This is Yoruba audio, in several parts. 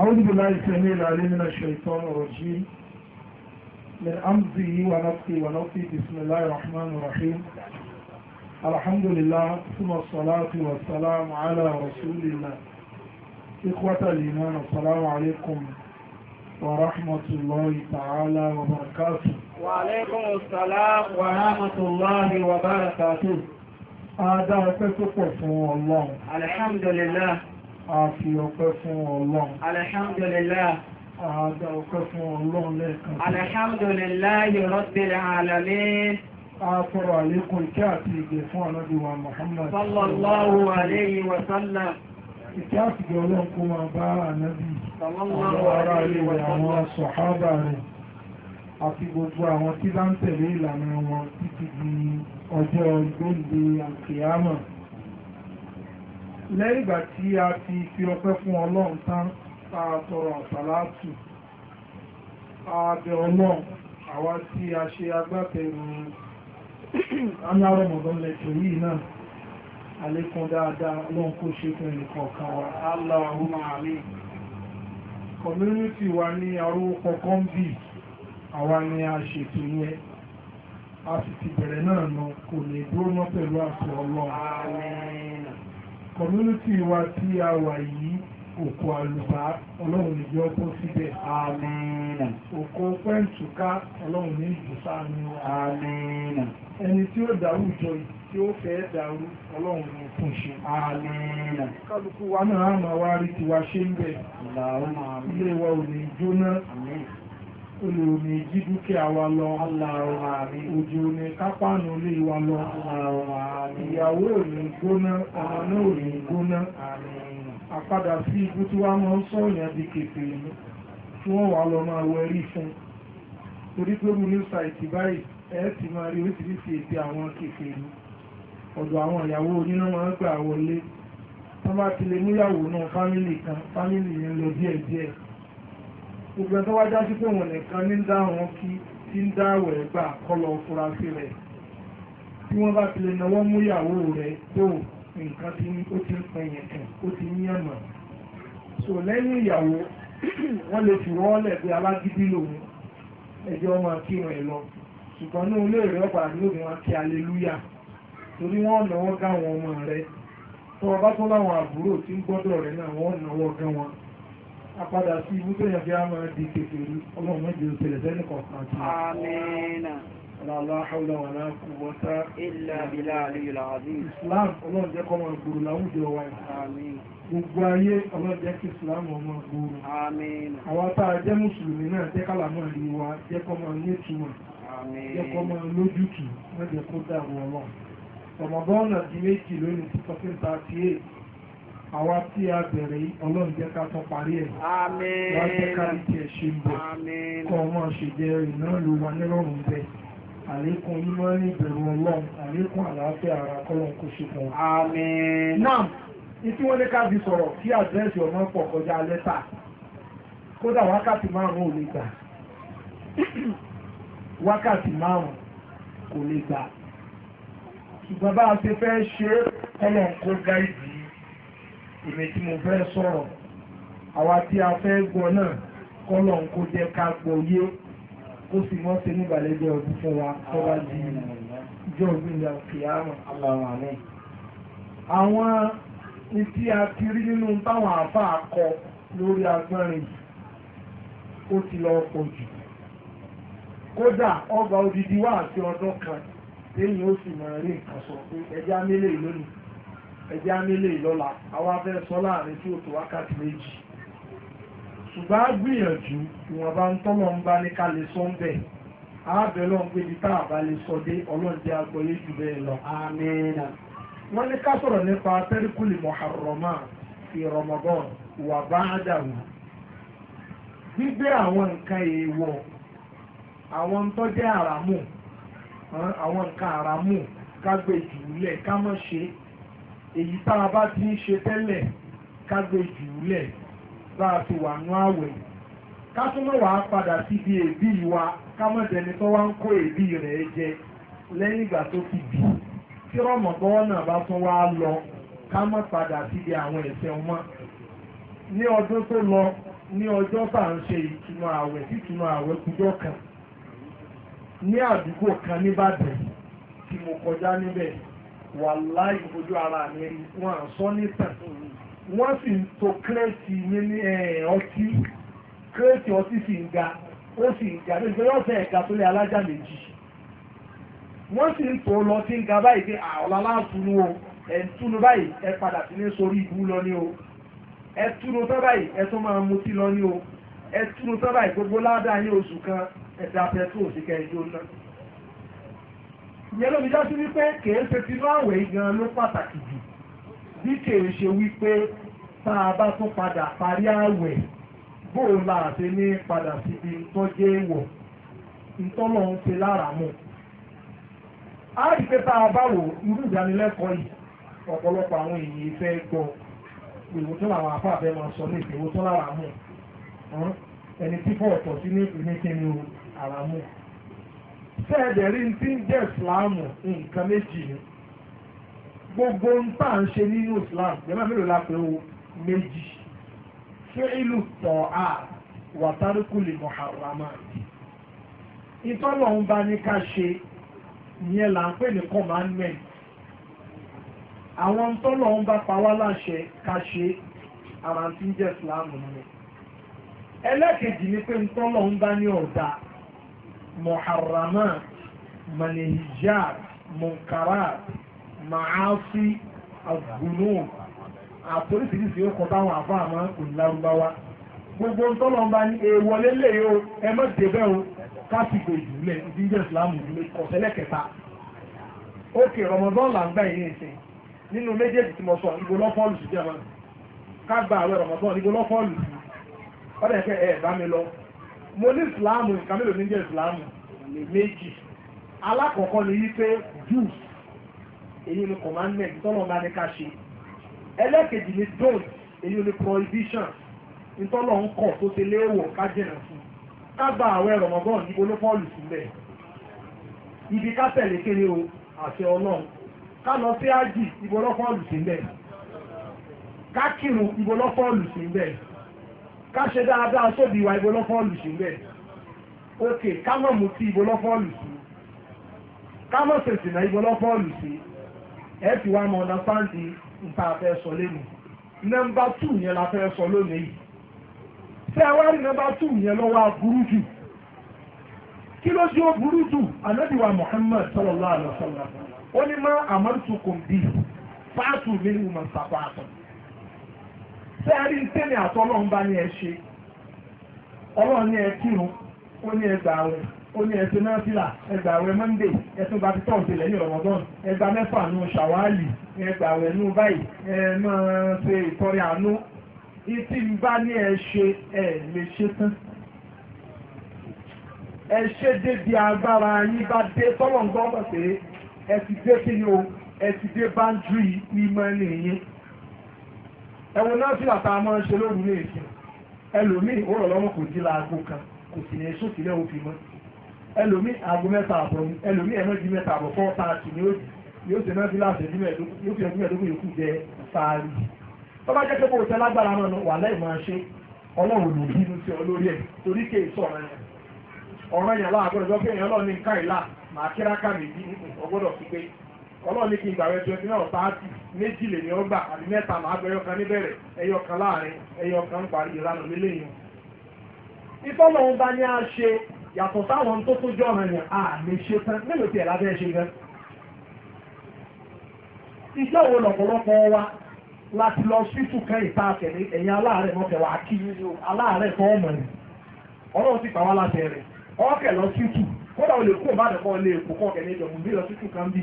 أعوذ بالله السميع العليم من الشيطان الرجيم من أمزه ونفسي ونفسي بسم الله الرحمن الرحيم الحمد لله ثم الصلاة والسلام على رسول الله إخوة الإيمان السلام عليكم ورحمة الله تعالى وبركاته وعليكم السلام ورحمة الله وبركاته هذا آه فسق الله الحمد لله a fi ọpẹ́ fún ọlọ́run. alhamdulillah. àádá ọpẹ́ fún ọlọ́run lẹ́ẹ̀kan. alhamdulillah rabbil alamin. a tọrọ àlékún ìkẹ́ àti ìgbè fún ànábì wa muhammad. sallallahu alayhi wa sallam. ìkẹ́ àti ìgbè ọlọ́run kó lẹ́yìn ìgbà tí a ti fi ọpẹ́ fún ọlọ́run tán a tọrọ àsàlátù ààbẹ̀ ọlọ́run àwa tí a ṣe agbátẹrù anárọ̀mọ̀dán lẹ́tọ̀ yìí náà àlékún dáadáa ọlọ́run kó ṣe fún ẹnìkọ̀ọ̀kan wa Allahumma amin community wa ní arúgbó kọ́ńbì àwa ni a ṣètò yẹn a sì ti bẹ̀rẹ̀ náà nù kò lè dúró náà pẹ̀lú àṣọ ọlọ́run community wa tí a wà yìí òkú àlùbá ọlọ́run ní yọ kó síbẹ̀. àmín. òkú pẹ́ǹtùká ọlọ́run ní ìbùsà ni wa. àmín. ẹni tí ó dàrújọ tí ó fẹ́ dàrú ọlọ́run ní fún ṣe. àmín. kálukú wa náà á máa rí tiwa ṣe ń bẹ̀. ilé wa ò ní jóná. àmín olùrùnì jí dúkìá wa lọ aláàrùn àmì òjò ní kápánù lè wa lọ aláàrùn àmì ìyàwó ò ní gbóná ọmọ náà ò ní gbóná àmì àpadà sí ibú tí wọ́n máa ń sọ̀yàn di kèfè ní tí wọ́n wà lọ máa wẹ̀rí fún torí pé mo ní ṣàìtì báyìí ẹ ti máa rí oríṣiríṣi èdè àwọn kèfè ní ọ̀dọ̀ àwọn ìyàwó oníná máa ń gbà wọlé wọ́n bá ti lè múyàwó náà fámìlì kan fámìlì yẹn lọ díẹ̀díẹ̀ gbogbo ẹ̀ tó wá já sí pé òun nìkan ní ń dá wọn kí tí ń dá àwẹ̀ gbà kọlọ̀ furasí rẹ̀ tí wọ́n bá ti lè náwó mú ìyàwó rẹ̀ tó nǹkan tí ó ti ń pẹ́ yẹn kàn ó ti ń yànnà so lẹ́yìn ìyàwó wọ́n lè fi wọ́n bí alágídí lòun ẹjọ́ ọmọ kírun ẹ̀ lọ ṣùgbọ́n ní olú èrè ọ̀pá ní wọn kí aleluya torí wọ́n náwó gáwọn ọmọ rẹ̀ tó ọba tó láwọn àbúrò tí ń gbọ́dọ̀ rẹ̀ náà wọ́n náwó gáwọn apadà sí ibú tó yẹ kí a máa di kékeré ọlọ́run méje ó ṣẹlẹ̀ sẹ́ni kọ̀ọ̀kan tó. amínà. ọlọ́lá haúlá wà náà kú wọ́tá. ilà ilà àlejò làwàdí. islam ọlọ́run jẹ́ kọ́ máa gbòòrò láwùjọ wa yìí. gbogbo ayé ọlọ́run jẹ́ kí islam ọmọ gbòòrò. amínà. àwa tá a jẹ́ mùsùlùmí náà jẹ́ kálá máa rí wa jẹ́ kọ́ máa ní ìtumọ̀. amínà. jẹ́ kọ́ máa lójútùú má jẹ́ kó dàrú ọlọ́run. ọmọbọ́n náà di méjì lónìí àwa tí a bẹ̀rẹ̀ ọlọ́run jẹ́ ká tọ́ parí ẹ̀ wọ́n jẹ́ ká rí tiẹ̀ ṣe ń bọ̀ kọ́ ọmọ ṣèjẹ́ rẹ̀ ló wà nírọ̀rùn bẹ́ẹ̀ àlékún mímọ́ ní ìbẹ̀rù ọlọ́run àlékún àlàáfíà ara kọ́lọ́n kò ṣe fún un. náà ní tí lé ká fi sọ̀rọ̀ kí àdírẹ́sì ọmọ pọ̀ kọjá lẹ́tà kódà wákàtí márùn-ún ò lè gbà wákàtí márùn-ún kò lè gbà ṣùgbọ́n bá a ṣe fẹ́ ṣe kọ́lọ́n kó gáìdì èmi tí mo fẹ́ sọ̀rọ̀ àwa tí a fẹ́ gbọ́ náà kọ́lọ̀ ń kó jẹ́ ká gbọ́ yé kó sì mọ́ ṣe nígbàlejò ọdún fún wa tó bá di ìjọ ìgbìyànjú kìámà. àwọn tí a ti rí nínú táwọn àáfàá kọ lórí agbọ́nrin yìí ó ti lọ pọ̀ jù kódà ọgbà odidi wà àti ọdún kan lẹ́yìn ó sì máa rí nǹkan sọ pé ẹja mélòó lónìí ẹ̀jẹ̀ amílẹ̀ ìlọ́la àwọn abẹ́ sọ láàrin tí ó tó wákàtí méjì ṣùgbọ́n a gbìyànjú ìwọ̀nba ń tọ́lọ̀ ń bá ní ká lè sọ ń bẹ̀ ààbẹ̀ lọ́n pé ní tá a bá lè sọ dé ọlọ́ọ̀dẹ agbọ̀yé jù bẹ́ẹ̀ lọ. àmín. wọ́n ní ká sọ̀rọ̀ nípa tẹ́ríkùlì mọ̀hàrọ̀mà fi rọmọgán wà bá a dàrú. gbígbé àwọn nǹkan èèwọ̀ àwọn tó jẹ́ àràmù àwọn nǹkan àràmù ká gbé jù lẹ̀ ká má ṣe é èyí tá a bá ti ń ṣe tẹ́lẹ̀ ká gbé jùúlẹ̀ bá a ti wà nú àwẹ̀ ká tún mọ̀ wá padà síbi èébì wa ká mọ̀ tẹni tó wá ń kó èébì rẹ̀ jẹ lẹ́yìn ìgbà tó ti bì tí rọ̀mọ̀gbọ́n náà bá tún wá lọ ká mọ̀ padà síbi àwọn ẹ̀ṣẹ̀ wọn ní ọdún tó lọ ní ọjọ́ bá ń ṣe ìtùnú ààwẹ̀ títùnú ààwẹ̀ kújọ́ kan ní àdúgbò kan níbàdàn tí mo kọjá níbẹ̀ wàláì ojú ara mi wọn à sọ nítàn wọ́n sì ń to kírẹ́ẹ̀tì ní ọtí kírẹ́ẹ̀tì ọtí sì ń ga ó sì ń ga nígbà yóò fẹ́ ẹ̀ka tó lé alájà méjì wọ́n sì ń tò lọ tí ń ga báyìí pé àọ̀lá láàtúnú o ẹ̀ ń túnú báyìí ẹ padà sí ní sórí ìbú lọ ní o ẹ túnú tán báyìí ẹ tún máa mutí lọ ní o ẹ túnú tán báyìí gbogbo ládàá ní oṣù kan ẹ̀dá pẹ̀tù òsì kẹjọ náà ìyẹn ló fi dá sí wípé kèé ṣe tinú àwẹ̀ gan ló pàtàkì jù bí kèé ṣe wípé tá a bá tún padà parí àwẹ̀ bóun la àti ní padà síbi tọ́jú èèwọ̀ ìtọ́lọ̀ ń ṣe lára mọ́ a rí pé tá a bá wò irú ìdánilẹ́kọ̀ọ́ yìí ọ̀pọ̀lọpọ̀ àwọn èèyàn fẹ́ gbọ́ ìwò tó làwọn afọ àfẹ́ máa sọ ní ìpèwò tó lára mọ́ ẹni tí fọ́ ọ̀tọ̀ sí ní ìpínlẹ̀ kẹ́ni o àrà mọ́. sẹ́ẹ̀dẹ̀rí ti ń jẹ́ ìsìláàmù méjì ni gbogbo ń tà ń ṣe nínú islam jẹ́mọ́ mélòó la o méjì ṣé ìlú tọ̀ á wàtárùkùlì muharramat ìtọ́lọ̀ ń bá ní ká ṣe ìyẹn là ń pè ní commandment àwọn tọ́lọ̀ ń bá pa wá láṣẹ ká ṣe ń jẹ́ pé ní ọ̀dà muharramat manihijat munkarat maasi agunun àtòrísìírísìí ó kọ táwọn àfáàmọ́ òǹlárúbáwá gbogbo ntọ́lọ́mba ní èèwọlé lè o ẹ má débẹ̀ o kásìkò ìdílé ìdíjẹ́ ìsìlámù ìdílé kọ̀sẹ́lẹ̀ kẹta ókè rọmọdán là ń gbà yín ẹsẹ̀ nínú méjèèjì tí mo sọ ìbò lọ́fọ́ọ̀lù sí jẹ́ wọn ká gba àwẹ̀ rọmọdán ìbò lọ́fọ́ọ̀lù sí ọ̀dẹ̀ ẹ̀ bá mi lọ mo ní ìsìláàmù nǹkan mélòó ní jẹ́ ìsìláàmù méjì alákọ̀ọ́kọ́ ni wípé jews èyí ni commandment tọ́lọ̀ bá ní ká ṣe ẹlẹ́kejì ni don't èyí ni prohibition ìtọ́lọ̀ ń kọ̀ tó ṣe léèwọ̀ ká jìnà fún ká gba àwẹ̀ rọ̀mọ́gán ní olófọ́ọ̀lù sílẹ̀ ibi ká tẹ̀lé kéré o àṣẹ ọlọ́run ká lọ sí ájì ibo lọ́fọ́ọ̀lù sílẹ̀ ká kírun ibo lọ́fọ́ọ̀lù sílẹ̀ ká ṣe dáadáa sóbi ìwà ibo lọ́fọ́ọ̀lù sí bẹ́ẹ̀ òkè ká mọ̀ mú ti ibo lọ́fọ́ọ̀lù sí ká mọ̀ sèṣì náà ibo lọ́fọ́ọ̀lù sí ẹ ti wá mọ̀ ọ̀nàfáàndì nta fẹ́ sọ lẹ́nu nọ́mbà tù yẹn la fẹ́ sọ lónìí ṣé ẹ wá rí nọ́mbà tù yẹn lọ́wọ́ aburú jù kí ló ṣe ó burú jù anábìwá Muhammad sallallahu alaihi wasallam ó ní má àmọ́tòkùn bíi fáàtù mi ni mo máa ń sapá àtọ̀ ṣé a rí tẹ́mi àtọ́lọ́run bá ní ẹ ṣe ọlọ́run ní ẹ kírun ó ní ẹ gbà àwẹ̀ ó ní ẹsẹ̀ náà fìlà ẹgbà àwẹ̀ monday ẹtún bá ti tọ̀ ṣe lẹ́yìn ọ̀rọ̀mọ́dọ́n ẹgbà mẹ́fà nù ṣàwálì ẹgbà àwẹ̀ nù báyìí ẹ máa ṣe ìtọ́rẹ àánú ìtì ń bá ní ẹ ṣe ẹ lè ṣe tán. ẹ ṣe débi agbára yín bá dé tọ́lọ̀ ń gbọ́ pọ̀ ẹ ti dé kí ni o ẹ ti dé báńdírì ìmọ̀ nìyí. ẹwọ náà sí àtà àmọ́ ṣe lóru ní èsì ẹlòmíì ó rọ̀ lọ́wọ́ kò sí láago kan kò sì ní èso sílẹ̀ òfin mọ́ ẹlòmíì aago mẹ́ta àbọ̀ ẹlòmíì ẹ̀rọ di mẹ́ta àbọ̀ ni yóò ṣe náà fi láti ẹ̀dí mẹ́ẹ̀ẹ́dógún yóò fi jẹ sáárì tó jẹ́ pé kò tẹ́ lágbára wà láì máa ṣe ọlọ́run ló bínú sí ọ lórí ẹ̀ torí yẹn yẹn ọlọ́ọ̀ni kí n gbà rẹ twenty nine thirty méjì lè ní ọgbà àbí mẹ́ta màá gbé ẹyọkan níbẹ̀rẹ̀ ẹyọkan láàrin ẹyọkan parí ìranù lílé ìfọ́nà bá ní a ṣe yàtọ̀ sáwọn tó tó jọ ọ̀ràn yẹn a lè ṣe tán mélòó tiẹ̀ lábẹ́ ṣe gan. lọ sísù kan ìta àtẹ̀lé aláàárẹ̀ kí aláàárẹ̀ kọ́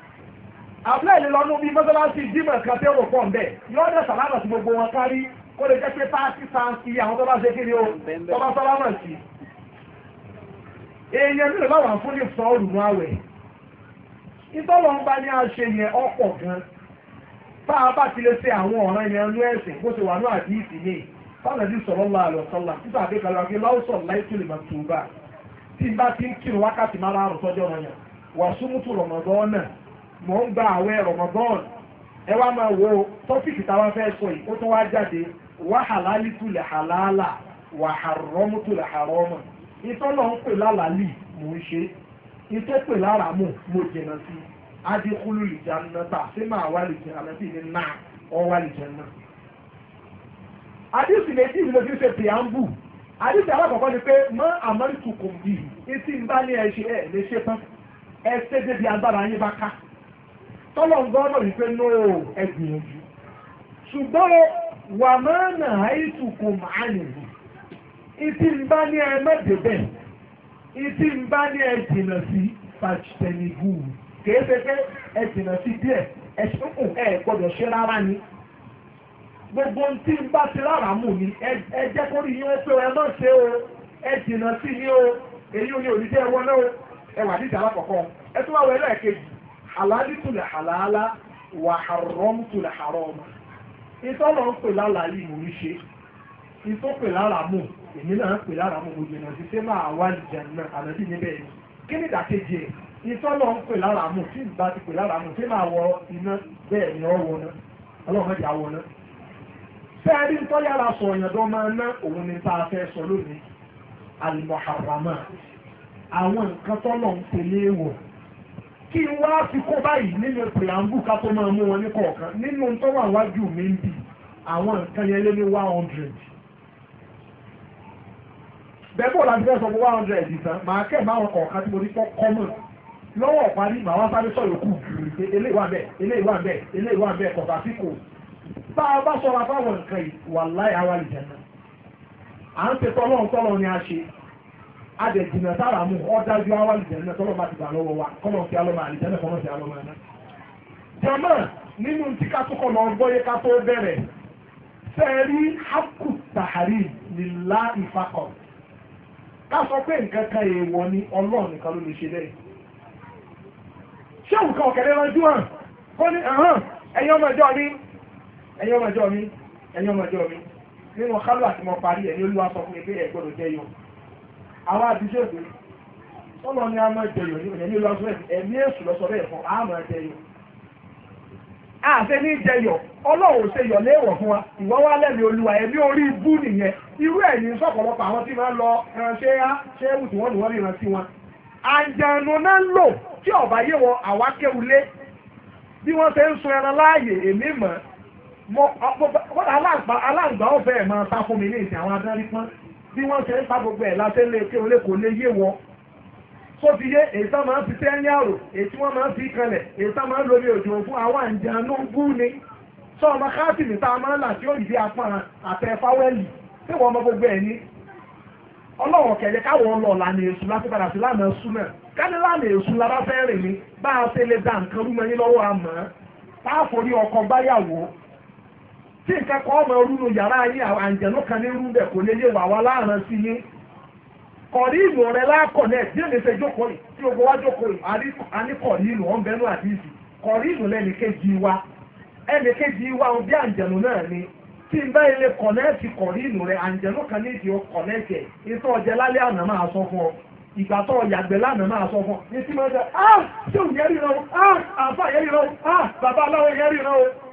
àbúlé ìlú lọ́nú bíi mọ́sálásí dímọ̀ kan tẹ́ rò pọ̀ ń bẹ̀ yọ ọ́dẹ sàlámà sí gbogbo wọn kárí kó lè jẹ́ pé pààtì sáǹsì àwọn tó bá ṣe kí ni o tó bá sàlámà sí. èèyàn nílò báwọn fún ní sọ òrùn àwẹ̀ ìtọ́lọ́ ń bá ní àṣẹ yẹn ọ̀pọ̀ gan tá a bá ti lè ṣe àwọn ọ̀ràn yẹn ní ẹ̀sìn bó ṣe wà ní àdìsí ní fáwọn ẹbí sọ̀rọ̀ ńlá àlọ́ sọ́lá títà àbíkalẹ̀ ọ̀gbìn láwùsọ̀ láìpẹ́lẹ̀ màtúbà tí n bá ti ń kírun wákàtí máa ń rárùn sọ́jọ́ wọn yẹn wàásù mútu rọ̀mọ̀dọ́ mò ń gba àwẹ̀ rọmọbọ́ọ̀nù ẹ wá máa wo tọ́pìkì táwọn fẹ́ sọ yìí ó tún wá jáde wàhálálí wa hàlálà wàhárọ́mù tulẹ̀ hàrọ́mù ìtọ́nà ń pè lálàálì mò ń ṣe ìtọ́ pè láràmù mo jìnnà sí adékúlù sí máa wá náà ọ wá fi ṣe pìyàmbù alákọ̀ọ́kọ́ ni pé tí ń bá ní ẹ ṣe ẹ lè tọ́lọ̀ ń gbọ́ náà wípé nó ẹgbìyànjú ṣùgbọ́n wà máa nà áìtù kò máa nìyí ìtì ń bá ní ẹ mẹ́tẹ̀ẹ̀bẹ̀ ìtì ń bá ní ẹ jìnà sí pàṣẹnìgù kìí ṣe pé ẹ jìnà sí díẹ̀ ẹ ṣùkùn ẹ gbọ́dọ̀ ṣe rárá ni gbogbo tí ń bá ti rárá mù ní ẹ jẹ́ kó rí yín pé ẹ má ṣe o ẹ jìnà sí ní o èyí ò ní òní jẹ́ wọlé o ẹ wà nídìí alákọ̀ọ́kọ́ ẹ tún wá wọ ẹlẹ́ẹ̀kejì halalitul halala wà haramtul harama ìtọ́lọ̀ ń pè lára yìí mò ń ṣe ìtọ́ pè lára mò èmi náà ń pè lára mò mo jìnnà sí sẹ́mà àwa àlùjánnà àlọ́dí níbẹ̀ yìí kí ni ìdàkejì ẹ̀ ìtọ́lọ̀ ń pè tí ìgbà ti pè lára mò sẹ́mà àwọ̀ iná bẹ́ẹ̀ ni ọ̀wọ̀ náà ọlọ́run ti àwọ̀ náà fẹ́ẹ́rí ń sọ ọ̀yàndọ́ máa ná òun ni tá fẹ́ sọ lónìí almuharramat àwọn nǹkan tọ́lọ̀ ń pè léèwọ̀ kí n wá fi kó báyìí nínú pìlàǹbù ká tó máa mú wọn ní kọ̀ọ̀kan nínú tó wà wájú mi ń bì àwọn nǹkan yẹn lé ní one hundred bẹ́ẹ̀ bọ́ọ̀lù àti bẹ́ẹ̀ sọ fún one hundred ìtàn màá kẹ́ bá wọn kọ̀ọ̀kan tí mo ní fọ́ kọ́mọ̀ lọ́wọ́ parí màá wá sáré sọ̀rọ̀ kù pé eléyìí wà bẹ́ẹ̀ eléyìí wà bẹ́ẹ̀ eléyìí wà bẹ́ẹ̀ kọ̀ọ̀kan sí kò bá a bá sọ̀rọ̀ àbáwọn nǹkan yìí wà láyà wà à ń tẹ́tọ́ ọlọ́run tọ́lọ́ ni a ṣe adẹ̀jìnà sára mú ọ̀dájú àwọn àlìjẹ̀nà tọ́lọ́ bá ti gbà lọ́wọ́ wa kọ́nà sí alọ́mọ àlìjẹ̀nà kọ́nà sí alọ́mọ ẹ̀nà. jama nínú tí ká tó kọ̀nà ọgbọ́yé ká tó bẹ̀rẹ̀ fẹ́ẹ́rí hakù tàhárí nílá ìfakọ̀ ká sọ pé nǹkan kan èèwọ̀ ni ọlọ́run nìkan ló lè ṣe bẹ́ẹ̀. ṣé òǹkà ọ̀kẹ́lẹ́ ránjú hàn kó ní ẹ̀yin ọmọ mi ẹ̀yin mi ẹ̀yin mi nínú àwọn àdìsẹ́gbé sọ́lọ́ ni a máa jẹyọ̀ ní ẹ̀mí lọ́sọ̀rẹ́ ẹ̀mí èṣù a máa ní ṣe fún wa ìwọ́ olúwa ẹ̀mí orí ibú nìyẹn irú ẹ̀ ní àwọn tí máa ń lọ ránṣẹ́ á ṣé é wùtí wọ́n ní wọ́n rí rántí wọn. àjànù náà ń lò tí ọ̀bà yé wọn ṣe ń sun láàyè èmi bí wọ́n ṣe ń pa gbogbo ẹ̀ látẹ́lẹ̀ kí olè kò lè yé wọn tó fi yé èyí tá máa ń fi tẹ́ẹ̀ní àrò èyí tí wọ́n máa ń fi kalẹ̀ èyí tá máa ń lórí òjò fún àwọn àǹjànú gún ni sọ ọmọ káàtì ní tá a máa ń là tí ó yìí apá àtẹ fáwẹ́lì tí wọ́n mọ gbogbo ẹ̀ ní ọlọ́wọ̀n kẹ̀yẹ káwọn lọ lànà èṣù láti padà sí lànà èṣù náà káni lànà èṣù lára fẹ́ rìn ní bá a ṣe lè dá nǹkan rúmọ yín lọ́wọ́ àmọ́ tá tí nǹkan kan ọmọ orúnu yàrá yín àwọn àǹjẹ̀nú kan ní irú bẹ̀ kò lè yé wà wá láàrán sí yín kọ̀rí ìlú rẹ lákọ̀nẹ́ bí èmi ṣe jókòó yìí tí jókòó yìí ìlú àdìsí kọ̀rí ìlú lẹ́nu kejì wa ẹnì kejì wa bí àǹjẹ̀nú náà ni tí n bá ilé kọ̀nẹ́ẹ̀tì kọ̀rí ìlú rẹ àǹjẹ̀nú kan ní ìdí kọ̀nẹ́ẹ̀tì ẹ̀ ìgbà tó lánàá máa sọ fún ọ ní máa ń sọ ah ṣé òun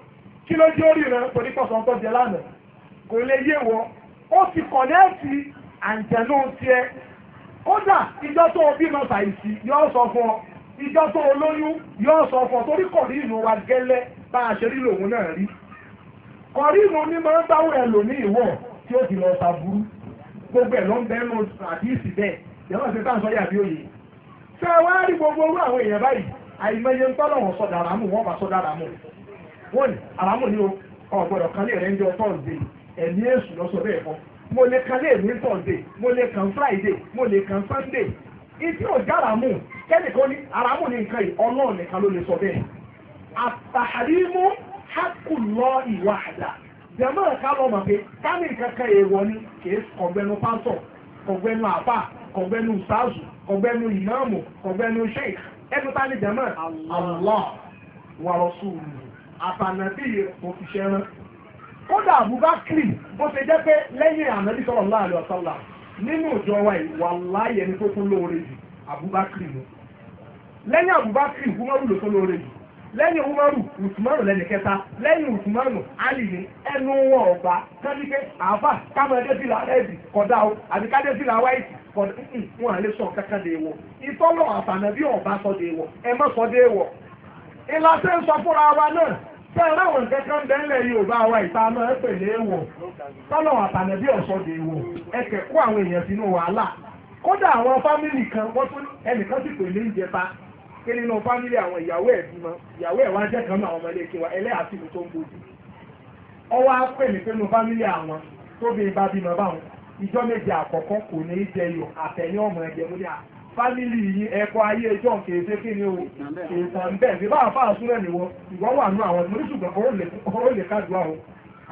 kí ló jẹ́ orí rẹ̀ torí pọ̀sán tó jẹ lánàá kò lè yé wọ ó ti kọ̀nẹ́ẹ̀tì àǹtẹ̀nú tiẹ̀ kódà ìjọ tó o bímọ ṣàìsí yóò sọ fún ọ ìjọ tó o lóyún yóò sọ fún ọ torí kọ̀rí ìlú wa gẹ́lẹ́ bá a ṣe rí lòun náà rí kọ̀rí ìlú ní máa ń dáwọ́ ẹ lò ní ìwọ̀ tí ó ti lọ ṣàbúrú gbogbo ẹ̀ ló ń bẹ́ẹ̀ nù àdíìsì bẹ́ẹ̀ yàrá ìṣẹ́ tá à ń sọ yàbí òye ṣé wàá rí gbogbo orú àwọn èèyàn báyìí àìmọye ń tọ́lọ̀ wọn sọ̀dà wọn bá sọ̀dà wọ́n ní àlámù ni o ọ̀gbọ̀dọ̀ kan lè rẹ̀ ń jọ tọ́sídẹ̀ ẹ̀mí èṣù lọ́sọ bẹ́ẹ̀ fọ́ mo lè kan lè ní tọ́sídẹ̀ mo lè kan friday mo lè kan sunday ìtí ò já àlámù kẹ́nìkan ní àlámù ní nǹkan yìí ọlọ́run nìkan ló lè sọ bẹ́ẹ̀ àtàrímú hákùlọ́ ìwà àdá jẹ̀mọ́ ẹ̀ka lọ mọ̀ pé kámi kankan èèwọ̀ ni kìí kọ̀gbẹ́nu pásọ̀ kọ̀gbẹ́nu àfà Allah wa àtànàbí kò fi ṣe rán kódà Abubakar bó ṣe jẹ́ pé lẹ́yìn nínú ìjọ wa yìí tó kún lóore jù ni lẹ́yìn Abubakar Umaru ló kún lóore jù lẹ́yìn umaru usmanu lẹ́ni kẹta lẹ́yìn usmanu ali ni ẹnu wọn ọba kájíkẹ́ àáfà kámẹ́dẹ́sílà ẹ̀dì kọ̀dá o àbí kájẹ́sílà wáìtì kọ̀dá wọn à sọ kankan dé wọ ìtọ́lọ̀ àtànàbí ọba ìlà tẹ́ ń sọ fúnra wa náà tẹ́ ẹ ráwọn nǹkan kan bẹ́ńlẹ̀ bá wa ìta náà pè ní èèwọ̀ tọ́lọ̀ bí ọ̀ṣọ́ di èèwọ̀ ẹ kẹ̀ àwọn èèyàn sínú wàhálà kódà àwọn fámìlì kan wọ́n tún ẹnìkan sì pè ní nínú fámìlì àwọn ìyàwó ẹ̀ bímọ ìyàwó ẹ̀ wá jẹ́ kan náà ọmọ ẹlẹ́yà tó ń ọwọ́ á pè ní fámìlì àwọn bímọ báwọn ìjọ méje àkọ́kọ́ kò ní í jẹyọ àtẹ̀yìn fámìlì yìí ẹ̀kọ́ ayé ẹjọ́ kèéṣe kí ni o ìtàn bẹ́ẹ̀ bí bá àfáà súnrẹ̀ nìwọ ìwọ wà nú àwọn ìmúlẹ̀ ṣùgbọ́n ọ̀rọ̀ lè kájú àwọn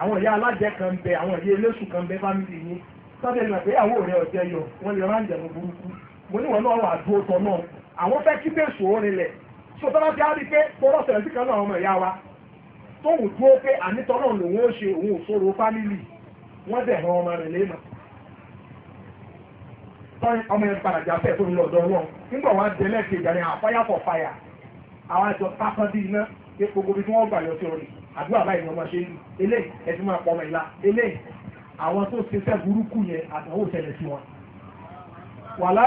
àwọn ìyá alájẹ kan bẹ àwọn ìyá eléṣù kan bẹ fámìlì yìí sábẹ́ ìlànà pé àwọn ọ̀rẹ́ ọ̀jẹ̀ yọ wọ́n lè ránjẹ̀ lọ burúkú mo níwọ̀n náà wà dúró tọ́ náà àwọn fẹ́ kí bẹ́ẹ̀ sòó rinlẹ̀ so tọ́lá ti á rí pé tọ́lá sẹ̀rẹ̀ sí kan náà ọmọ ìyá wa tóun dúró pé ànítọ́ náà lòun ó ṣe òun ò sọ̀rọ̀ fámìlì wọ́n dẹ̀ ran ọmọ rẹ̀ lé náà tọ́yìn ọmọ yẹn padà jà fẹ́ fún mi lọ́dọ̀ ọlọ́run nígbà wọn délẹ̀ kejì àyàn àfáyà ah, fọ̀ fàyà àwọn àjọ tápọ́n bí iná epo tí wọ́n gbà yọ sí àdúrà báyìí ni ṣe ń máa pọ̀ ọmọ ìlà eléyìí àwọn tó ṣe fẹ́ burúkú yẹn àtàwọn sí wọn. mọ́tòrò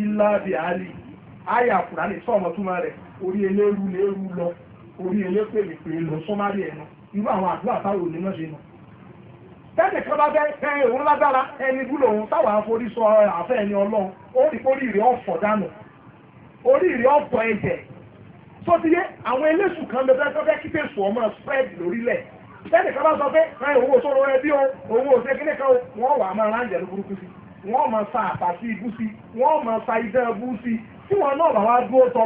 ilá bí ayé túmọ̀ rẹ̀ orí eléru lọ orí elépèlépè lọ sọ́márì ẹ̀nu irú tẹ́nì kan bá bẹ́ẹ̀ fẹ́ lágbára ẹni gúlò òun táwọn aforí sọ àfẹ́ ẹni ọlọ́run oríire ọ̀fọ̀ dànù oríire ọ̀fọ̀ ẹ̀jẹ̀ tó ti yé àwọn kan lọ fẹ́ fẹ́ kí fèsù ọmọ spread lórílẹ̀ le kan bá sọ pé ẹ òun ò sọ̀rọ̀ o ṣe kan wọ́n wà máa sa ibú sí sa ibú sí tí wọn náà bá wá dúró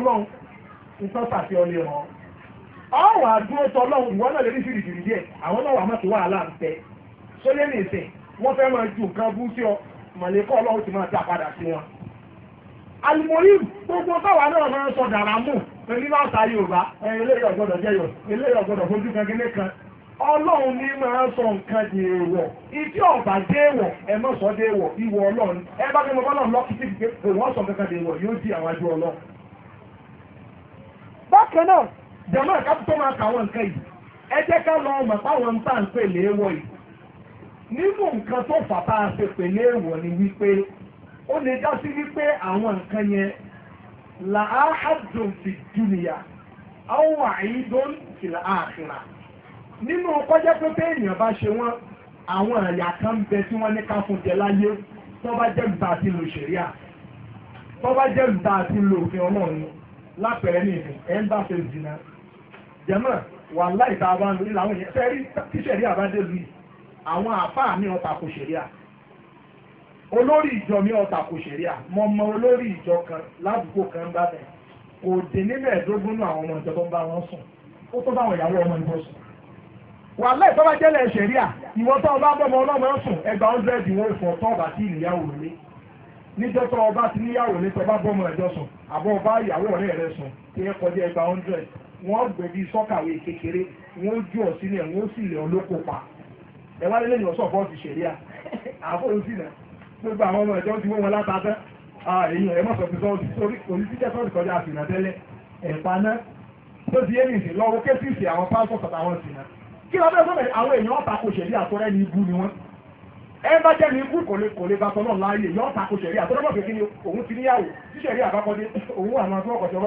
nǹkan ìwọ náà lè rí fìrìfìrì díẹ̀ àwọn sólé nìsín wọ́n fẹ́ máa ju nǹkan bú sí ọ mọ̀lẹ́kọ́ ọlọ́run ti máa dá padà sí wọn. àlùmọ́rí gbogbo táwa náà máa sọ dàrá mù pẹ̀lú àṣà yorùbá eléyìí ọ̀gbọ́dọ̀ jẹ́yọ̀ eléyìí ọgbọdọ fojú kan kíní kan ọlọ́run ni máa sọ nǹkan di ìdí ọba dé ẹ má sọ dé ìwọ ẹ bá pé òun kankan di yóò di bákan náà máa kà nǹkan yìí ẹ nínú nǹkan tó fàtà ṣe pẹ̀lẹ́ èèwọ̀ ni wípé ó lè dá sí wípé àwọn nǹkan yẹn làáhàdùn fi dúnìyà àwọn àìdùn fi àkhírà nínú kọjá pé pé èèyàn bá ṣe wọn àwọn àyà kan bẹ tí wọ́n ní ká fún jẹ láyé tó bá jẹ́ gbà àti lò ṣẹ̀ríà tó bá jẹ́ gbà àti lò òfin ọlọ́run lápẹ̀rẹ́ ní ìlú ń bá fẹ́ jìnnà jẹ́mọ̀ wàhálà ìta bá ń lò ní làwọn yẹn fẹ́ẹ́ rí tíṣẹ̀rí àbádé lu yìí àwọn àfáà mi ọ̀tà kò ṣẹ̀ríà olórí ìjọ mi ọ̀tà kò ṣẹ̀ríà mo mọ olórí ìjọ kan ládùúgbò kan bá bẹ̀ kò dín ní mẹ́ẹ̀ẹ́dógún nù àwọn ọmọ ìjọ tó ń bá wọn sùn ó tó bá àwọn ìyàwó ọmọ ìjọ sùn wàhálà ìtọ́ba jẹ́lẹ̀ ṣẹ̀ríà ìwọ tó ọba bọ́mọ ọlọ́mọ sùn ẹgbà hundred ìwọ ìfọ̀ tó ọba tí ìyàwó rẹ níjọ́ tó ọba ti níyàwó rẹ tó ọba bọ́mọ ẹ̀jọ́ sùn àbọ̀ ọba ìyàwó ọ̀rẹ́ rẹ sùn tí ẹ kọjá ẹgbà hundred wọ́n gbẹ̀bí sọ́kàwé kékeré wọ́n jù ọ́ sílẹ̀ wọ́n sì lẹ̀ ọ́ lóko pa ẹ wá lélẹ́yìn ọ̀sán fọ́ọ̀tì ṣẹ̀ríà àfọ̀nsì náà gbogbo àwọn ọmọ ìjọ ti wọ́n wọn látàtà èèyàn ẹ̀ mọ̀sọ̀ ti sọ orí títẹ́ sọ́ọ̀tì kọjá àfihàn tẹ́lẹ̀ ẹ̀pá náà tó ti yé ní ìsìn lọ́wọ́ kéṣìṣì àwọn pásítọ̀ àtàwọn ìsìn náà kí wọ́n fẹ́ sọ́mọ̀ àwọn èèyàn ni wọ́n ẹ bá jẹ́ ní ibú kò lè kò lè bá tọ́lọ̀ láàyè èèyàn ọ̀tà kò ṣẹ̀rí àtọ́rẹ́ mọ̀ pé kí ni òun ti níyàwó tí ṣẹ̀rí àbákọ́dé òun àwọn àti ọkọ̀ ṣẹ̀rọ̀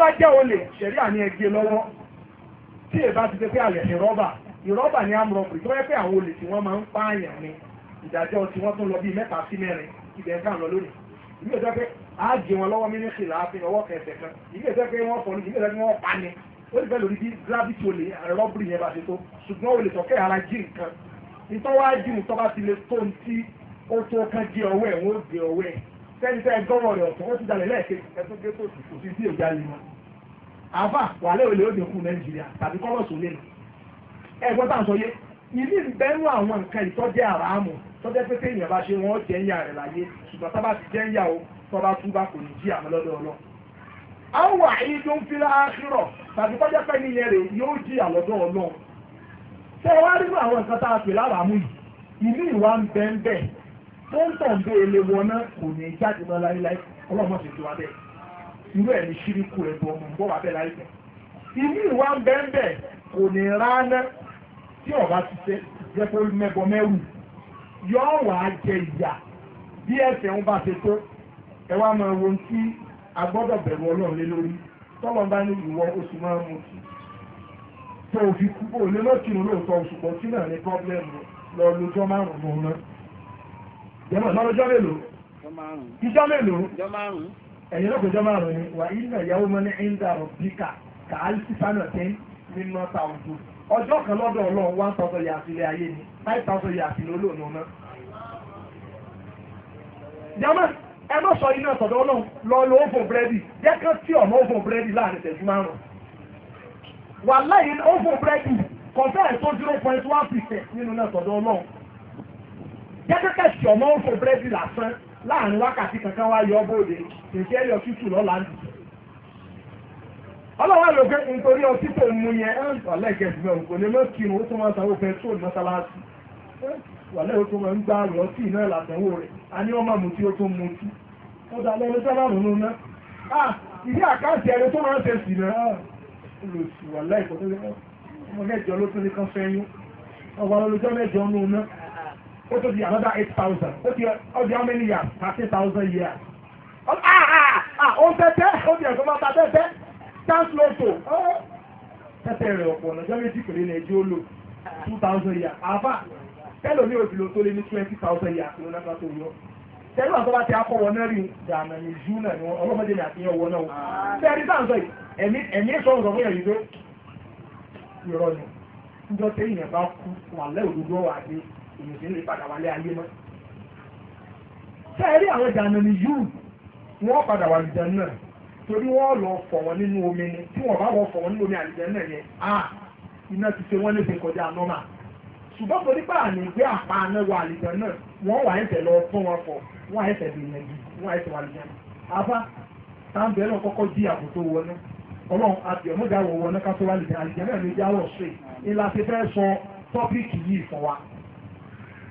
bá jẹ́ olè ṣẹ̀rí àní ẹgbẹ́ lọ́wọ́ tí èbá ti ṣe pé àlẹ́ ìrọ́bà ìrọ́bà ni amúrọ̀bì tó yẹ pé àwọn olè tí wọ́n máa ń pààyàn ni ìdájọ́ tí wọ́n tún lọ bíi mẹ́ta sí mẹ́rin ibẹ̀ ń kàn lọ lónìí ìlú ìjọ pé á jẹ wọn lọ́wọ́ mínísì láàfin ọwọ́ kẹsẹ̀ kan ìlú ìjọ pé wọ́n fọnù ìlú ìjọ pé wọ́n pa ni ó ti fẹ́ lórí bí gravity olè eh, rọ́bìrì yẹn bá ṣe tó ṣùgbọ́n olè tọ́kẹ́ ara jí nǹkan ìtọ́wá jí nǹkan bá ti lè tó ní tí ó tó kán jẹ ọwọ́ ẹ̀ wọ́n ó gbé ọwọ́ ẹ̀ sẹ́ni tẹ́ gbọ́rọ̀ rẹ̀ ọ̀tún ó ti dalẹ̀ lẹ́ẹ̀kejì ẹ̀ tó gé tó sì ava wàhálẹ̀ òlè ó dínkù nàìjíríà tàbí kọ́lọ̀ sólè nù ẹ̀gbọ́n tá à sọ yé ìlú ìbẹ́nu àwọn nǹkan ìtọ́jẹ́ àràámù tọ́jẹ́ pé téèyàn bá ṣe wọ́n jẹ́ ń rẹ̀ láyé ṣùgbọ́n tá ti o tọ́ bá kò ní jí àmọ́ lọ́dọ̀ ọlọ́ àwọn àyíjó ń fi tàbí tọ́jẹ́ pé níyẹn rẹ̀ yóò jí àlọ́dọ̀ ọlọ́ ṣé àwọn nǹkan tá pè yìí ìlú irú ẹ̀ ní ṣíríkù ẹ̀ bọ̀ ọmọ bọ́ wà bẹ́ẹ̀ láìpẹ́ ìlú ìwà ń kò ní ránà tí ọba ti ṣe jẹ́ mẹ́bọ mẹ́rù yọ̀ọ́ wà á jẹ ìyà bí ẹsẹ̀ ń bá ṣe tó ẹ wá máa wo tí a gbọ́dọ̀ bẹ̀rù ọlọ́run lé lórí tọ́lọ́ bá ní ìwọ oṣù máa mú ti tó o fi kú o lè lọ́kìnnú lóòótọ́ ṣùgbọ́n tí náà ní pọ́blẹ́mù lọ lójọ́ márùn-ún náà jẹ́mọ̀ lọ́jọ́ mélòó ìjọ́ mélòó ẹ̀yin náà kọjọ́ márùn ni wà ilẹ̀ ìyàwó mọ́ ní indaro bíkà kà á kan lọ́dọ̀ ọlọ́run one thousand yà sílẹ̀ ayé ni five thousand yà sílẹ̀ olóòlù ọ̀nà. jama ẹ má sọ iná sọdọ ọlọ́run lọ lo ovo búrẹ́dì jẹ́ kán tí ọ̀nà ófò búrẹ́dì láàrin tẹ̀sí márùn. wà láyé ófò búrẹ́dì kọ̀fẹ́ẹ̀ tó zero point one percent nínú náà sọ̀dọ̀ láàrin wákàtí kankan wá yọ bóde kèké ẹyọ tútù lọ́la ń dùn. ọlọ́wọ́ ló gbé nítorí ọtí tó mú yẹn ẹ̀ ọ̀lẹ́gẹ̀ẹ́ ti bẹ̀rù kò lè mọ́ kírun ó tún máa sanwó pẹtrol mọ́sálásí wàlẹ́ ó tún máa ń gbá àrùn ọtí iná ìlàtẹ̀wò rẹ̀ a ní wọ́n máa mú tí ó tún mú tí ó dá lẹ́nu sábà nínú ná ìdí àkáǹtì ẹni tó máa ń tẹ̀sí náà lòsì wàlẹ́ ìkọ́tẹ́lẹ́ ọmọ What tó di another eight thousand What ti ó di how many years thirty thousand years. ó tẹ́tẹ́ ah, ah, ah, ó di ẹ̀sọ́ máa ta tẹ́tẹ́ dance lotto tẹ́tẹ́ rẹ̀ ọ̀pọ̀ ọ̀nà jẹ́mi tí kèrè nàìjíríà ó lò two thousand years Ava? tẹ́lẹ̀ mi ò fi lo tó lé ní twenty thousand years ló náà tó yọ tẹ́lẹ̀ wà tó bá ti akọ̀ wọn náà rí dànù ní ju náà ni wọn ọlọ́mọdé ní àfihàn wọn náà tẹ́lẹ̀ ní sáǹsọ̀ yìí ẹ̀mí ẹ̀mí sọ̀rọ̀ sọ̀rọ̀ yẹn yìí tó ìrọ̀ ni níjọ́ tẹ́yìn yẹn bá kú wà lẹ́ òdodo wà dé èyàn sì padà wálé ayé mọ́. sẹ́ẹ̀rí àwọn ìdáná ni wọ́n padà wà lùjẹ́ náà torí wọ́n lọ fọ̀ wọn nínú omi ni tí wọ́n bá wọ́n fọ̀ wọn nínú omi àlùjẹ́ náà yẹn a iná ti ṣe wọ́n léṣe kọjá nọ́mà ṣùgbọ́n torí pé àná ìgbé àpá wà àlùjẹ́ náà wọ́n wà ẹ̀sẹ̀ lọ fún wọn fọ̀ wọ́n ẹ̀sẹ̀ bìyànjú wọ́n wà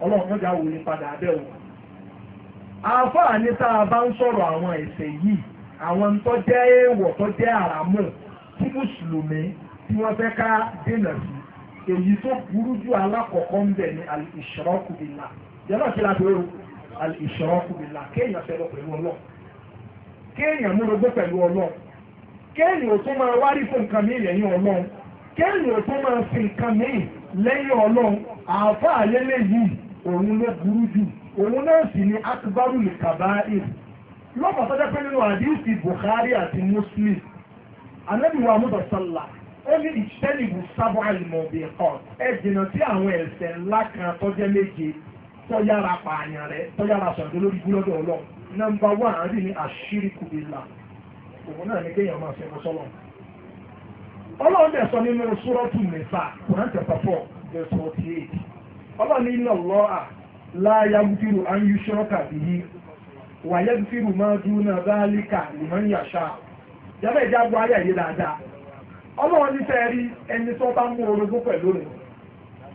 ọlọ́run mọ́jà wò ní padà abẹ́ wọn. àáfàá ní tá a bá ń sọ̀rọ̀ àwọn ẹ̀ṣẹ̀ yìí àwọn tó jẹ́ èèwọ̀ tó jẹ́ àràmọ̀ tí mùsùlùmí tí wọ́n fẹ́ ká dènà sí èyí tó burú jù alákọ̀ọ́kọ́ ń bẹ̀ ní al-ishraku billah yẹn náà kí la fi rò al kéèyàn fẹ́ lọ pẹ̀lú ọlọ́run kéèyàn múrogún pẹ̀lú ọlọ́run kéèyàn ò máa wárí fún nǹkan mí lẹ́yìn ọlọ́run kéèyàn ò máa fi nǹkan mí lẹ́yìn ọlọ́run àáfàá lélẹ́yìí òun ló burú jù òun náà sì ni akbaru lè kàbáyé lọ́pọ̀ pé nínú Bukhari àti Muslim anábì wa ó ní ìṣẹ́nìbù sábọ̀ àlùmọ̀bì kan ẹ jìnnà àwọn ẹ̀ṣẹ̀ ńlá kan tó méje tó pààyàn rẹ̀ tó yára lórí gúlọ́dọ̀ ọlọ́run nọ́mbà wà á ní àṣírí kùbìlà òun náà ní kéèyàn máa ọlọ́ọ̀ni ilẹ̀ ọlọ́à máa náà bá líkà lùmọ́n yàṣà jábẹ́ ìjágbọ́ ayé àyè dáadáa ọlọ́run ní ẹni tó bá mú orogún pẹ̀lú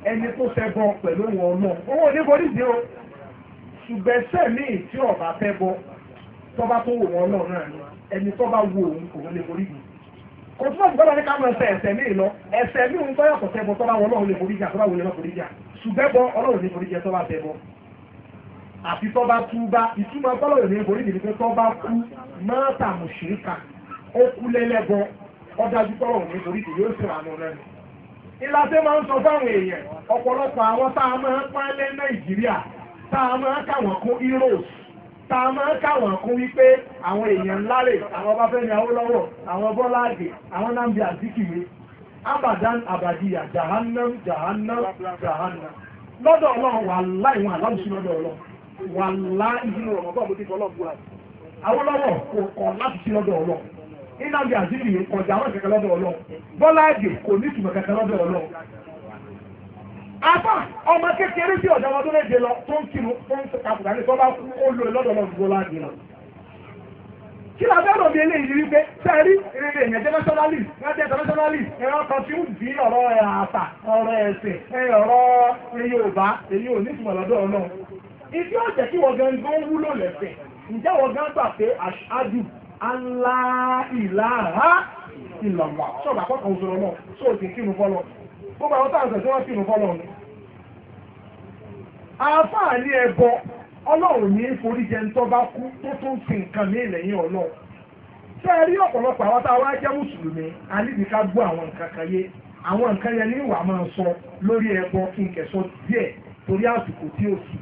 ẹni tó fẹ́ pẹ̀lú wọn náà owó dé o ṣùgbọ́n ẹsẹ̀ tí ọba fẹ́ bọ tó tó wò wọn ni ẹni tó bá òun kò lè borí kò ní ká mọ ẹsẹ̀ ẹsẹ̀ lọ ẹsẹ̀ ṣùgbẹ́bọ ọlọ́run ní forí jẹ tó bá bẹ̀bọ àfi tó bá tú bá ìtumọ̀ tọ́lọ́run ní forí nìyí pé tó bá kú máa tà mù ṣèkà ó kú lẹ́lẹ́bọ ó dájú tọ́lọ́run ní forí nìyí ó sì rà nù lẹ́nu. ìlàsẹ́ máa ń sọ fáwọn èèyàn ọ̀pọ̀lọpọ̀ àwọn tá a máa ń pálẹ́ Nàìjíríà tá a máa ń káwọn kún heroes tá a máa ń káwọn kún wípé àwọn èèyàn ńlá rè àwọn Ọbáfẹ́mi abadan abadiya jahannam jahannam jahannam Lọdọ wà láì wọn àlábùsí lọ́dọ̀ wà láì ìdílé ọ̀rọ̀ bá mo ti fọ́ ọlọ́run búra kò ọjà àwọn kẹ̀kẹ́ lọdọ ọlọ́run kò ní ọmọ kékeré tí lọ tó ń ń ó kí la fẹ́ lòdì eléyìí wípé sẹ́rí èèyàn internationalist wọ́n jẹ́ internationalist ẹ̀rọ kan tí ó di ọ̀rọ̀ àṣà ọ̀rọ̀ ẹ̀sìn ọ̀rọ̀ Yorùbá èyí ò ní ìtumọ̀ lọ́dọ̀ ọlọ́run ibi ó jẹ́ kí wọ́n gan gan wúlò lẹ́sẹ̀ ǹjẹ́ wọ́n gan gbà pé aṣáájú aláìláha ìlànà ṣọ́ọ̀bù àkọ́kọ́ òṣèlú náà sóòtì kírun fọ́lọ́ gbogbo àwọn táwọn sẹ̀ tí wọ́n kírun fọ́lọ́ ni àfáà ní ẹbọ ọlọ́run ní forí jẹ ńtọ́ bá kú tó tún fi nǹkan ní ìlẹ́yìn ọlọ́run ṣé ẹ rí ọ̀pọ̀lọpọ̀ àwọn tá jẹ́ a ká àwọn nǹkan àwọn nǹkan yẹn ní ìwà sọ lórí ẹbọ kí n díẹ̀ torí àsìkò tí ó sì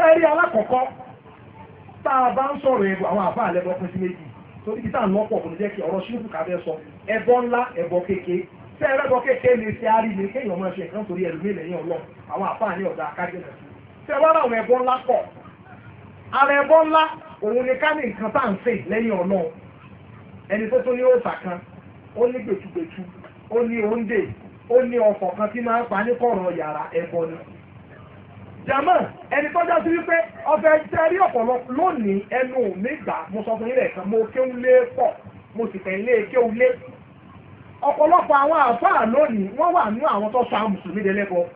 ẹ rí alákọ̀ọ́kọ́ tá a bá ń sọ̀rọ̀ àwọn àbá àlẹ́bọ pín sí méjì torí kí sọ ńlá lè ṣe kéèyàn máa ṣe nǹkan torí ṣe wá láwọn ẹbọ ńlá pọ̀ ara ẹbọ ńlá òun ni ká ní nǹkan tá à ń sè lẹ́yìn ọ̀nà ẹni tó tún ní òòsà kan ó ní gbètùgbètù ó ní òǹdè ó ní ọkọ̀ kan tí máa ń pa ní kọ̀rọ̀ yàrá ni jama ẹni sí wípé ọbẹ̀ ọ̀pọ̀lọpọ̀ lónìí ẹnu mi gbà mo sọ fún mo kéwú lé mo sì fẹ́ lé kéwú lé ọ̀pọ̀lọpọ̀ àwọn àfáà lónìí wọ́n wà nínú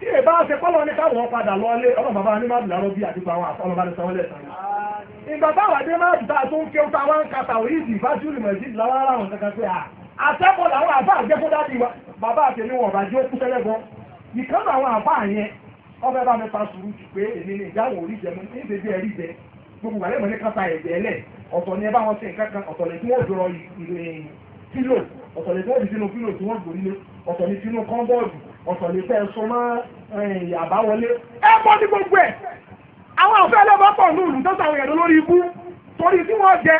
tí ẹ bá ṣe pọ́lọ́ ní káwọn padà lọ́lé ọlọ́ bàbá ní máàbù lárọ́ bí àdúgbò àwọn àfọlọ́ bá ní sanwó lẹ́sàn án ìgbà táwọn adé máàbù tá a tún kéwú táwọn ń kata òyìnbí fásitì mẹ̀síd láwọn ará wọn kankan pé à àtẹ́kọ̀ọ́ làwọn àbá àjẹkọ́ dábì wa bàbá àtẹ̀mí wọn ọ̀bàjẹ́ ó kú tẹ́lẹ̀ gan ìkan àwọn àbá yẹn ọbẹ̀ bá mi pa sùúrù jù pé èmi ní ìdáhùn orí jẹ mọ́ ní ìdèbí ẹ̀rí jẹ gbogbo wà lẹ́mọ̀ ní kásá ẹ̀jẹ̀ lẹ̀ ọ̀tọ̀ ni ẹ bá wọn ṣe nǹkan kan ọ̀tọ̀ lè tí wọ́n dọ̀rọ̀ ìlò kílò ọ̀tọ̀ lè tí wọ́n fi sínú kílò tí wọ́n gbòrí lé ọ̀tọ̀ ni sínú kọ́ńbọ́ọ̀dù ọ̀sọ̀lẹ́fẹ́ ẹ̀sùn mọ́ àbáwọlé ẹ pọ̀ ní gbogbo àwọn pọ̀ lórí ibú torí tí wọ́n jẹ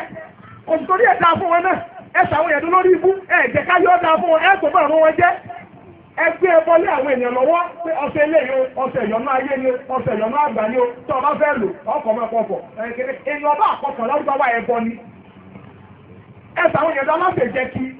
torí fún wọn náà ẹ lórí ibú ẹ jẹ ká yọ fún wọn ẹ tó bá àwọn wọn jẹ ẹ gbé àwọn lọ́wọ́ pé ọ̀sẹ̀ ilé yìí ọ̀sẹ̀ ayé ni ọ̀sẹ̀ ìyọnú àgbà ni o tó o bá fẹ́ lò ọkọ̀ mọ́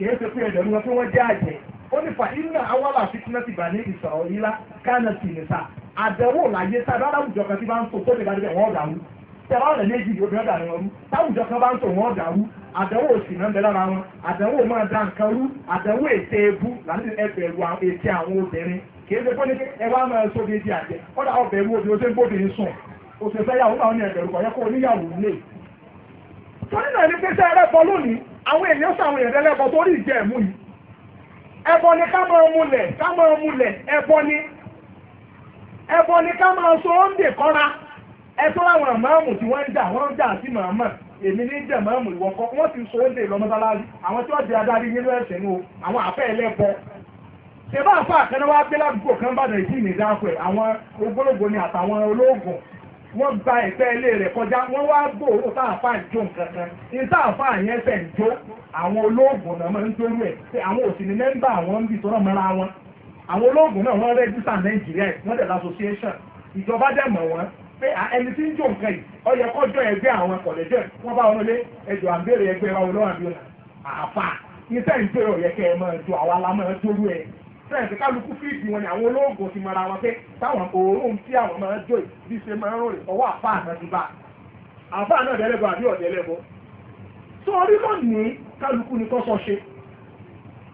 kìí ṣe pé ẹ̀dẹ̀ wọn pé wọ́n jẹ́ àjẹ́ ó ní fa iná awọ́là fitinẹ́ ti bà ní ìsọ̀rọ̀ yìí lá kánà tì ní sa àdẹ̀wò láyé sa ìbára àwùjọ kan ti bá ń tò tó lè bá débẹ̀ wọ́n dà wú tẹ̀rọ ọ̀rẹ́ méjì obìnrin dà wọn rú táwùjọ kan bá ń tò wọ́n dà wú àdẹ̀wò òsì náà ń bẹ lára wọn àdẹ̀wò máa da nǹkan rú àdẹ̀wò ètè ebú láti ẹbẹ̀rù ètè àwọn obìnrin kìí ṣe pé ní ẹ wá máa sọ bí di àjẹ kọ́dà ọbẹ̀ ewu obìnrin ó ṣe ń bóbìnrin sùn òṣèṣẹ́ yàwó náà ní ẹbẹ̀rù kọ̀ọ̀yẹ́ kó oníyàwó lè. torí náà ní pé sẹ́ẹ̀rẹ́ bọ́ lónìí àwọn èèyàn sàwọn èèyàn lẹ́lẹ́bọ tó rí ìjẹ́ ẹ̀mú ẹbọ ni ká máa múlẹ̀ ká máa múlẹ̀ ẹbọ ni ẹbọ ni ká máa so oúnjẹ kọ́ra ẹ tó láwọn tí wọ́n ń jà wọ́n ń jà sí màmá èmi ní jẹ̀ máa mú ìwọ́kọ́ wọ́n ti so oúnjẹ mọ́sálásí àwọn tí wọ́n di adarí nínú ẹ̀sẹ̀ o àwọn àfẹ́ ẹlẹ́bọ wọ́n gba ìfẹ́ ilé rẹ̀ kọjá wọ́n wá gbòòrò táàfà jó nǹkan kan ní táàfà yẹn fẹ́ ń jó àwọn olóògùn náà máa ń ẹ̀ pé àwọn òsì mẹ́ńbà àwọn ń mọ́ra wọn àwọn olóògùn náà wọ́n rẹ́gísà nàìjíríà wọ́n ìjọba dẹ̀ mọ̀ wọ́n pé ẹni tí ń jó yẹ kọjọ́ ẹgbẹ́ wọn lé wa wọn sẹ́yìn kálukú fíìdì wọn ni àwọn olóògùn ti mara wọn pé táwọn òórùn tí àwọn máa jó bí ṣe máa ń rìn ọwọ́ àfáà náà ti bá àfáà náà dẹ́lẹ́bọ àbí ni kọ́sọ́ ṣe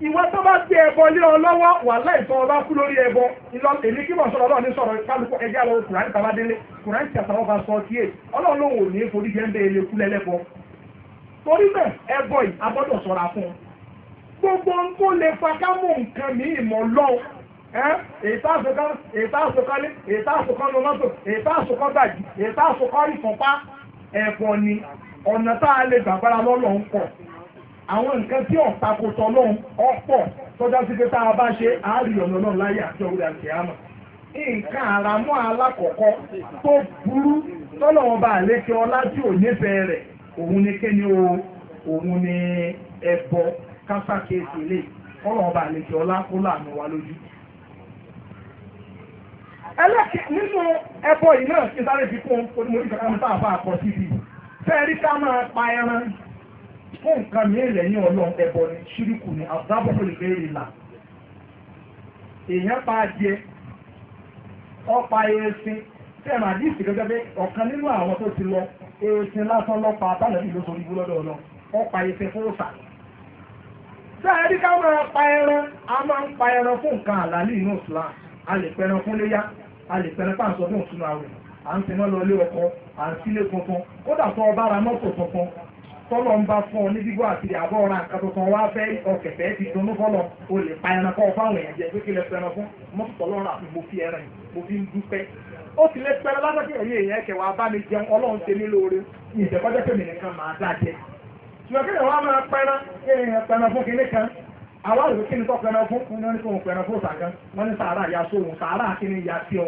ìwọ tó bá gbé ẹbọ lé ọ lọ́wọ́ wà ọba kú lórí ẹbọ èmi kí sọ̀rọ̀ ní sọ̀rọ̀ kálukú ẹgbẹ́ àwọn àtàwọn bá gbogbo ń tó lè fa ká mú nǹkan ní ìmọ̀ lọ́wọ́ ètò àsokọ́ ètò àsokọ́lé ètò àsokọ́lé mọ́tò ètò àsokọ́gbàjì ètò àsokọ́lé fọ́pá ẹ̀pọ̀ ni ọ̀nà tá a lè gbàgbára lọ́lọ́ ń pọ̀ àwọn nǹkan tí ọ̀tá kò tọ́ lọ́hùn ọ̀pọ̀ tọ́já sí pé tá a bá ṣe àárí ọ̀nà náà láyé àti ọ̀rẹ́ àti àmà nǹkan àràmọ́ alákọ̀ọ́kọ́ tó burú tọ́lọ́wọ́n bá àlékè ọlá tí ò nífẹ̀ẹ́ rẹ̀ òun ni kéni o òun ni ẹ̀bọ kásá kéèsì lè kọ́lọ̀ ọba àlejò ọlá kó láàánú wa lójú. ẹlẹ́kì nínú ẹbọ yìí náà kí sáré fi kún onímọ̀lì kankan mi sáà bá a kọ síbi fẹ́ẹ́ rí ká máa pa ẹran fún nǹkan mìíràn lẹ́yìn ọlọ́run ẹbọ ni ṣíríkù ni àbúdábọ̀ lè fẹ́ ìlà èèyàn pa adìẹ ọ̀pá ẹ̀sìn tẹ́ màá dí ìsìn gẹ́gẹ́ bí ọ̀kan nínú àwọn tó ti lọ ẹ̀sìn lásán lọ́pàá abálẹ̀ mi ló sọ ibú lọ́dọ̀ ọ̀nà ọ̀pá ẹ̀sìn fún òòsàn sẹ́ẹ̀rí ká máa pa ẹran a máa ń pa ẹran fún nǹkan àlàlí inú Islam a lè pẹran fún a lè pẹran pàṣọ fún òtún àwẹ̀ à ń tẹná lọ ilé ọkọ à ń sílé tuntun kódà tó ọba ara mọ́tò tọ́lọ̀ ń bá fún ọ ní gbígbó àti àbọ̀ ti fọlọ̀ o lè pa ẹran kọ́ fáwọn èèyàn jẹ pé kí lè pẹran fún mọ́tò àti mo fi ẹran ti lè pẹran lásán kí ẹ̀yin èèyàn ẹ̀kẹ́ bá mi jẹun ọlọ́run lóore pèmí nìkan ṣùgbọ́n kí ni wọ́n máa pẹ́ran kí ni pẹ́ran fún kinní kan àwọn àrùn kí ni kọ́ pẹ́ran fún fún ní kò pẹ́ran fún sàgán wọ́n ní sàárà ya sóhun sàárà kí ni ya sí ọ.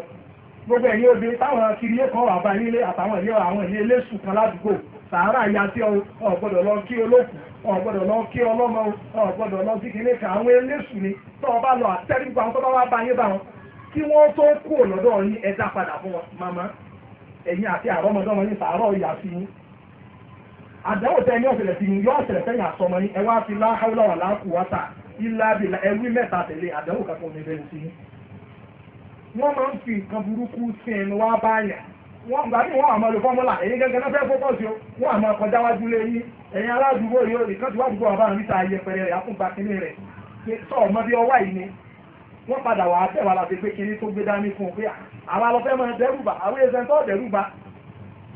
gbogbo ẹ̀yin obì táwọn kiri kan wà bá yín lé àtàwọn ilé àwọn ilé lẹ́sù kan ládùúgbò sàárà ya sí ọ ọ gbọ́dọ̀ lọ kí olókù ọ gbọ́dọ̀ lọ kí ọlọ́mọ ọ gbọ́dọ̀ lọ sí kinní kan àwọn eléṣù ni tọ́ ọ bá lọ àtẹ́rìgbà wọn bá wá bá yín bá wọn kí wọ́n tó kú ọ̀lọ́dọ̀ yín ẹ padà fún wọn màmá ẹ̀yin àti àrọ́mọdọ́mọ yín sàárọ̀ ìyá sí yín àdánwò tẹ ní ọ̀sẹ̀lẹ̀ sí ni yọ ọ̀sẹ̀lẹ̀ sẹ́yìn àsọmọ ni ẹwà ti láhàúlà wà láàkúwátà ìlàbìlà ẹwí mẹ́ta tẹ̀lé àdánwò kankan ní bẹ́ẹ̀ sí. wọ́n máa ń fi nǹkan burúkú sí ẹnu wá báyà wọ́n gbà ní wọ́n àmọ́ lo fọ́múlà èyí gẹ́gẹ́ náà fẹ́ fọ́kọ̀ sí o wọ́n àmọ́ kọjá wájú lé yín ẹ̀yin aládùúgbò yìí ó lè kán ti wádùúgbò bàbá wà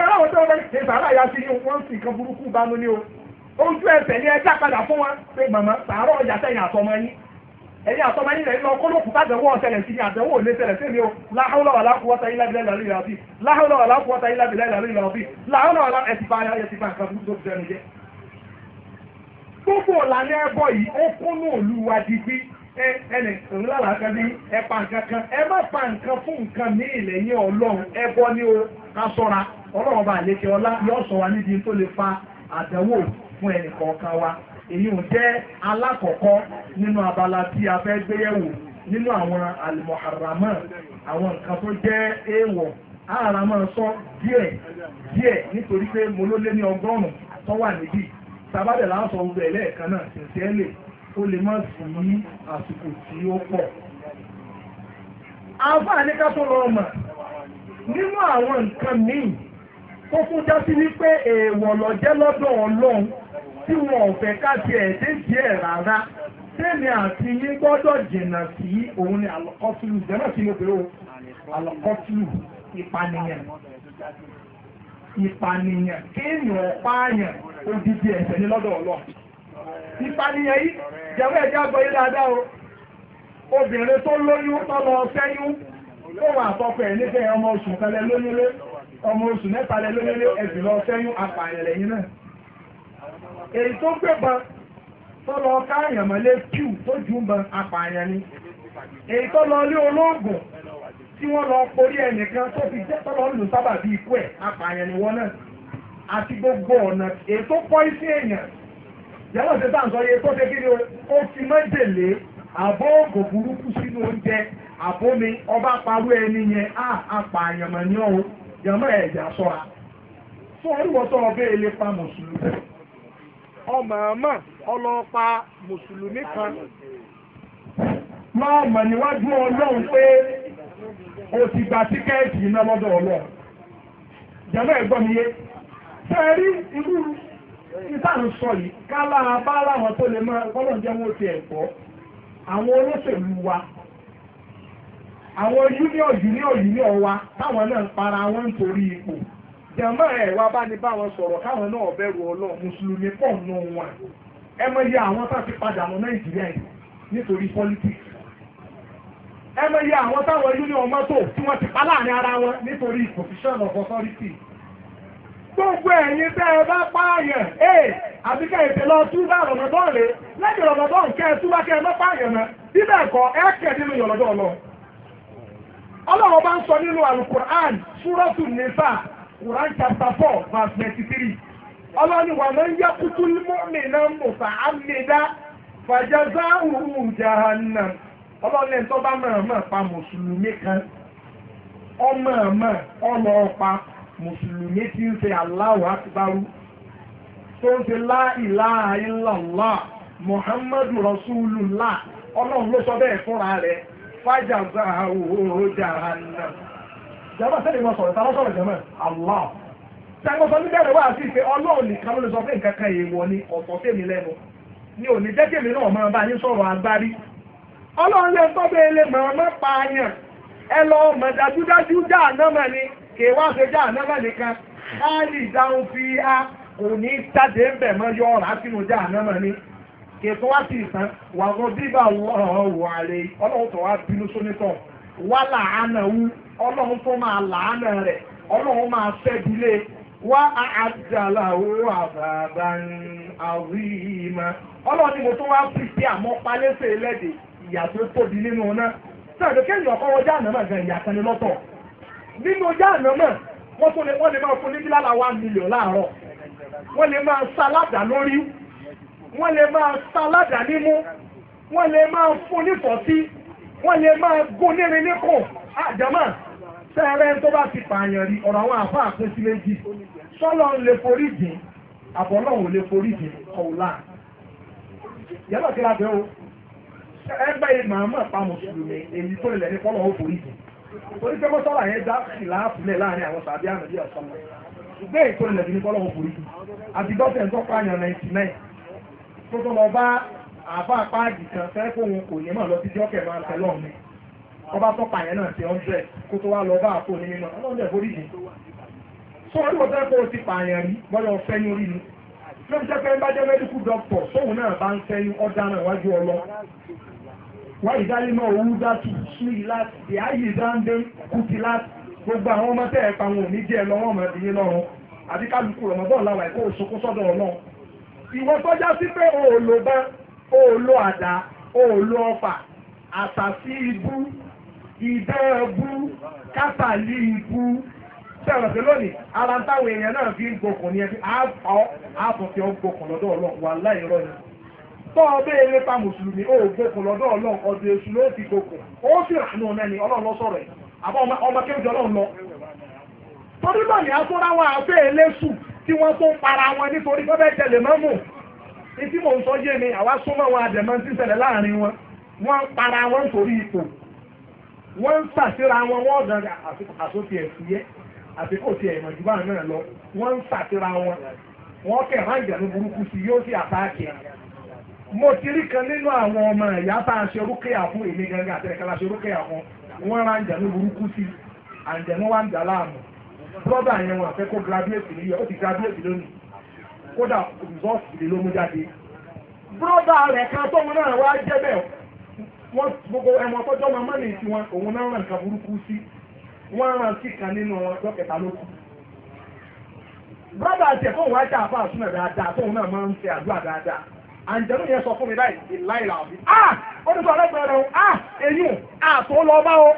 tẹ́lá wọn tó ń ṣe sàárà ya sí yín wọ́n sì kan burúkú banú ní o ojú ẹsẹ̀ ni ẹja padà fún wọn pé màmá sàárọ̀ ọjà sẹ́yìn àtọmọ yín ẹ̀yìn àtọmọ yín lẹ́yìn lọ kó lókùn sí mi o láhùlọ̀ wà láhùlọ̀ wà ọlọ́run bá àlékè ọlá yóò sọ wa níbi tó lè fa àdánwò fún ẹnì kọ̀ọ̀kan wa èyí ò jẹ́ alákọ̀ọ́kọ́ nínú abala tí a fẹ́ gbéyẹ̀wò nínú àwọn almuharraman àwọn nǹkan tó jẹ́ èèwọ̀ ààrà máa sọ díẹ̀ díẹ̀ nítorí pé mo ló lé ní ọgọ́rùn-ún tó wà níbí tàbádẹ̀ láàsọ gbogbo ẹ̀ lẹ́ẹ̀kan náà tẹ̀síẹ́lẹ̀ ó lè má sí àsìkò tí ó pọ̀ àǹfààní ká tó lọ mọ̀ nínú àwọn nǹkan míì tó tún já sí wípé èèwọ̀ ló jẹ́ lọ́dọ̀ ọlọ́run tí wọn ò fẹ́ ká ti ẹ̀dẹ́ díẹ̀ rárá tẹ́mi àti yín gbọ́dọ̀ jìnnà sí òun ni àlọ́kọ́tìlù jẹ́nà sí mo bèrè o àlọ́kọ́tìlù ìpànìyàn ìpànìyàn kéèyàn pààyàn odidi ẹ̀ṣẹ̀ ní lọ́dọ̀ ọlọ́run ìpànìyàn yìí jẹ́wọ́ ẹ̀jẹ̀ àgbọ̀ yìí dáadáa o obìnrin tó lóyún tó lọ sẹ́yún ó wà àtọ́kọ̀ ẹ̀ nífẹ̀ẹ́ ọmọ oṣù kan lóyún lé ọmọ oṣù mẹ́ta lẹ lónílé ẹ̀sìn lọ sẹ́yún apààyàn lẹ́yìn náà èyí tó gbébọn tó lọ káàyàn mọ́lé pew tó jù ń ban apààyàn ni èyí tó lọ lé olóògùn tí wọ́n lọ porí ẹnìkan tó fi jẹ́ tó lọ lù sábà bí ikú ẹ̀ apààyàn ni wọ́n náà àti gbogbo ọ̀nà èyí tó pọ́ sí èèyàn yàrá òṣèlú àǹsọ̀ yẹ tó ṣe kí ni ó ti mọ́jèlé àbọ̀ ògò burúkú sínú oúnjẹ àbómi ọba parú ẹni yẹn á apààyàn mọ̀ ní ọ̀hún jàmọ́ ẹ̀jà sọ́ra fún oríwọ́tọ́ ọbẹ̀ ilé pa mùsùlùmí ọmọ ọmọ ọlọ́pa mùsùlùmí kan máa mọ̀ níwájú ọlọ́run pé o ti gba tíkẹ́ẹ̀tì iná lọ́dọ̀ ọlọ́run jàmọ́ ẹ̀gbọ́n mi yé sẹ́rí irú ìtàn sọ yìí kálá abá láwọn tó lè máa kọ́lọ̀ jẹ́ wọn ti ẹ̀kọ́ àwọn olóṣèlú wa àwọn union union union wa táwọn náà ń para wọn ipò jàmbá ẹ wa bá ní báwọn sọ̀rọ̀ káwọn náà bẹrù ọlọ́ọ̀ mùsùlùmí pọ̀ nù wọn ẹ àwọn tá a padà nàìjíríà yìí nítorí politics ẹ àwọn táwọn mọ́tò tí wọ́n ti láàrin ara wọn nítorí position of authority gbogbo ẹ̀yin ẹ bá pààyàn eh, ẹ̀ nínú ọlọ́run ọlọ́run bá ń sọ nínú alukur'an súrọ́tù nìfà quran chapter four verse twenty three ọlọ́run wà ló ń yẹ kútú mọ́mìnà mùsà àmìdá fàjàzá òhùn jahannam ọlọ́run ẹni bá mọ̀ọ́mọ̀ pa mùsùlùmí kan ọmọọmọ ọlọ́ọ̀pa mùsùlùmí tí ń ṣe tó muhammadu ọlọ́run ló sọ bẹ́ẹ̀ fúnra fájàmbá àwòrán jàǹdà. jàmbá sẹ́ni mo sọ̀rọ̀ táwọn wá sí ló sọ pé nǹkan kan èèwọ̀ ni ọ̀tọ̀ tèmi lẹ́nu ni ò ní jẹ́kẹ̀mí náà máa bá yín sọ̀rọ̀ agbárí. ọlọ́run lè bẹ́ẹ̀ lè ẹ mọ̀ dájúdájú ni kì í wá ṣe jáànámà nìkan káàlì dáhùn fi á kò ní ń kètò wá sí ìtàn wà lọ bíbá ọ̀wọ̀ ọlọ́run tó wá bínú sónítọ̀ wà làánà wú ọlọ́run tó máa làánà rẹ̀ ọlọ́run máa fẹ́dílé wá àjàlá owó àbàbà àríyìmá ọlọ́run ni mo tó wá fi àmọ́ palẹ́sẹ̀ ìyà tó tóbi nínú sọ̀rọ̀ gan ìyà kan ní lọ́tọ̀ nínú wọ́n lè wọ́n lè máa fún ní wọ́n lè máa ta aládàáni mú wọ́n lè máa fún nífọ̀sí wọ́n lè máa gún nírin níkò àjàmà ah, sẹ́rẹ́ tó bá ti pààyàn rí ọ̀rọ̀ àwọn àfa àpín sí méjì sọ́lọ́ ń lè forí jìn àbọ̀lọ́ ò lè forí jìn kọ̀ọ̀lá yálà kí la bẹ́ o ẹgbẹ́ yìí màá mọ̀ pa mùsùlùmí èyí tó lẹ̀ ní fọ́lọ́ ó forí jìn torí pé mọ́sálà yẹn dá ìlàáfilẹ̀ láàrin àwọn sàbí àmì bí ọ̀sán lọ ṣùgbọ́n èyí tó lẹ̀ ní fọ́lọ́ ó forí jìn àbídọ́sẹ̀ ń tọ́pọ̀ àyàn 99 tó tó lọ bá àbá páàdì kan fẹ́ kó òun kò ní mọ̀ lọ sí jọ́kẹ̀ máa tẹ̀lé ọ̀hún ọba tó pààyàn náà ti ọ̀ndẹ̀ kó tó wá lọ bá àpò ní mímọ́ ọlọ́dẹ̀ forí yìí sọ wọn ló fẹ́ kó o ti pààyàn rí bọ́lá ọ̀fẹ́ ní orí ni ló ń jẹ́ pé ń bá jẹ́ mẹ́díkù dọ́kítọ̀ sóhun náà bá ń fẹ́yìn ọ̀dà náà wájú ọlọ́ wá ìdálé náà owó dátù sí láti di ààyè dáńdé kùtì láti gbogbo àwọn ọmọ tẹ́ ẹ̀ pa wọn ò ní díẹ̀ lọ́wọ́ ọmọ ìdíyé lọ́rùn àti kálukú rọ̀mọ́bọ́ọ̀lá wà ẹ̀kọ́ òṣokó sọ́dọ̀ ọlọ́run ìwọ sọ́jà sí pé òòlò bá àdá òòlò ọfà àtàsí ibú ìdẹ́ ẹbú ara ń táwọn fi ń gbokùn ní ẹbí àtúnfẹ́ ọgbokùn lọ́dọ̀ ọlọ́run wà láì ni tọ́ ọbẹ̀ eré pa mùsùlùmí ó gbokùn lọ́dọ̀ ọlọ́run ọdún èṣù ló ti ó sì ràánú ọ̀nà ni ọlọ́run sọ̀rọ̀ àbọ̀ ọmọ ọlọ́run tí wọ́n tó ń para wọn nítorí pé bẹ́ẹ̀ tẹ̀lé mọ́mù etí mò ń sọ yé mi àwa súnmọ́ wọn àdẹ̀mọ́ ti ṣẹlẹ̀ láàrin wọn wọ́n ń para wọn torí ipò wọ́n ń sàṣíra wọn wọ́n dàn àsopì ẹ̀fúyẹ́ àsìkò tiẹ̀ ìmọ̀jú bá náà lọ wọ́n ń sàṣíra wọn wọ́n kẹ̀ hànjẹ̀ ní burúkú sí yóò sì àtàkì mo ti rí kan nínú àwọn ọmọ ìyá tá a ṣe rúkẹ́yà fún èmi gangan àtẹ̀kẹ́lá ṣe rúkẹ́yà fún wọ́n ra ní burúkú sí àǹjẹ̀ ní wàǹdà láàmú brọ́dà yẹn wọn àfẹ́ kó graduate ní yẹ ó ti graduate lónìí kódà results ìdè ló mú jáde brọ́dà rẹ̀ kan tóun náà wá jẹ́ bẹ́ẹ̀ wọ́n gbogbo ẹ̀wọ̀n tọ́jọ́ máa mọ́ni tiwọn òun náà ràn nǹkan burúkú sí wọ́n ràn sí kan nínú ọjọ́ kẹta ló kù brọ́dà tiẹ̀ fóun wá jẹ́ àfa àsúnà dáadáa tóun náà máa ń ṣe àdúrà dáadáa àǹjẹ̀lú yẹn sọ fún mi báyìí ìláìlà ọ̀bí ah ó ní sọ ọlẹ́gbẹ̀rẹ̀ o ah èyí o àtò lọ bá o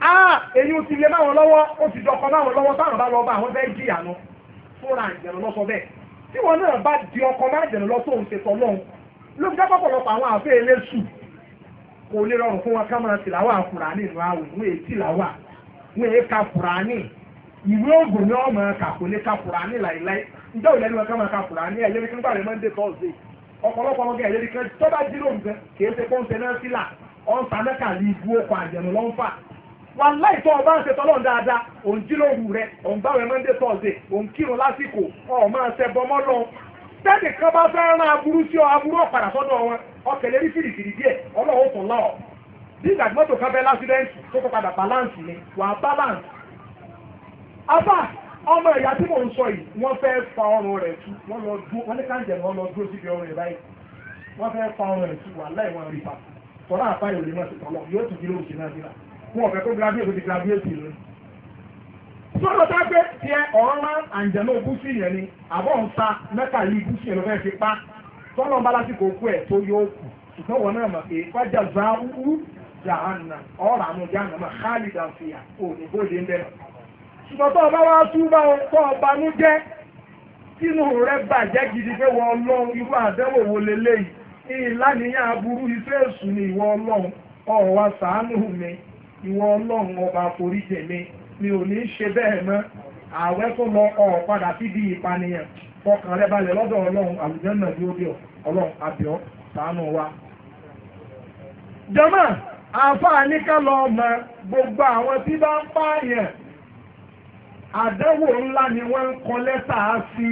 ah eyi ó ti lé lọwọ lọ́wọ́ ó ti dọkọ máwọn lọ́wọ́ táwọn bá lọ bá àwọn fẹ́ jìyà lọ fúnra sọ bẹ́ẹ̀ tí wọn náà bá di ọkọ máa jẹ̀rọ lọ tó ń ṣe tọ́ lọ́hùn ló fi dápọ̀ pọ̀lọpọ̀ àwọn àfẹ́ eléṣù kò lè rọrùn fún wọn ká máa tìlàwà Kùránì wọn ka Kùránì ìwé ògùn ni wọn máa kà kò ka Kùránì láìláì ìjọ ìlẹ́nu ka wọn láìpẹ́ ọba ń ṣetọ́ lọ́n dáadáa òun jíròrò rẹ òun báwẹ̀ monday thursday òun kírun lásìkò ọ̀ máa ṣẹ bọmọ́ lọ. tẹ́lẹ̀ kan bá fẹ́ rán aburú sí ọ aburú ọ̀padà sọ́dọ̀ wọn ọkẹ̀lẹ́ rí fìrìfìrì díẹ̀ ọlọ́wọ́ kò lọ́ọ̀. bí ìgbà tí mọ́tò kan fẹ́ lásìdẹ́ǹtì tó kọ́ padà balance ni wà á balance. abá ọmọ ìyá tí mò ń sọ yìí wọ́n fẹ́ fa ọrùn rẹ̀ tú wọ́n lọ dúró wọ́n ní káńjẹ̀ wọ́n lọ dúró síbi ọrùn rẹ̀ báyìí wọ́n fẹ́ fa ọrùn rẹ̀ tú wà láì wọn rí pa tọ́lá àbáyọ̀ lè má ti tọ́lọ́ yóò tún kí lóòsì náà síra wọn ò fẹ́ kó graduate kó ti graduate ni. sọ́dọ̀ tá a gbé tiẹ̀ ọ̀rọ̀ máa ń àǹjẹ̀mọ́ ògúsù yẹn ni àbọ̀ ń ta mẹ́ta yìí ògúsù yẹn ló fẹ́ fi pa tọ́lọ́ ń bá lásìkò kú ẹ̀ tó yóò kù ṣùgbọ́n wọn náà mọ̀ pé fájà záwú jahanna ọ̀rọ̀ àmú jahanna káàlì dànfìyà òyìnbó lè ń bẹ̀rẹ̀. ṣùgbọ́n tó o bá wá túbà o tó o banú jẹ́ sínú rẹ bàjẹ́ gidi pé wọ́n ọlọ́run irú àdẹ́wò wo leléyìí ìlànìyàn aburú iṣẹ́ èṣù ni ìwọ ọlọ́run ọ̀rọ̀ wa mi ìwọ ọlọ́run ọba foríjì mi mi ò ní ṣe bẹ́ẹ̀ mọ́ ààwẹ́ tó lọ ọ̀ padà síbi ìpànìyàn fọkàn rẹ balẹ̀ lọ́dọ̀ ọlọ́run àwùjọ náà ní òbí ọlọ́run àbíọ́ ṣàánú wa. jọ́mọ̀ àáfàá ní ká lọ mọ gbogbo àwọn tí bá ń pààyàn àdánwò ńlá ni wọ́n ń kọ lẹ́tà á sí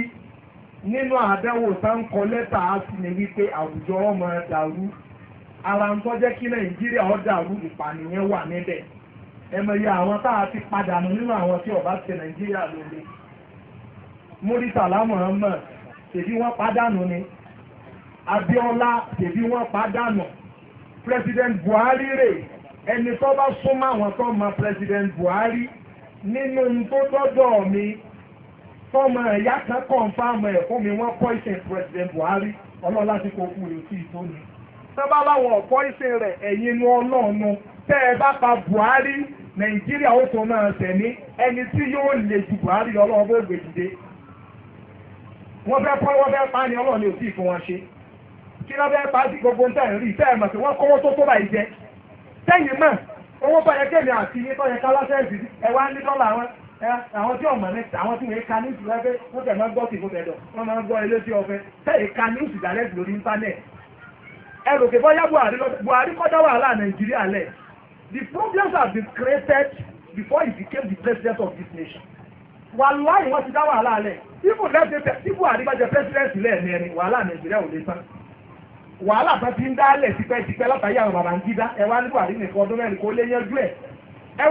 nínú àdánwò tá ń kọ lẹ́tà á sí ni wípé àwùjọ ọmọ dàrú ara ń tọ́ jẹ́ kí nàìjíríà ọ̀dà àrùn ìpànìyàn wà níbẹ̀ ẹ mọ̀ iye àwọn tá a ti padà nù nínú àwọn tí ọba ṣe nàìjíríà lóore Muritala Muhammad tèbí wọ́n pàdánù ni Abíọ́lá tèbí wọ́n pàdánù President Buhari rè ẹni tó bá súnmọ́ àwọn tó mọ President Buhari nínú tó dọ́dọ̀ mi fọ́mọ ẹ̀yà kan kọ̀ǹfàmù ẹ̀ fún mi wọ́n pọ́ìsìn President Buhari ọlọ́lá tí kò kú yóò tí ì tó ni sábà láwọn ọ̀pọ̀ ìsìn rẹ̀ ẹ̀yin inú ọlọ́run tẹ́ ẹ bá pa Buhari Nàìjíríà ó tó náà tẹ̀lé ẹni tí yóò lè ju Buhari ọlọ́run bó gbè dìde wọ́n fẹ́ pọ́ wọ́n fẹ́ pa ni ọlọ́run ní òsì fún wọn ṣe kí ló fẹ́ pa sí gbogbo ń tẹ̀ rí tẹ́ ẹ mọ̀ pé wọ́n kọ́wọ́ tó tó báyìí jẹ tẹ́yìn mọ̀ owó bá yẹ kéèmì àti yín tó yẹ ká lásẹ̀sì ẹ wá ní dọ́là wọn àwọn tí ọmọ ní àwọn tí wọn ka ní ìsúlẹ̀ fẹ́ wọ́n tẹ̀ máa gbọ́ tìfún bẹ̀dọ̀ wọ́n máa gbọ́ ilé tí ọfẹ́ tẹ̀ ẹrù kí bọ́yá buhari buhari kọ́ dá wàhálà nàìjíríà lẹ̀ the problems have been created before he became the president of this nation wàláì wọ́n ti dá wàhálà lẹ̀ ibu lẹ́sẹ̀ tí buhari bá jẹ president lẹ́ẹ̀mẹrin wàhálà nàìjíríà ò lè tán wàhálà tó ti ń dálẹ̀ tipẹ́tipẹ́ látàrí àwọn Babangida ẹ wá ní buhari nìkan ọdún mẹ́rin kó lé yẹn jú ẹ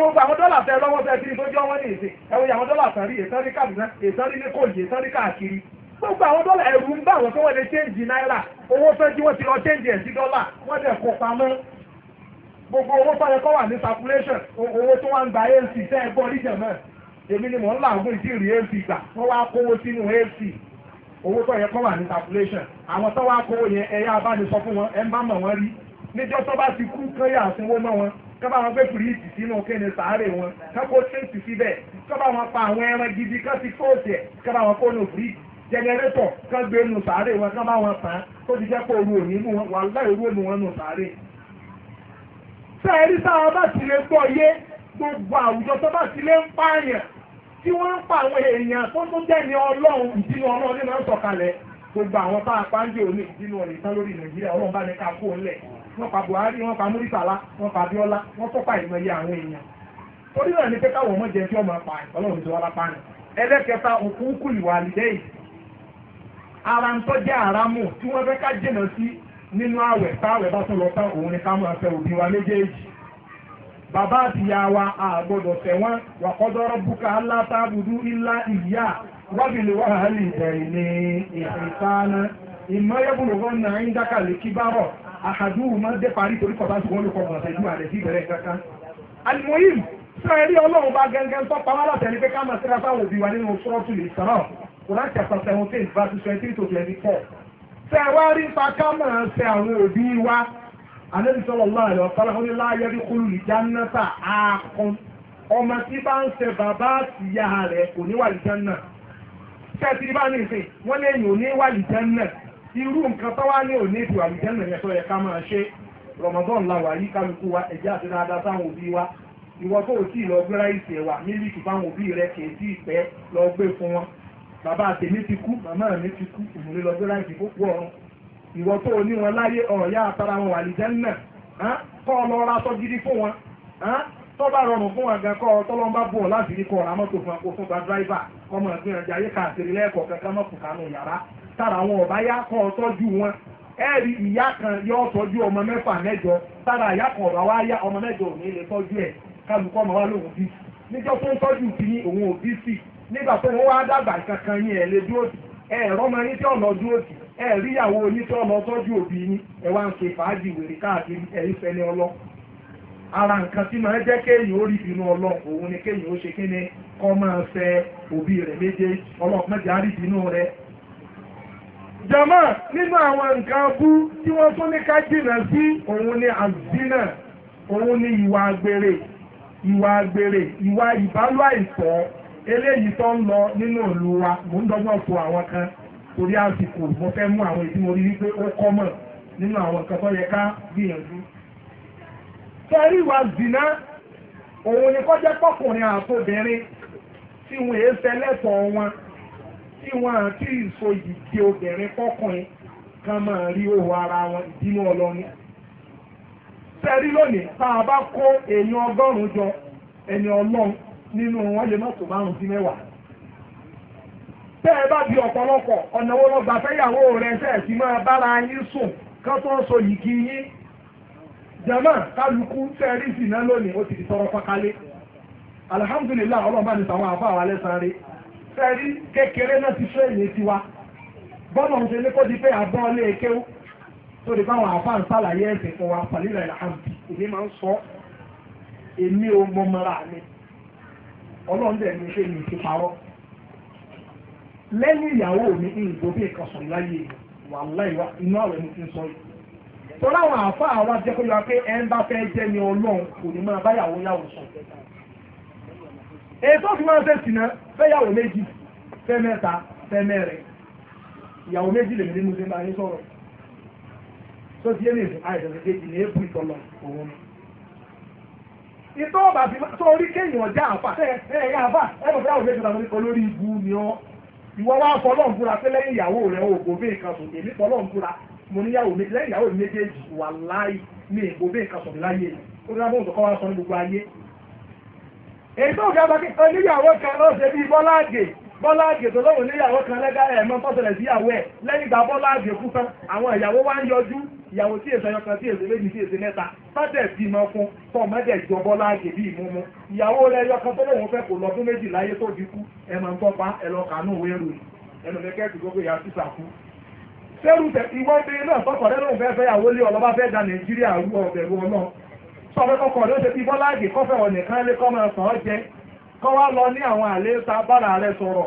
wo gba dọ́là tẹ lọ́wọ́ tẹ kiri tó jọ́ wọ́n ní èsè ẹ wo àwọn dọ́là tán rí èsán rí kàdúná èsán rí gbogbo àwọn dọ́là ẹ̀rù ń bá àwọn tó wọ́n lè ṣéǹjì náírà owó tó jí wọ́n ti lọ ṣéǹjì ẹ̀ sí dọ́là wọ́n dẹ̀ kó pamọ́ gbogbo owó tó yẹ wà ní circulation owó tó wà ń gba ac tẹ́ ẹ gbọ́ níjẹ̀ mọ́ èmi ni mò ń làágùn ìdírí ac gbà wọ́n wá kówó sínú ac owó tó yẹ kó wà ní circulation àwọn tó wá kówó yẹn ẹ̀yà abánisọ fún wọn ẹ̀ ń bá mọ̀ wọ́n rí níjọ́ tó bá ti kú kán yà mọ́ wọn kán bá wọn gbé fìríìtì sínú kéde sàárè wọn kán kó tíǹtì síbẹ̀ kán bá wọn pa àwọn ẹran gidi kán ti kóòtì ẹ̀ kán bá wọn kó nù fìríìtì jẹnẹrétọ̀ kan gbé nu sàárè wọn kan bá wọn tán tó ti jẹ́ pé oru òní nu wọn wà láì oru òní wọn nu sàárè. sẹ́ẹ̀rí táwọn bá ti lè gbọ́ yé gbogbo àwùjọ tó bá ti lè ń pààyàn tí wọ́n ń pa àwọn èèyàn tó tó jẹ́ ní ọlọ́run ìdínú ọlọ́run ní máa ń gbogbo àwọn bá apáńjẹ òní ìdínú ọ̀rẹ́ tán lórí nàìjíríà ọlọ́run bá ní ká kó ńlẹ̀ wọ́n pa buhari wọ́n pa murisala wọ́n pa abiola wọ́n tọ́pa ìmọ̀ye àwọn èèyàn torí náà ni pé káwọn ọmọ jẹ kí ọmọ pa ọlọ́run ti wá lápá ni ẹlẹ́kẹta òkú kùlù wà lẹ́yìn ara ń tọ́jú àràmù tí wọ́n fẹ́ ká jìnà sí nínú àwẹ̀ táwẹ̀ bá tún lọ tán òun ni ká máa fẹ́ òbí wa méjèèjì bàbá àtìyá wa àgbọ̀dọ̀ tẹ̀wọ́n wàkọ́dọ́rọ́ búkà látàbùdú ilá ìyá wábìlì wà hálì ìbẹ̀rẹ̀ ní ìfìtánà ìmọ̀yẹ́bùlùwọ́n náà ń dákàlẹ̀ kíbárọ̀ àhàdúhù máa dé parí torí kọ̀tà sí wọ́n ló kọ̀ ọ̀nà tẹ̀jú àrẹ̀ sí ìbẹ̀rẹ̀ kankan. alimoyim Quran chapter seventeen verse twenty to twenty four. Ṣé ẹ wá rí ipa ká máa ṣe àwọn òbí wa? Ànábì sallallahu alaihi wasallam ó ní la yadkhulul jannata àkùn. Ọmọ tí bá ń ṣe bàbá àtìyá rẹ̀ kò ní wà lí Jánnà. Ṣé ẹ ti rí bá ní ìsìn? Wọ́n lè yìn ò ní wà lí Jánnà. Irú nǹkan tó wá ní òní ìwà lí Jánnà yẹn tó yẹ ká máa ṣe. Ramadan la wà yí kálukú wa ẹ̀jẹ̀ àti dáadáa sáwọn òbí wa ìwọ tó o tí lọ gbéra ìsẹ̀ wà mílíkì fáwọn òbí rẹ kì í tí ì pẹ́ bàbá àtẹ̀mí ti kú màmá mi ti kú òmùlé lọ gbéra ìdìbò kú ọ̀run ìwọ tó o ní wọn láyé ọ̀ọ́yá àtàrà wọn wà lìjẹ́ náà kọ́ ọ lọ ra aṣọ gidi fún wọn tó bá rọrùn fún àga kọ́ tọ́lọ́n bá bọ̀ láti rí kọ́ ọ̀rá mọ́tò fún akó fúnpa dráìvà kọ́mọ ìgbìyànjú ayé káàkiri lẹ́ẹ̀kọ́ kankan mọ́ fùkánù yàrá tára àwọn ọ̀bá yá kọ́ tọ́jú wọn ẹ̀rí ìyá kan yọ tọ́jú ọmọ mẹ́fà mẹ́jọ tára ìyá kan ọ̀bá wá yá ọmọ mẹ́jọ ò ní lè tọ́jú ẹ̀ kálukọ́ ọmọ wa lòun bí níjọ́ tó ń tọ́jú ti ní òun ò bí sí nígbà tó wọ́n wá dàgbà kankan yín ẹ̀ lè dúró tì ẹ̀ rọ́mọ yín tí ọ̀nà dúró tì ẹ̀ ríyàwó yín tí ọ̀nà tọ́jú òbí yín ẹ̀ wá ń ṣe fàájì ara nǹkan tí máa jẹ́ kéèyàn ó rí ìbínú ọlọ́run òun ni kéèyàn ó ṣe kí ni kọ́ máa fẹ́ òbí rẹ̀ méje ọlọ́run rí ìbínú rẹ̀. jama nínú àwọn nǹkan bú tí wọ́n tún ní ká ni àzínà òun ni ìwà àgbèrè ìwà àgbèrè ìwà eléyìí tó ń lọ nínú ìlú wa mò ń àwọn kan torí àsìkò mo fẹ́ mú àwọn èdè mo rí ó kọ́ mọ̀ nínú àwọn nǹkan tó yẹ ká gbìyànjú. sẹ́rí ìwà zìnà òun ni kọjá pọ́kùnrin àtobìnrin tí wọn èé wọn tí wọn àti kan máa rí ara wọn ìdínú sẹ́rí lónìí tá a bá kó èèyàn ọgọ́rùn-ún jọ nínú wọn lè mọ́tò márùn sí mẹ́wàá. tẹ́ ẹ bá bí ọ̀pọ̀lọpọ̀ ọ̀nà wo lọ gbà fẹ́yàwó rẹ sẹ́ẹ̀ sí máa bára yín sùn ká tó ń so yìí kí yín. jama kálukú tẹ́rí sì náà lónìí ó ti di tọrọ pákálé. alihamudulilayi ọlọ́mọba ní sàwọn àbá wa lẹ́sàn-án tẹ́rí kékeré náà ti fẹ́ èyí tiwa bọ́ọ̀lù ń ṣe ní kó di pé àbọ̀ ọlé e kéwú tó di báwọn àfáà ń sàlàyé ẹ̀sìn fún wa pàlílẹ̀ àhàmì èmi máa ń sọ èmi ò mọ mọ́ra mi ọlọ́run dẹ̀ ní ṣe ní ti parọ́ lẹ́yìn ìyàwó mi ìgbò bí ìkọsọ̀ láyé wà láìwá iná rẹ̀ ní ti sọ yìí tó láwọn àáfàá wa jẹ́ kó yọ pé ẹ ń bá fẹ́ jẹ́ ní ọlọ́run kò ní máa báyàwó yàwó sọ ètò fi máa ń fẹ́sì náà fẹ́yàwó méjì fẹ́ mẹ́ta fẹ́ mẹ́rin ìyàwó méjì lè ní mo ṣe máa ń sọ̀rọ̀ tó ti yé mi àìsàn kékeré ní èébú ìtọ́lọ òun ni ìtọ́ ọ̀bà fi máa sọ orí kéèyàn já àfà ẹ ẹ àfà ẹ bọ̀ fẹ́ àwọn ìgbésẹ̀ tàbí olórí ibu ni ọ́ ìwọ wá fọlọ́n fúra pé lẹ́yìn ìyàwó rẹ̀ o kò bẹ́ẹ̀ kan sùn èmi fọlọ́n fúra mo níyàwó mi lẹ́yìn ìyàwó mi méjèèjì wà láì ní èkó bẹ́ẹ̀ kan sùn láyé ó ní abóhùn tó kọ́ wá sọ ní gbogbo ayé. èyí tó ga bàkí oníyàwó kan ó ṣe bí bọ́láàgè bọ́láàgè tó lọ́wọ́ oníyàwó kan lẹ́gà ẹ̀mọ́ tọ́sẹ̀lẹ̀ síyàwó ẹ̀ lẹ́yìn ìgbà bọ́láàgè kú tán àwọn ìyàwó wá ń yọjú ìyàwó tí èsè ọkàn tí èsè méjì tí èsè mẹ́ta sádẹ̀ bí mọ fún tọmọdé jọbọ láàyè bí ìmúmú ìyàwó rẹ yọkan tó lóun fẹ́ kó lọ́dún méjì láyé tó di kú ẹ máa ń tọ́pa ẹ lọ kàánú òwe rò ẹnu kẹ́kẹ́ ti gbogbo ìyá sísà kú. sẹ́rù tẹ̀ ìwọ obìnrin náà tọkọ̀ rẹ lóun fẹ́ fẹ́ yàwó lé ọlọ́ba fẹ́ da Nàìjíríà rú ọ̀bẹ̀rù ọlọ́ sọ̀rọ̀ kọkọ̀ rẹ ó ṣe ti bọ́lá àgbè kọ́fẹ́ ọ̀nìkan lé kọ́ máa sàn ọ́ jẹ kọ́ wá lọ ní àwọn àlééta bára rẹ sọ̀rọ̀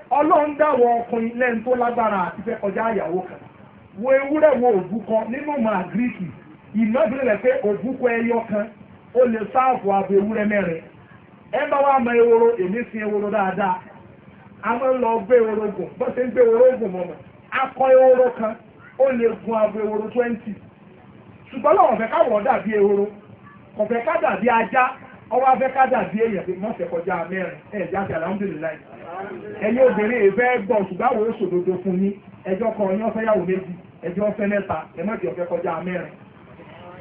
ọlọ́run dáwọ̀ ọkùnrin lẹ́nu tó lágbára àti fẹ́ kọjá àyàwó kan wo ewúrẹ́ wo òbúkọ nínú màgíríkì ìmọ̀bìrìlẹ̀ pé òbúkọ ẹyọ kan ó lè sáàfù ààbò ewúrẹ́ mẹ́rin ẹ bá wá mọ ehoro èmi sin dáadáa a máa ń lọ gbé ehoro gùn bó ṣe ń gbé gùn akọ kan ó lè gun twenty ṣùgbọ́n lọ́wọ́ fẹ́ dàbí ká dàbí ajá ọwọ́ afẹ́ ká ẹ̀yin obìnrin ìfẹ́ gbọ́ ṣùgbọ́n àwọn oṣù dodo fún yín ẹjọ́ kan ọyàn ọ̀fẹ́yàwó méjì ẹjọ́ ọ̀fẹ́ mẹ́ta ẹ̀mọ́jì ọ̀fẹ́ kọjá mẹ́rin.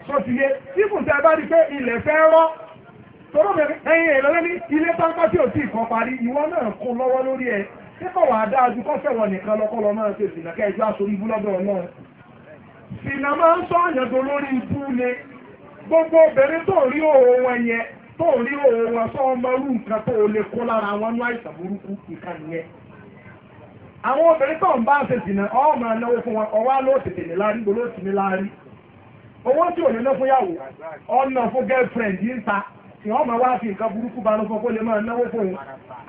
sọ́tìyẹ sífùn tẹ́ bá rí pé ilẹ̀ fẹ́ rọ́ tọ́rọ mi ẹ̀yin ìrọ̀lẹ́ ní ilé pápá tí kọ́ parí ìwọ náà kó lọ́wọ́ lórí dáa ju nìkan lọ́kọ́lọ́ náà ṣe ẹjọ́ tó rí òun wọn sọ ọmọ irú nǹkan tó lè kó lára wọn ní àìsàn burúkú nǹkan nìyẹn àwọn obìnrin tó ń bá ṣe jìnnà ọmọ ẹnáwó fún wọn ọwọ́ ló tètè ní láàrí gbòòrò tì ní láàrí owó tí ò ní ná fún yàwó ọ̀nà fún girlfriend yìí ń ta ìwọ́n máa wá fi nǹkan burúkú bá lọ́fọ́ kó lè máa náwó fún un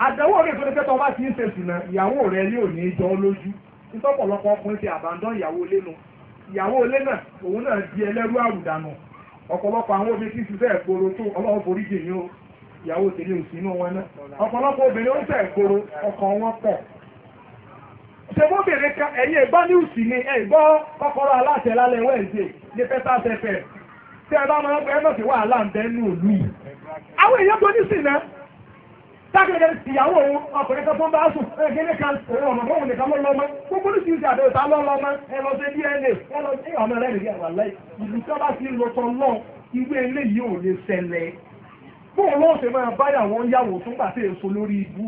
àdánwò rẹ̀ tó ní pẹ́ tó bá ti ń ṣèṣù náà ìyàwó rẹ̀ ní òní jọ lójú nítọ́pọ̀lọpọ̀ ọkùnrin ti àbàndán ìyàwó ilé nu ìyàwó ilé náà òun náà di ẹlẹ́rú àrùdànù ọ̀pọ̀lọpọ̀ àwọn obìnrin tí ń ṣiṣẹ́ ìgboro tó ọlọ́run forí jì ní o ìyàwó tèmi ò sí inú wọn náà ọ̀pọ̀lọpọ̀ obìnrin ó ń tẹ̀ ìgboro ọkàn wọn pọ̀ ṣebóbìnrin kan ẹ̀yin ẹ̀gbọ́ níwùsì ni ẹ̀gbọ́ kọ́kọ́rọ́ aláṣẹ lálẹ́ wẹ́ẹ̀dẹ̀ ní pẹ́tà tẹ́fẹ̀ẹ́ tí ẹ bá máa ń gbẹ́ mọ̀ sí wàhálà ń bẹ́ẹ̀ yìí àwọn èèyàn tó ní sí náà tákìlẹ̀ ìyàwó òun ọkùnrin kan tó ń bá sùn ẹgbẹ́ kan òun ọmọ bóun nìkan ló lọ́mọ gbogbo ní ti ń ṣàbẹ̀wò ta lọ́ lọ́mọ ẹ lọ sí DNA ẹ lọ sí ọmọ rẹ nìyí àwọn aláì ìlú tí wọ́n bá ti lọ tọ́ lọ irú eléyìí ò lè ṣẹlẹ̀ bóun lọ́wọ́ ṣe máa báyàwó yàwó tó ń gbà sí èso lórí ibú.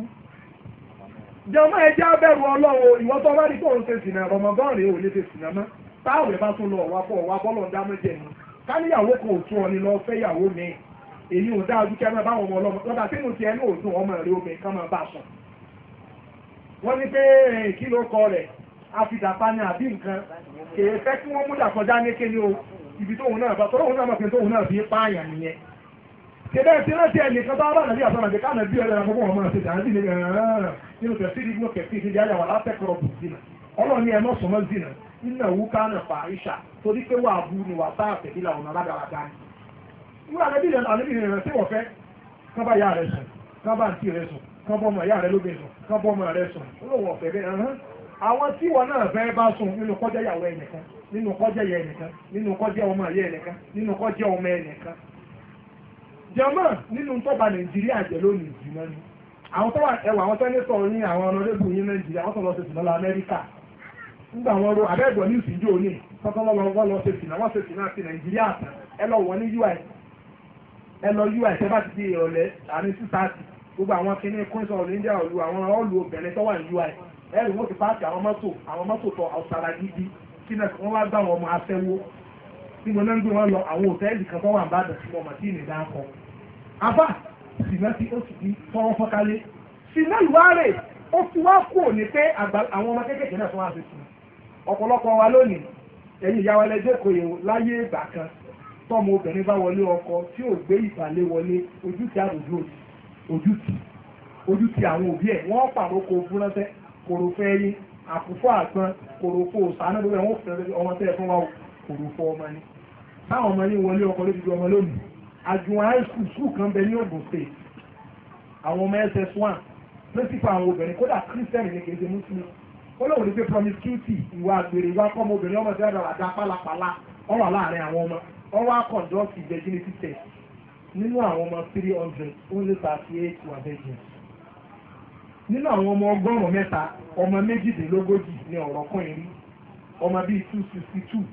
jọmọ ẹ já bẹ̀rù Ọlọ́run ìwọ tó bá rí tó ń ṣe sìnà rọmọgán rèé ò lè ṣe sìnà mọ́ táwọn ẹ bá tún lọ ọ̀wá pọ̀ ọ̀wá bọ́lọ̀ dámọ́jẹ̀ ni káníyàwó kan ò tún ọ èyí ò dáa ojú kí ẹ máa báwọn ọmọ ọlọ́mọ lọ́dà sínú tiẹ̀ ní òdùn ọmọ rẹ obìnrin kan máa bá a sùn. wọ́n ní pé kí ló kọ rẹ̀ afidàpá ni àbí nǹkan kèé fẹ́ kí wọ́n mú dàkọjá ní kéde o ibi tóun náà bá tọ́lọ́hún náà máa fi tóun náà fi pààyàn nìyẹn. kébẹ́ ti rántí bá àti bí ọmọ nígbà lẹ́bí rẹ̀ àlébí na tí wọ́n fẹ́ kán bá yá rẹ̀ sùn kán bá àǹtí rẹ̀ sùn kán bọ́ ọmọ yá rẹ̀ sùn ọmọ rẹ̀ sùn àwọn tí wọn náà bá sùn nínú kọjá nínú kọjá nínú kọjá ọmọ nínú kọjá ọmọ ẹnìkan jọmọ nínú tọba nàìjíríà jẹ lónìí ni àwọn ẹwà àwọn sọ ní àwọn yín nàìjíríà sọ lọ sí amẹ́ríkà wọn ro ní ui ẹ lọ ui tẹ́ bá ti di ìrọ̀lẹ́ àárín two thirty gbogbo àwọn kìíní queens of india ọ̀lù àwọn ọ̀lù obìnrin tó wà ní ui ẹ rí wọ́n ti páàkì àwọn mọ́tò àwọn mọ́tò tọ àwùsàrà gidi kí náà wọ́n wá gbá àwọn ọmọ afẹ́wó tí mo náà ń gbé wọn lọ àwọn òtẹ́ẹ̀lì kan tó wà nìbàdàn sí ọmọ tí ìnìdá ń kọ. àbá sìnà tí ó sì di tọ́wọ́ fọ́kálé sìnà ìwárè ó fi wá kú òní pé àwọn ọmọ kéékèèké náà tó wá sí ọ̀pọ̀lọpọ̀ wa lónìí ẹ̀yin ìyá wa láyé ìgbà kan tọ́mọ obìnrin bá wọlé ọkọ tí ò gbé ìbàlẹ̀ wọlé ojútì àròjù ojútì ojútì àwọn òbí ẹ̀ wọ́n pàrókò fúnránṣẹ́ kòròfẹ́ yín àkùfọ́ àgbọn kòròfò sànà lórí àwọn òfin ọmọ tẹ́ ẹ fún wa kòròfò ọmọ ni táwọn ọmọ ní wọlé ọkọ lójú ọmọ lónìí àjùwọ̀n high school school kan bẹ ní Ogun State àwọn ọmọ ss1 principal àwọn obìnrin kódà Christian ní kejì muslim ó lóun ní pé promiscuity ìwà àgbèrè ìwà kọ́mọ obìnrin ọmọ tí wọ́n dàgbà dá pálapàla ọ̀rọ̀ láàrin àwọn ọmọ wọ́n wá conduct virginity test nínú àwọn ọmọ three hundred only thirty eight were virgin nínú àwọn ọmọ ọgọ́rùn-ún mẹ́ta ọmọ méjìdínlógójì ni ọ̀rọ̀ kan yìí rí ọmọ bíi two sixty two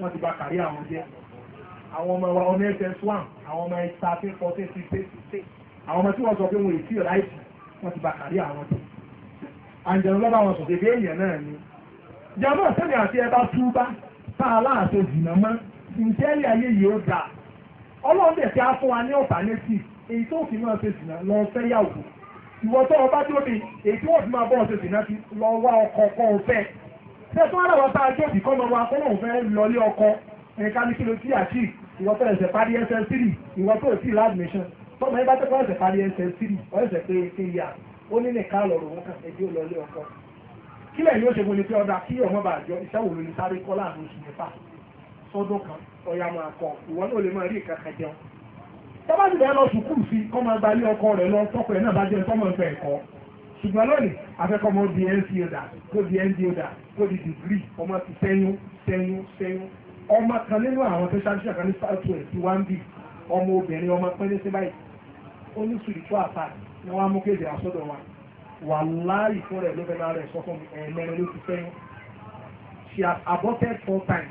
wọ́n ti bà kárí àwọn jẹ́ àwọn ọmọ wa ọmọ ss one àwọn ọmọ thirteen fourteen fifteen sixteen àwọn ọmọ tí wọ́n sọ pé wọn ò tí wọ́n ti bà kárí àwọn jẹ́ àǹjẹ̀rún lọ́ba wọn sọ̀tẹ̀ bí èèyàn náà ni jọ̀wọ́ sẹ́mi àti ẹ bá túbá tá a láàṣẹ jìnnà mọ́ ìjẹ́rì ayé yìí ó dáa ọlọ́run dẹ̀ ti á fún wa ní alternative èyí tó fi máa ṣe sìnà lọ fẹ́ yàwó ìwọ tó ọba tó mi èyí tí wọ́n fi máa bọ́ ṣe sìnà ti lọ wá ọkọ ọkọ ọ̀fẹ́ tẹ́tún aláwọ̀ tá a jó bìkọ́ lọ wa kọ́ lóun fẹ́ lọlé ọkọ ẹ̀ka ní kìlọ̀ tí àṣì ìwọ tó ẹ̀sẹ̀ parí ẹsẹ̀ sírì ìwọ tó ò tí ì láàdìmíṣàn tọ́mọ yín bá tẹ́kọ̀ọ́ ẹ̀sẹ̀ parí ẹsẹ̀ sírì ọ̀ ẹ̀sẹ̀ pé ké ya ó ní nìka lọ̀rọ̀ wọn kàn ẹ̀dí òlọlé ọkọ kílẹ̀ yóò ṣe mo ní pé ọ̀dà kí ọmọ bàjọ́ ìṣẹ́wò lórí sáré kọ́ láàrin oṣù mẹ́fà sọ́dún kan ọ̀yà máa kọ ìwọ náà lè máa rí ìkàkà jẹun tọ́ba ti lọ sùkúù sí kọ́ máa gba ilé ọkọ rẹ̀ lọ tọ́kọ ẹ̀ náà bá jẹ́ tọ́mọ̀ ẹ̀fẹ̀ ẹ̀kọ́ ṣùgbọ́n lónìí afẹ́kọ́ ọmọ di nc ọ̀dà kó di nd ọ̀dà kó di dìgírì ọmọ ti sẹ́yún sẹ́yún sẹ́yún ọmọ kan nínú àwọn tó ṣáájú àkànní sáàtù ẹ̀ ti wá ń ọmọ obìnrin ọmọ pẹ́ she has aborted four times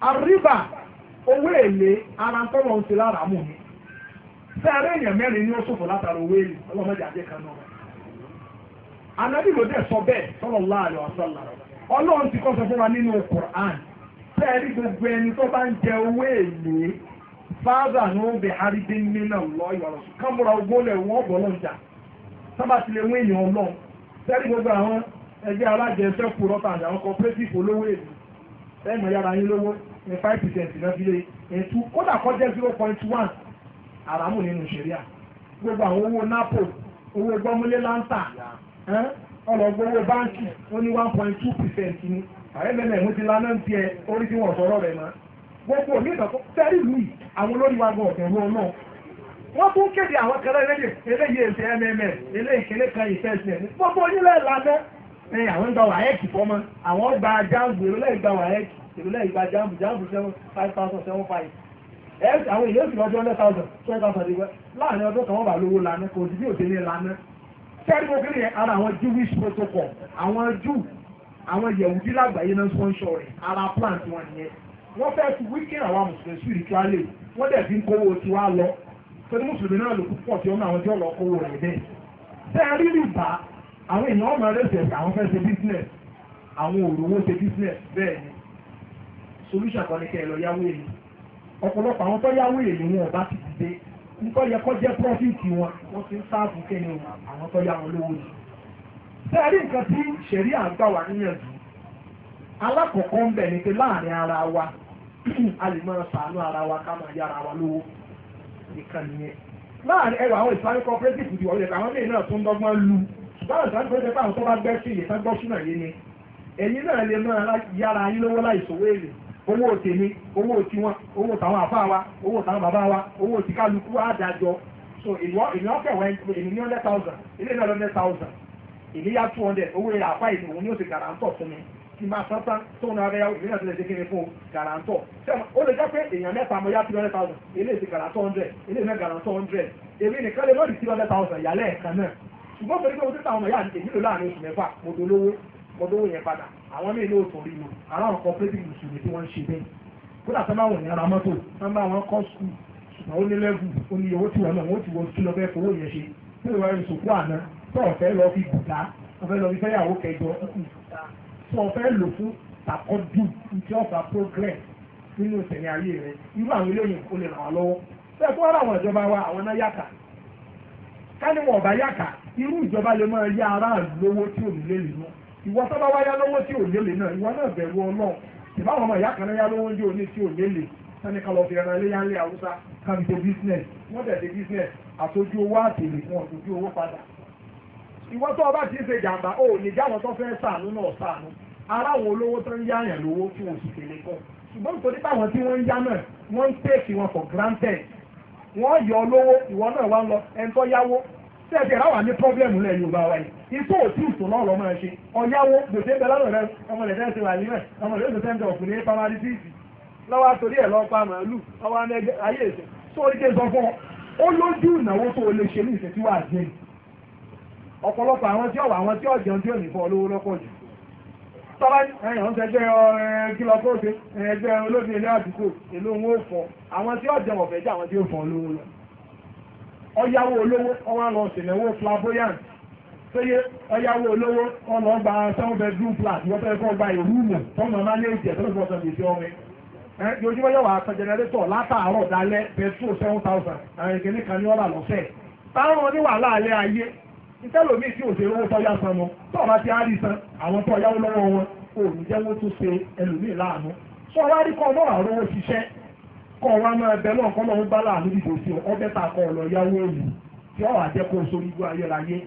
àríbà owó èlé ara ń tọ́lọ̀ ń ṣe lára mú mi sẹ́ẹ̀rẹ́ èèyàn mẹ́rin ní ó ṣòfò látara owó èlé ọlọ́mọdé àjẹ́ kan náà anabi ló dẹ̀ sọ bẹ́ẹ̀ sallallahu alaihi wasallam ọlọ́run ti kọ́ sọ fún wa nínú Qur'an gbogbo ẹni tó bá ń jẹ owó èlé ó nínú kámúra ogbó jà sábà tilẹ̀ èèyàn ọlọ́run gbogbo àwọn ẹgbẹ́ ẹ̀mọ̀ yára yín lówó ní five percent náà fi lé ètú kódà zero point one àràmù nínú ṣẹ̀ríà gbogbo àwọn owó napo owó gbọ́múlé láńtà ọlọ́gbọ́ owó báńkì ó ní one point two percent ni àrẹ́mẹ́lẹ̀ mú ti laná ń tiẹ̀ orí tí wọ́n sọ̀rọ̀ rẹ̀ mọ́ gbogbo òní tẹ́rì àwọn olórí wa gan wọ́n tún kéde àwọn eléyìí mmm eléyìí kẹlẹ́ kan ìfẹ́ gbogbo ẹ àwọn gba wàhẹ́ẹ̀kì fọ́mọ́ àwọn gba jáàmù èrò lẹ́yìn gba wàhẹ́ẹ̀kì èrò lẹ́yìn gba jáàmù jáàmù seven five thousand seven five ẹ àwọn èèyàn sì lọ́jọ́ hundred thousand twenty thousand ìwẹ́ láàrin ọdún kan wọ́n bá lówó lana kò sí bí òtẹ́lẹ̀ lana kẹ́rin mo kiri yẹn ara àwọn Jewish protocol àwọn Jew àwọn yẹ̀wùdí lágbàáyé náà sponsor rẹ̀ ara plant wọn nìyẹn wọ́n fẹ́ fi wíkìn àwọn mùsùlùmí sí ìtúwálé wọ́n dẹ̀ fi ń kówó tiwa lọ torí mùsùlùmí náà lò púpọ̀ tí wọ́n náà àwọn tí wọ́n lọ kówó rẹ̀ bẹ́ẹ̀ sẹ́ẹ̀ rí rìbá àwọn èèyàn ọmọ rẹ̀ ṣẹ̀ àwọn fẹ́ ṣe business àwọn òrùwó ṣe business bẹ́ẹ̀ ni solution kan ní kẹ́ ẹ lọ yáwó èyí ọ̀pọ̀lọpọ̀ àwọn tó yáwó èyí wọn ò bá ti dìde nǹkan yẹ kó jẹ́ profit wọn wọ́n ti ń sáàbù kẹ́ni àwọn tó yá wọn lówó ni. sẹ́ẹ̀rí nǹkan tí ṣẹ̀rí àgbà wà níyànjú alákọ̀ọ́kọ́ ń bẹ̀ ni pé láàrin ara wa a lè máa sàánú ara wa ká máa yá ara wa lówó nìkan nìyẹn láàrin ẹwà àwọn Islamic ṣùgbọ́n àgbà pé pé àwọn tó bá gbẹ́ sí ìyè tán gbọ́ súnà yé ni ẹ̀yin náà lè máa yára yín lówó láìsòwò èrè owó tèmi owó tiwọn owó tàwọn àfa wa owó tàwọn bàbá wa owó so ìwọ ìwọ kẹwàá èmi ní hundred thousand ilé náà hundred thousand èmi yá two owó àfa òun ni ó ti fún mi máa tán tó ń náà lè ṣùgbọ́n pẹ̀lú pé mo tẹ́tà ọmọ ìyá àti èmi lò láàrin oṣù mẹ́fà mo dolówó mo dówó yẹn padà àwọn míì ní òtò ríro aláwọn kan pé bíi ìṣòro tí wọ́n ń ṣe bẹ́ẹ̀ kódà tó máa wọ̀ ní ara mọ́tò tó máa wọn kọ́ sùkúù ṣùgbọ́n ó ní lẹ́gùn ó ní owó tí wọ́n náà wọ́n ti wọ́n kí lọ fẹ́ fowó yẹn ṣe tí wọ́n rí sòkú àná tó ọ̀fẹ́ lọ fi bùdá ọ̀fẹ́ lọ fi fẹ́yàwó kẹjọ tó ọ̀fẹ́ lò fún tàkọ́dù tí ọ̀fà progress nínú ìṣẹ̀lẹ̀ ayé rẹ̀ irú àwọn eléyìí ó lè ràn ká ní wọn ọ̀bá yàtà irú ìjọba lè máa yá aráàlú lówó tí ò nílé lè mọ́ ìwọ sábà wáyá lówó tí ò lélè náà ìwọ náà bẹ̀rù ọlọ́run ìbáwọn ọmọ ìyá kan náà yá lówó oúnjẹ òní tí ò lélè sani kan lọ fi ẹran ilé yánlé haúsá kan ṣe business wọ́n dẹ̀ ṣe business àtọ́jú owó àtẹ̀lé fún ọ̀tọ́jú owó padà ìwọ tó ọba ti ń ṣe jàǹbá ó lè já àwọn tó fẹ́ ṣàánú náà ṣàánú ara àwọn olówó tó ń yá àyàn lówó tí wọn sì tẹ̀lé kọ́ ṣùgbọ́n nítorí báwọn tí wọ́n ń yá náà wọ́n ń tèèkì wọn for granted wọ́n yọ lówó ìwọ náà wá ń lọ ẹni tó yáwó tẹ́ẹ̀tì ẹ̀rá wà ní pọ́blẹ́mù lẹ́yìn yorùbá wa yìí ìtò òtí ìtò náà lọ máa ṣe ọ̀yáwó gbèsè bẹ lánàá rẹ ọmọ rẹ fẹ́ẹ́ ṣe wà nílẹ̀ ọmọ rẹ fẹ́ẹ́ ṣe ọkùnrin pamari tíìsì lọ́wọ́ àtòrí ẹ̀ lọ́ọ́ pa màálù ọwọ́ anẹ́gbẹ́ ayé èsè tó o díje sọ fún ọ ó lójú ìnáwó tó o lè ṣe ní ìṣètí wà jẹ́ ọ̀pọ̀lọpọ̀ àwọn tí ọ̀wọ̀ àwọn tí ọ̀jẹun tí ò ní fọ olówó lọ́pọ̀ jù tọ́lá ẹ̀yàn ṣẹgbẹ́ kílọ̀kọ́ọ̀ṣe ẹgbẹ́ olóbìnrin àdúgbò èlò wọn ò fọ àwọn tí ọ̀jẹun ọ̀fẹ́ jẹ́ àwọn tí ó fọ olówó lọ ọyáwó olówó ọwọ́ lọ sìnàwó flamboyant sóyè ọyáwó olówó ọlọ gba seven bedroom flat wọ́n fẹ́ fọ́ gba ìrúùmù tọ́mọ máa ní èjì ẹ̀tọ́ ìfọ̀sọ̀ gbèsè ọmọ yojúmọ́ yóò wá san jẹnẹrétọ̀ látàárọ̀ dalẹ́ pẹ̀tró seven thousand àwọn ìkíní kan ní ọ̀là lọ́sẹ̀ táwọn ọmọdé wà láàlẹ́ ayé ìtẹ́lómi tí òṣèré owó tọ́já san mọ́ tọ́ọ̀bá ti á rí san àwọn tó ọyáwó lọ́wọ́ wọn òòrùn jẹ́ wọ́n tún ṣe ẹlòmíì láàánú sọ wá rí kọ́ ọmọ àrò owó kọ́ ọ wá máa bẹ náà kọ́ náà bá láàánú ìdè sí ọ ọbẹ̀ a ọ̀nà yáwó èlù tí ọ̀ kó sórí igbó ayérayé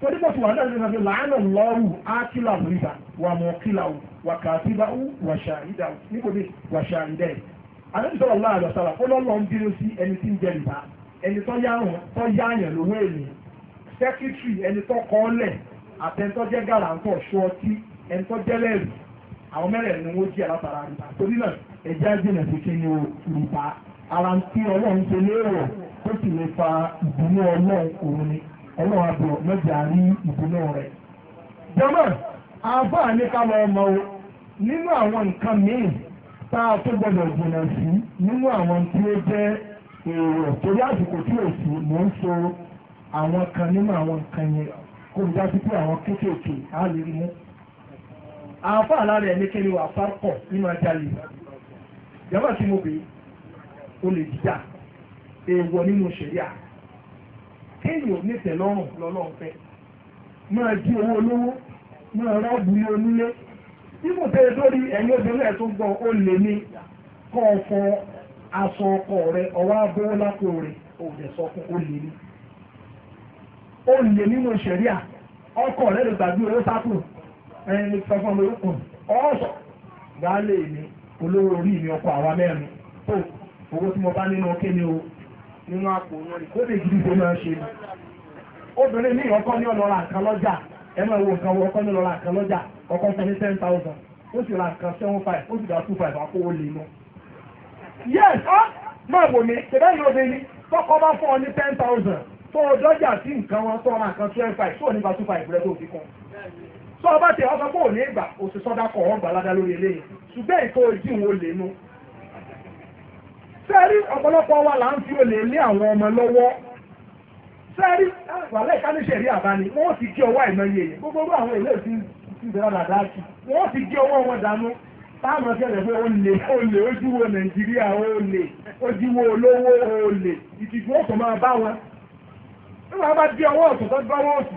torí wà náà nígbà tí làánà lọ́rù ákílà rìbà wà mọ̀ kílà wù wà kàtíbà wù wà ṣàìdà wù nígbòdì wà ṣàìdà ẹ̀ àdébí sọ̀rọ̀ ó ń sí ẹni tí ń jẹ ẹni ẹja jìnà sí kí ni ìbá ara ń tí ọlọ́run ṣe léèrò tó sì lè fa ìbínú ọlọ́run òun ni ọlọ́run àbọ̀ mẹ́jà rí ìbínú rẹ̀. jọ́mọ̀ àáfàá ní ká lọ ọmọ o nínú àwọn nǹkan míì tá a tó gbọdọ̀ jìnà sí nínú àwọn tí ó jẹ́ èrò torí àsìkò tí ò sí mò ń so àwọn kan nínú àwọn nǹkan yẹn kó n dá sí pé àwọn kéékèèké á lè rí mú. àáfàá lára ẹ̀ ní kí ni wà á fárkọ̀ nínú ajáyé jàmbá tí mo bè ó lè jíjà èèwọ̀ nínú ṣẹ̀ríà kéèyàn nítẹ̀ lọ́rùn lọ́lọ́run fẹ́ máa jí owó olówó máa rọ́ọ̀bù ní onílé ibò tẹ́lẹ̀ sórí ẹ̀yìn obìnrin ẹ̀ tó gbọ́ ó lè ní kọ́ ọ fọ aṣọ ọkọ rẹ ọwọ́ abówó lápò rẹ òòjẹ̀ sọ ó lè ní ó lè nínú ṣẹ̀ríà ọkọ rẹ lè gbàgbé owó sápò ẹni sọ fún ọmọ orúkọ ọ̀ọ́sọ̀ gbálẹ̀ mi olówó orí mi ọkọ̀ àwa mẹ́rin tó owó tí mo bá nínú kéde o nínú àpò wọn ni kódé gidi tó máa ṣe ni obìnrin ní ọkọ ní ọlọ́ra nǹkan lọ́jà ẹ máa wo nǹkan ọkọ ní ọlọ́ra nǹkan lọ́jà ọkọ fún ní ten thousand ó sì ra nǹkan seven five ó sì dá two five àpò olè mọ́. yes ọ máa wò mí ṣẹ̀dá yìí obìnrin ni tọkọ bá fún ọ ní ten thousand tó o dọ́jà sí nǹkan wọn tó ra nǹkan twelve five tó o nípa two five rẹ tó o fi kún tó ọba tẹ ọba pé òní ìgbà òṣìṣọ́dá kọ̀ ọ̀gbà ládá lórí eléyìí ṣùgbọ́n ìkó ojú wo lè nu. sẹ́ẹ̀rí ọ̀pọ̀lọpọ̀ wa là ń fi olè lé àwọn ọmọ lọ́wọ́ sẹ́ẹ̀rí wàhálà ìkáníṣẹ̀rí àbáni wọ́n ti gé ọwọ́ àìmọye yẹn gbogbo àwọn ilé ìsìn ìbẹ̀rẹ̀ dàda kì wọ́n ti gé ọwọ́ wọn dànù táwọn akẹ́rẹ̀ pé ó lè ó lè ojúwo nàìjíríà ó lè ojúwo olówó ó lè ìtìjú ọ̀sán máa bá wọn. nígbà wọn bá gé ọwọ́ ọ̀sán tó gbọ́wọ́ òsì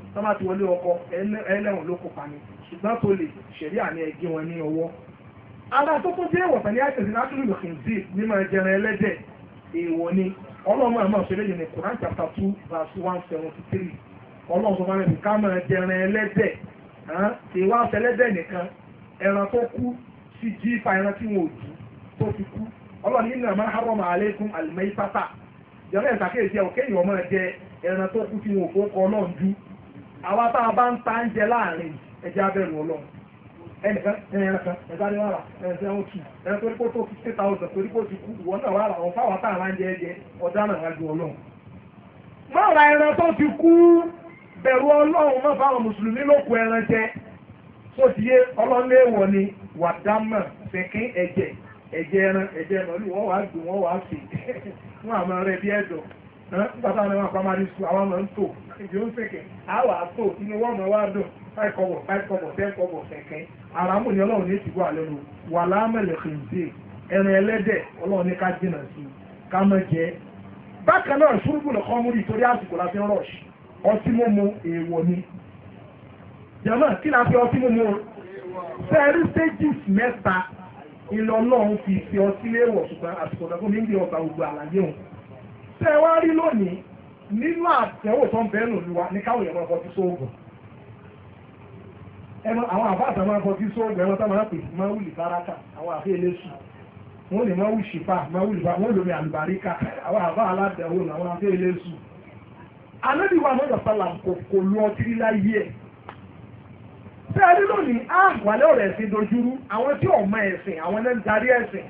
tọ́mà ti wọlé ọkọ ẹlẹ́wọ̀n ló kópa ni ṣùgbọ́n tó lè ṣẹ̀rí àní ẹ̀gí wọn ní ọwọ́. ara tó kó jẹ́ ìwọ̀sán ní àìsàn látúrú lòkè sí ní máa jẹran ẹlẹ́dẹ̀ èèwọ̀ ni ọlọ́run àmọ́ ṣẹlẹ̀ yìí ní Quran chapter two verse one seventy three ọlọ́run sọ fún mi ká máa jẹran ẹlẹ́dẹ̀ ìwà ọ̀sẹ̀lẹ́dẹ̀ nìkan ẹran tó kú sí jífa ẹran tí wọn ò jù tó fi kú ọlọ́run yìí nà máa harọ́mà aleikum alimẹ́sátà jẹ́rọ ẹ̀sàkéyèsí ẹ̀ òkèèyàn àwa tá a bá ń ta ń láàrin ẹjẹ́ abẹ́rù ọlọ́run ẹnìkan ẹ̀yìn ti kú ẹran tó ti kú bẹ̀rù ọlọ́run má fáwọn mùsùlùmí ló kú ẹran jẹ tó ti yé ni wàdámà fẹ̀kín ẹ̀jẹ̀ ẹ̀jẹ̀ ẹran ẹ̀jẹ̀ wọ́n wàá wọ́n wàá wọ́n àmọ́ bí ẹ̀dọ̀ Eh, bàbá mi wà primary school àwọn ọmọ ń tò ìdí ó ń sèkè àwọn àtò inú wọn mọ wá dùn five kọ́bọ̀ five kọ́bọ̀ ten kọ́bọ̀ kẹ̀kẹ́ àràmù ni ọlọ́run ní ìtìgbọ́ àlẹ́ lò wà láàmẹ̀lẹ̀ kìndé ẹran ẹlẹ́dẹ̀ ọlọ́run ní ká jìnà sí ká mọ̀ jẹ́ bákan náà ṣúrúbù nìkan mú rí torí àsìkò láti ń rọ̀ṣì ọtí mímu èèwọ̀ ni jẹ̀mọ́ kí la fi ọtí mímu fẹ́ẹ́rí stages mẹ́ta ìlọ́lọ́run fi fi ọtí léèwọ̀ ṣùgbọ́n àsìkò tẹ́ ẹ wá rí lónìí nínú àtẹ̀wò tó ń bẹ́ẹ̀ nù lùwà ní káwọn èèyàn máa fọ́ sí sóògùn ẹmọ àwọn àbá àtàwọn máa fọ́ sí sóògùn ẹmọ táwọn máa pè máa wùlì báràkà àwọn àfẹ́ eléṣù wọ́n lè máa wù ṣìfà máa wùlì bá wọ́n lómi àlùbáríkà àwọn àbá aládàáwò làwọn àfẹ́ eléṣù. anábì wa mọ́jọ sálà kò kò lu ọtí lílá yí ẹ̀. bẹ́ẹ̀ ni lónìí á ah, wàlẹ́ ọ̀rẹ́ ẹ̀sìn dojúrú àwọn tí ọ̀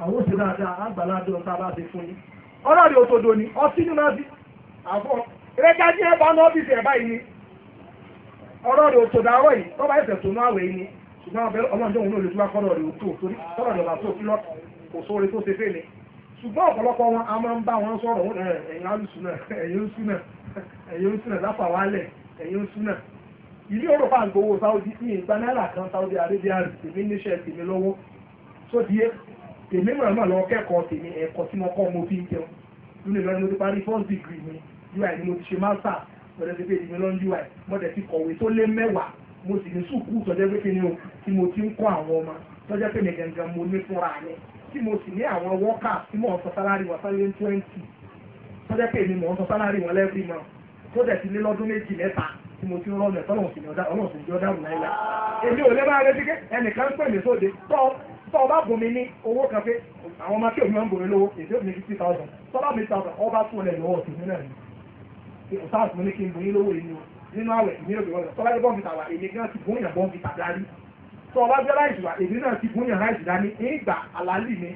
àwọn òṣèlú dáadáa àgbàládé ọ̀tá bá ti fún yín ọlọ́ọ̀dẹ òtòdó ni ọtí nínú àbí àfọ ìrẹ́jà ní ẹ̀bá ní ọ́fíìsì ẹ̀bá yìí ni ọlọ́ọ̀dẹ òtòdó àárọ̀ yìí tọ́ba ẹ̀sẹ̀ tó ní àwẹ̀ yìí ni ṣùgbọ́n ọbẹ̀ ọlọ́ọ̀dẹ òun ló lè tún wá kọ́lọ́ọ̀dẹ òtò torí kọ́lọ́ọ̀dẹ ọ̀là tó kílọ̀ kò sóore tó ṣe fẹ́ ni ṣùgbọ́n ọ̀pọ̀lọpọ̀ wọn a máa ń bá wọn sọ̀rọ̀ ẹ̀yin alùsùnà ẹ̀yin sùnà ẹ̀yin sùnà láfàwálẹ̀ ẹ̀yin sùnà ilé òrò fà ń gbowó Saudi ní ìgbà náírà kan Saudi Arabia tèmi níṣẹ́ tèmi lọ́wọ́ sódìé tèmi náà mà lọ kẹ́kọ̀ọ́ tèmi ẹ̀kọ́ tí mo kọ́ mo fi ń jẹun lónìí lọ́dún mo ti parí first degree mi UI ni mo ti ṣe master lọ́dọ̀ ti pé èdè mi lọ́n UI mo dẹ̀ ti kọ̀wé tó lé mẹ́wàá mo sì ní sùkúù tọ́jọ́ pé kí ni o tí mo ti ń kọ́ àwọn ọmọ tọ́jọ́ pé mi gangan mo ní fúnra mi tí mo sì ní àwọn wọ́kà tí mò ń sọ sálárì wọn sálárì twenty tọ́jọ́ pé mi mò ń sọ sálárì wọn lẹ́ẹ̀fì mọ́ tó dẹ̀ ti lé lọ́dún méjì mẹ́ta tí mo ti rọ́ọ̀nù ẹ̀ tọ́lọ̀ tọ́ ọba bùn mi ní owó kan pé àwọn ọmọ akéwì máa ń bùn mi lówó èdè òbí fifty thousand tọ́ba mi thousand ọba tún ọlẹ́ lọ́wọ́ tèmi náà ni ọ̀sáàsì mo ní kí n bùn yín lówó yìí nínú àwẹ̀ ìmíràn bí wọ́n lọ tọ́ba ní bọ́ǹfìtà wà èmi gan ti bùn yàn bọ́ǹfìtà dání tọ́ ọba jẹ́ láìsí wa èmi náà ti bùn yàn láìsí dání èyí gbà àlálì mi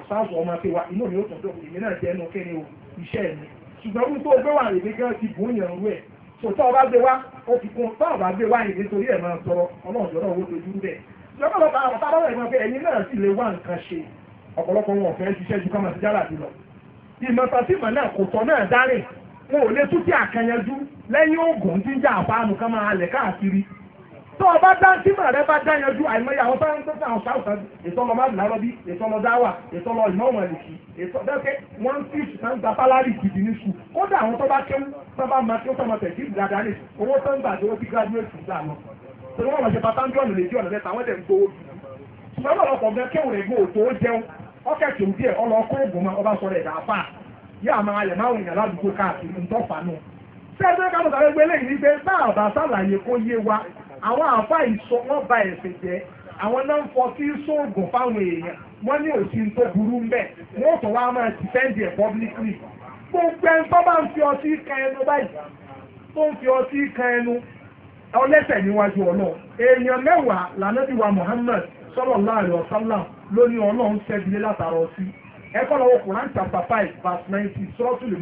ọ̀sáàsì ọmọ akéwì wa inú mi ó tún dùn èmi náà jẹ́ ẹnu kéde o iṣẹ́ mi ṣùgbọ́n wí tó gbé wà èmi gan ti bùn yàn rú ẹ̀ tọ́ ọba gbé wa ó fi tọ́ ọba gbé wa èmi torí ẹ̀ máa sọ̀rọ̀ ọlọ́run jọ̀rọ̀ owó tó bẹ́ẹ̀ lọ́pọ̀lọpọ̀ àwọn tábà wẹ̀ gbọ́n pé ẹ̀yin náà sì lè wá nǹkan ṣe ọ̀pọ̀lọpọ̀ wọn ọ̀fẹ́ ṣiṣẹ́ ju ká máa ti jára jùlọ ìmọ̀ta sí ìmọ̀ náà kò tọ́ náà dárìn wọn ò lè tún sí àkànyanjú lẹ́yìn oògùn tí ń jà àfáànù ká máa lẹ̀ káàkiri tó o bá dá tí màrẹ́ bá dá yanjú àìmọye àwọn sáà ń tẹ́tẹ́ àwọn sáà ètò ọlọ́mọ àdìlárọ́ bí ètò ọlọ́ dáwà ètò ọlọ́ ìmọ̀ ọ̀mọ̀ ẹ̀lìkì ètò dẹ́kẹ́ wọ́n ń fi ìṣùkà ń gba pálárì gidi ní sùn kódà àwọn tó bá kéwú tó bá máa kéwú tó máa tẹ̀sí ìgbàdánì owó tó ń gbàdúró bí gíráàdúrà tí wọ́n wọ́n ṣe bá táńdíọ̀nù lè díọ̀nù mẹ́ta wọ́n dẹ̀ ń gbowó ṣùgbọ́n ọ̀pọ̀ gan kéwòn rẹ̀ gbòó tó jẹun ọ̀kẹ́kẹ́ òdì ẹ̀ ọlọ́kọ́ ògùn ma ọba sọ̀rọ̀ ẹ̀dá apá yá àmà ayẹ̀ máa wọ̀nyàn ládùúgbò káàkiri ntọ́fà náà sẹ́ẹ̀dẹ́ àwọn náà ń fọ sí sóògùn fáwọn èèyàn ní òsì tó burú ń tó wá máa dìfẹ́ǹdì ọlẹ́sẹ̀ níwájú ọlọ́run èèyàn mẹ́wàá lànàbíwá Muhammad sallallahu alaihi wasallam lórí ọlọ́run sẹ́bílẹ̀ látara ọtí ẹ̀kọ́ lọ́wọ́ Quran chapter five verse ninety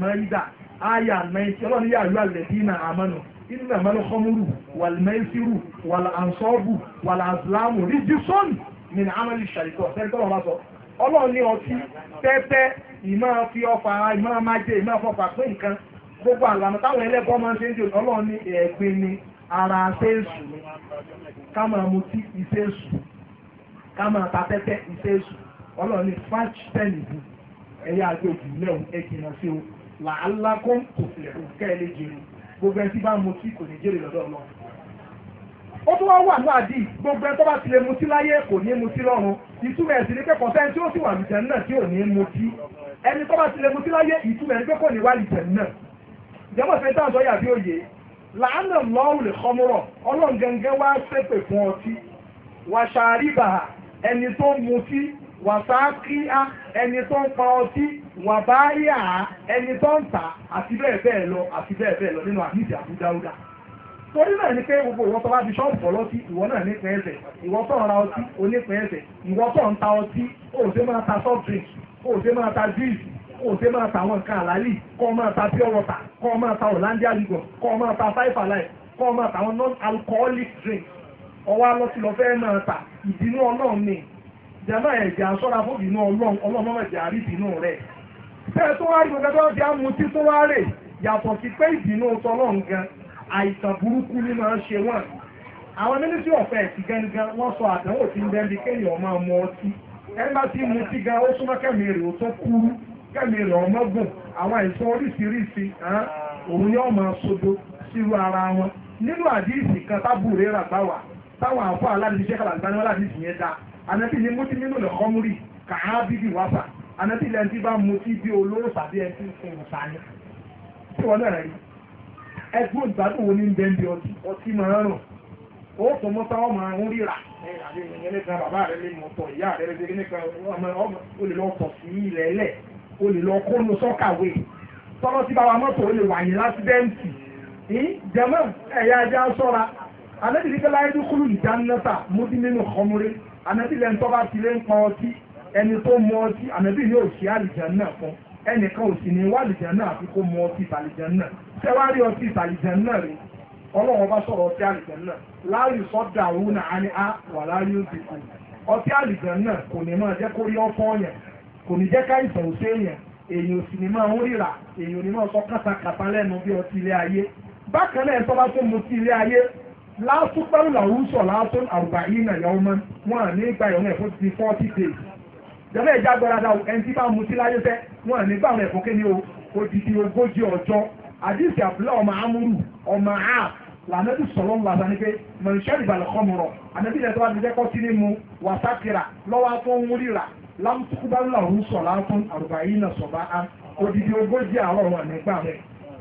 Maida aya ninety ọlọ́run yà yọ àlẹ́ àmọ́nà inna mal khamru wal maisiru wal ansabu wal azlamu rijsun sẹ́ńtọ́ ọtí ara aṣèṣù ni ká máa mutí ìṣèṣù ká máa ta tẹ́tẹ́ ìṣèṣù ọlọ́ọ̀ni fáṣ tẹ́lifù ẹ̀yà àgbèjì lẹ́hùn ẹ̀jìnà sí o làálàá kó kò fìlẹ̀ kó kẹ́ ẹ lè jèrè gbogbo ẹni tí bá mutí kò ní jèrè lọ́dọ̀ ọlọ́run ó tún wá wà ní àdì gbogbo ẹ tó bá ti lè mutí láyé kò ní mutí lọ́run ìtumọ̀ ẹ̀ sì ni pé kọ̀sẹ́ni tí ó sì wà lùtẹ̀ náà tí ò ní mutí ẹni tó bá ti lè mutí láyé ìtumọ̀ ẹ̀ ni pé kò ní wà lùtẹ̀ náà ìjọba ìfẹ́ tá à ń sọ yàbí òye làánà lọ́wọ́ lè kọ́mọ́rọ̀ ọlọ́run gẹ́gẹ́ wá ṣépè fún ọtí wàṣàríbà ẹni tó ń mutí wàṣákíá ẹni tó ń pa ọtí wàbáyà ẹni tó ń tà àti bẹ́ẹ̀ bẹ́ẹ̀ lọ àti bẹ́ẹ̀ bẹ́ẹ̀ lọ nínú àdìsí àbúdáúdá torí náà ni pé gbogbo ìwọ bá fi ṣọ́ọ̀bù pọ̀ lọ́tí náà nípa ẹsẹ̀ ìwọ tó ọtí onípa ẹsẹ̀ ìwọ ń ta ọtí drink òòṣe máa ta kò ṣe máa ta àwọn nǹkan àlálì kọ́ máa ta pure water kọ́ máa ta Hollandia ligon kọ́ máa ta five alive kọ́ máa ta àwọn non alcoholic drinks ọwọ́ alọ́tí lọ máa ta ìdínú ọlọ́run ni jàmbá ẹ̀jẹ̀ àṣọ́ra fún ìdínú ọlọ́run ọlọ́run àrí ìdínú rẹ̀ wá rí gbogbo ẹgbẹ́ ọ̀dẹ́ amutí tó wá rè yàtọ̀ sí pé ìdínú gan àìsàn burúkú ni máa ń gangan wọ́n sọ àdánwò tí ń kéèyàn máa ọtí kẹ́mi rẹ̀ ọmọgùn àwọn àìsàn oríṣiríṣi òun yóò máa sojo sírú ara wọn nínú àdíìsì kan tábùrè rà bá wà táwọn àfọ aládìsíṣẹ́ kàlàǹtánú aládìsí yẹn dá nínú lè kọ́múrì kàá bíbí lẹ́yìn tí bá mutí bí olóró tàbí ẹni tí ń fún un sáré tí wọ́n wo ń bẹ́ẹ̀ bí ọtí ọtí máa ń o lè lọ kó nu sọ́kàwé tọ́lọ́ ti bá wa mọ́tò o lè wà ní lásìdẹ́ǹtì jẹ́mọ́ ẹ̀yà ajá sọ́ra anabi ní kẹ́lá ẹni kúrú ìjà nẹ́ta múdí nínú ọmọrẹ́ anabi lẹ́nu tọ́ba ti lé ń pa ọtí ẹni tó mu ọtí anabi yóò ṣe àlìjẹ́ náà fún ẹnìkan ò sì ní wá àlìjẹ́ náà àfi kó mu ọtí ìtàlìjẹ́ náà sẹ́wárí ọtí ìtàlìjẹ́ náà rèé ọlọ́run bá sọ̀rọ̀ ọtí àlìjẹ́n náà láàyè sọ́dà òun náà á ní á wà láàyè òsì kù ọtí àlìjẹ́n náà kò ní máa jẹ́ kó rí yẹn kò ní jẹ́ ká ìfẹ̀ òṣè èèyàn èèyàn sì ní máa ń ríra èèyàn ní máa sọ kàtàkàtà lẹ́nu bí ọtí ilé ayé bákan náà ẹ̀sọ́ bá tó mu ti ilé ayé lásùpẹ́rù làwọn sọ̀ látún àrùbá yìí nà yà ọmọ wọn à ní gba ìwọ̀n ẹ̀fọ́ ti forty days jọba ìjà gbọ́dọ̀ ẹni tí bá mu ti láyé fẹ́ wọn à ní gbà wọn ẹ̀fọ́ kéde o odidi ogójì ọjọ́ àdìsí àbúlé ọmọ amúrù ọmọ àá lànàbí sọ̀rọ̀ ń wàzà ní pé mọ̀nsẹ́rì balẹ̀ kọ́mọ̀rọ̀ ànàbí ilẹ̀ tó bá ti jẹ́ kọ́ sí ní mu wàsákìrà lọ́wọ́ tó ń wúrìrà lámùtúkúbálà òun sọ̀rọ̀ àtún àrùbá yìí náà sọ̀bá á odidi ogójì àárọ̀ wọn nígbà rẹ̀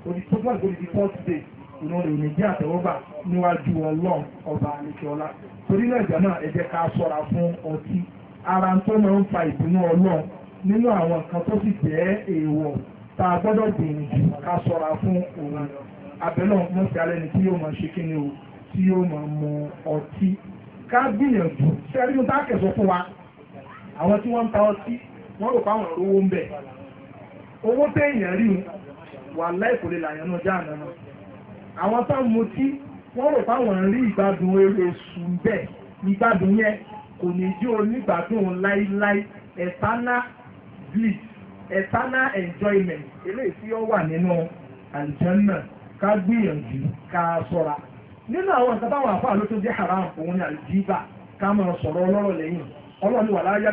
odidi tó gbàgbọ́ odidi fourth day ìran rẹ̀ òní jẹ́ àtẹ̀wọ́gbà níwájú ọlọ́run ọba àlekèọlá torí náà ìjà náà ẹ jẹ́ ká sọ̀ra fún ọtí ara tó máa ń fa ìbínú ọlọ́run nínú àwọn nǹkan tó sì jẹ́ èèwọ̀ tá a gbọ́dọ̀ gbìyànjú ká sọ̀ra fún òun abẹ́lọ́ mọ́sí alẹ́ ni tí yóò máa ṣe kíni o tí yóò máa mu ọtí ká gbìyànjú sẹ́rí àwọn tí wọ́n ń ta ọtí wọ́n rò fáwọn owó ń bẹ̀ owó téèyàn rí wà láìpò lè làyàn náà jáàná náà àwọn tó ń mutí wọ́n rò fáwọn rí ìgbádùn eré sùn bẹ́ẹ̀ ìgbádùn yẹn kò ní jí onígbádùn láíláí eternal bliss eternal enjoyment eléyìí tí ó wà nínú àlùjànnà ká gbìyànjú ká ṣọ́ra nínú àwọn nǹkan táwọn àfáà ló tó jẹ́ haram òun ni àlùjíbà ká máa sọ̀rọ̀ ọlọ́rọ̀ lẹ́yìn ọlọ́run wà láyé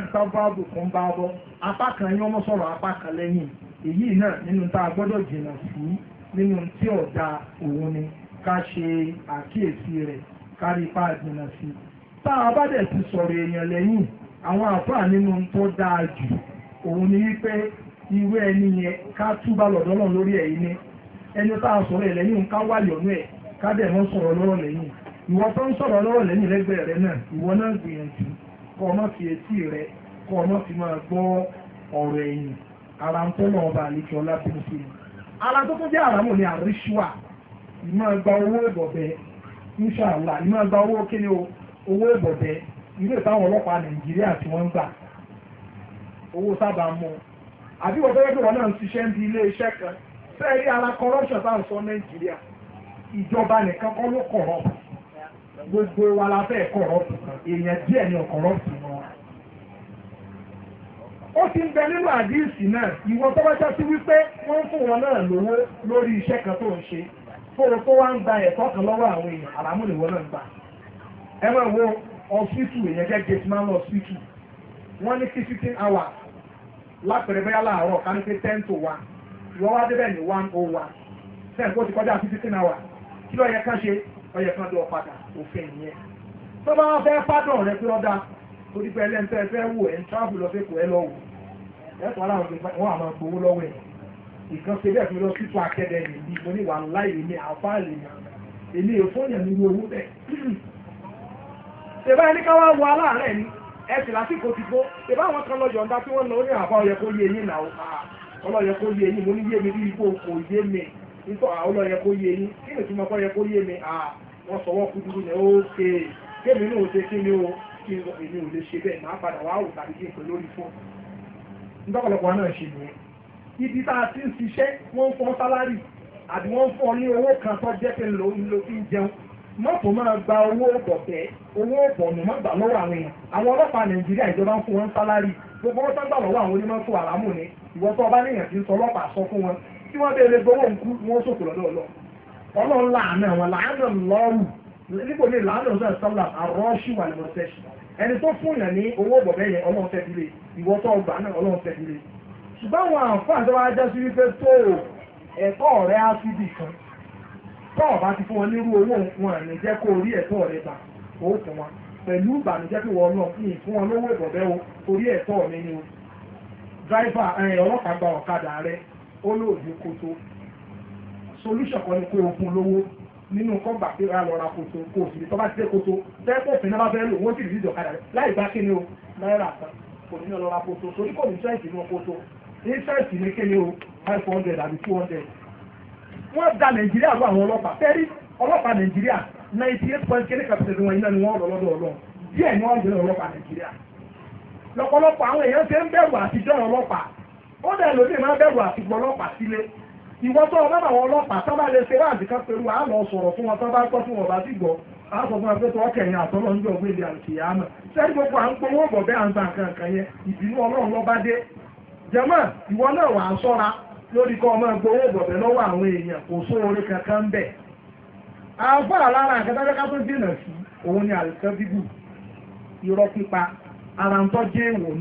fún bábọ́ apá kan yín ọmọ sọ̀rọ̀ apá kan lẹ́yìn èyí náà nínú tá a gbọ́dọ̀ jìnnà sí nínú tí ọ̀dà òun ni ká ṣe àkíyèsí rẹ̀ kárí ipá jìnnà sí i tá a bá dẹ̀ ti sọ̀rọ̀ èèyàn lẹ́yìn àwọn àfáà nínú tó dáa jù òun ni wípé irú ẹni yẹn ká túbà ni ẹni tá a sọ̀rọ̀ lẹ́yìn ká ẹ̀ ká dẹ̀ mọ́ sọ̀rọ̀ lẹ́yìn ìwọ tó ń sọ̀rọ̀ lẹ́yìn lẹ́gbẹ̀ẹ́ kọ́ ọ má fi etí rẹ kọ́ ọ má fi máa gbọ́ ọ̀rọ̀ ẹ̀yìn ara ń tọ́nà ọba àlejò ọlá mo ara tó tún jẹ́ àràmù ni àríṣùà ìmọ̀ gba owó ìbọ̀bẹ inṣàlá ìmọ̀ gba owó kíni owó ìbọ̀bẹ ilé ìtàwọn ọlọ́pàá nàìjíríà tí wọ́n ń gbà owó sábà mú àbí wọ́n fẹ́ẹ́ pé wọ́n náà ń ṣiṣẹ́ ní ilé iṣẹ́ kan fẹ́ẹ́ rí ara corruption tá à ń sọ nàìjíríà ìjọba nìkan kọ́ ló corrupt gbogbo wa la fẹ́ẹ́ corrupt èèyàn díẹ̀ ni ò corrupt ó ti ń bẹ nínú àdíìsì náà ìwọ tó bá jásí wípé wọ́n ń fún wọn náà lówó lórí iṣẹ́ kan tó ń ṣe fóòrò tó wá ń gba ẹ̀tọ́ kan lọ́wọ́ àwọn èèyàn àràmú lèwọ́ náà ń gbà ẹ máa wo ọ̀sìtù èèyàn jẹ́ gate man ọ̀sìtù wọ́n ní fifteen hours lápẹ̀rẹ̀ bẹ́yà láàárọ̀ ká ní pé ten to one ìwọ́n wá débẹ̀ ní one oh one sẹ́ǹkó ti kọjá fifteen hours kí ló yẹ ká ṣe ó yẹ ká dọ̀ padà òfin ìyẹn tó bá wọn fẹ́ pádùn rẹ pé ọ̀dà torí pé ẹlẹ́ntẹ́ ẹ fẹ́ wò ẹ̀ ń táàbù lọ sépò ẹ lọ́wọ́ ẹ̀tọ́ aláwọ̀ ti wọ́n àmọ́ gbowó lọ́wọ́ ẹ̀ ìkan ṣe bẹ́ẹ̀ fi lọ sípò akẹ́dẹ̀ nìyí mo ní wà láì ní àfáàlì èmi ò fún yàn nínú owó bẹ́ẹ̀. ṣèbá ẹni ká wá wọ aláàárẹ̀ ni ẹ sì lásìkò ti gbó ṣèbá àwọn kan lọ yọ̀ǹda tí wọ́n lọ ní àbá ọyẹ kó yé yín làwọn ọlọ́yẹ ah, kó yé yín mo ní yé mi bí ipò kò yé mi nítorí àwọn ah, ọlọ́yẹ kó yé yín kí ni ìtumọ̀ kọ́ yẹ kó yé mi ah, wọ́n sọ wọ́n kúdúrú yẹn ó ṣe kémi náà kí n lọ èmi ò lè ṣe bẹ́ẹ̀ máa padà wá wò tàbí kí n pè lórí fóònù ńdọ́pọ̀lọpọ̀ náà ṣe nìyẹn ibi tá a ti ń ṣiṣẹ́ wọ́n ń fọ́ sálárì àbí wọ́n ń fọ́ ní owó kan tó jẹ́ pé ló ń lo fi ń jẹun mọ́tò máa gba owó bọ̀bẹ́ owó bọ̀nù má gbà lọ́wọ́ àwọn èèyàn àwọn ọlọ́pàá nàìjíríà ìjọba ń fún wọn sálárì gbogbo wọn tó gbà lọ́wọ́ àwọn onímọ̀tò àlámù ni ìwọ tó ọba níyàn ti ń sọ ọlọ́pàá sọ fún wọn tí wọ́n bẹ̀rẹ̀ gbowó ń kú wọn sòkò lọ́dọ̀ ọlọ́ ọlọ́run láàánú àwọn láàánú lọ́rùn nípò ní ìlànà ọ̀sán sọ́là àrọ́ṣì wà ní mọ̀tẹ́ṣì ẹni tó fún yàn ní owó bọ̀bẹ́ yẹn ọlọ́run tẹ̀lé ìwọ tó ọgbà náà ọlọ́run tẹ̀lé ṣùgbọ́n àwọn àǹfààní tó wá já wípé tó ẹ̀tọ́ rẹ̀ á sí bì kan tó ọ̀bá ti fún wọn nírú owó wọn ní jẹ́ kó rí ẹ̀tọ́ rẹ̀ gbà ó fún wọn pẹ̀lú ìbànújẹ́ pé wọn náà kí n fún wọn lówó ìbọ̀bẹ́ o torí ẹ̀tọ́ mi ni o dráìfà ọlọ́pàá gba ọ̀kadà rẹ̀ ó lóòdì kótó solúṣọ̀ kan ni kó o fún lówó nínú kọ́gbà pé ra lọ ra koto kò sì ní tọ́ba ti dé koto tẹ́kọ̀ òfin náà bá fẹ́ lò wọ́n sì rí ìjọkadà rẹ̀ láì bá kíni o náírà kan kò ní lọ ra koto torí kò ní sẹ́ẹ̀sì ní koto ní sẹ́ẹ̀sì ní kíni o five hundred àbí two hundred. wọ́n da nàìjíríà lọ àwọn ọlọ́pàá fẹ́rí ọlọ́pàá nàìjíríà ninety eight point kéde kàpẹ́tẹ̀ ni wọ́n iná ni wọ́n rọ lọ́dọ̀ ọlọ́run díẹ̀ ni wọ́n jẹ́ ọlọ́pàá nàìjíríà lọ́pọ̀lọpọ̀ àwọn èèyàn ṣe ń bẹ̀rù àtijọ́ ọlọ́pàá ó dẹ̀ lóde máa bẹ̀rù àtìgbọ́ ọlọ́pàá sílé ìwọ́n tó ọlọ́dà àwọn ọlọ́pàá tó bá lè ṣe láti ká pẹ̀lú à sọ̀rọ̀ fún wọn tó gbọ́ fún ọba bá ti gbọ́ a sọ fún ẹgbẹ́ tó ọkẹ̀yìn àtọ́lọ́ ní ọgbẹ́ ilé àti àmà sẹ́ni gbogbo à ń gbowó bọ̀ bẹ́ẹ̀ à ń ta nǹkan kan yẹn ìbínú ọlọ́run ló dé jẹ́mọ́ ìwọ náà wà á sọ́ra lórí kọ́ ọmọ lọ́wọ́ kankan ń bẹ̀. ká tó dènà sí òun ni bíbù irọ́ pípa ara ń tọ́jú èèwọ̀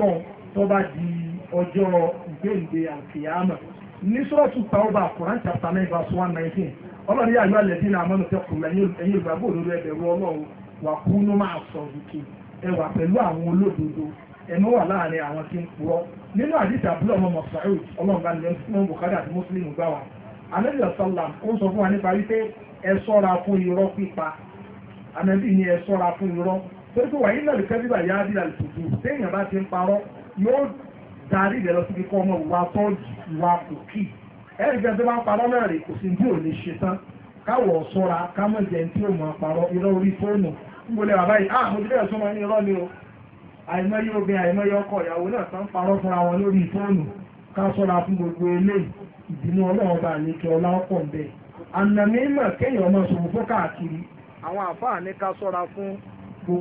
ni ọjọ́ ìgbéǹde ya ní sọ́ọ̀tù tàwọ́bà Quran chapter nine verse one nineteen ọlọ́run yà yọ àlẹ́dínlá àmọ́nù tẹ́kùn ẹ̀yìn olùgbàgbọ́ òdodo ẹ̀bẹ̀rù ọlọ́run wà kú ní máa sọ òkè ẹwà pẹ̀lú àwọn olódodo ẹnu wà láàrin àwọn tí ń purọ́ nínú àdìsí ọmọ ọlọ́run bá fún bukari àti darí rẹ̀ lọ síbi kan ọmọ ìwà tọ́jú ìwà òkì ẹ̀rí jẹ́ tó naa ń parọ́ náà rè kò sí bí ò lè ṣe tán káwọ̀ sọ́ra kámọ̀ jẹ́ tí ó mọ̀ parọ́ irọ́ orí fóònù ah irọ́ ni o àìmọye obìnrin àìmọye ọkọ ìyàwó náà tán parọ́ fúnra wọn lórí fóònù ká fún gbogbo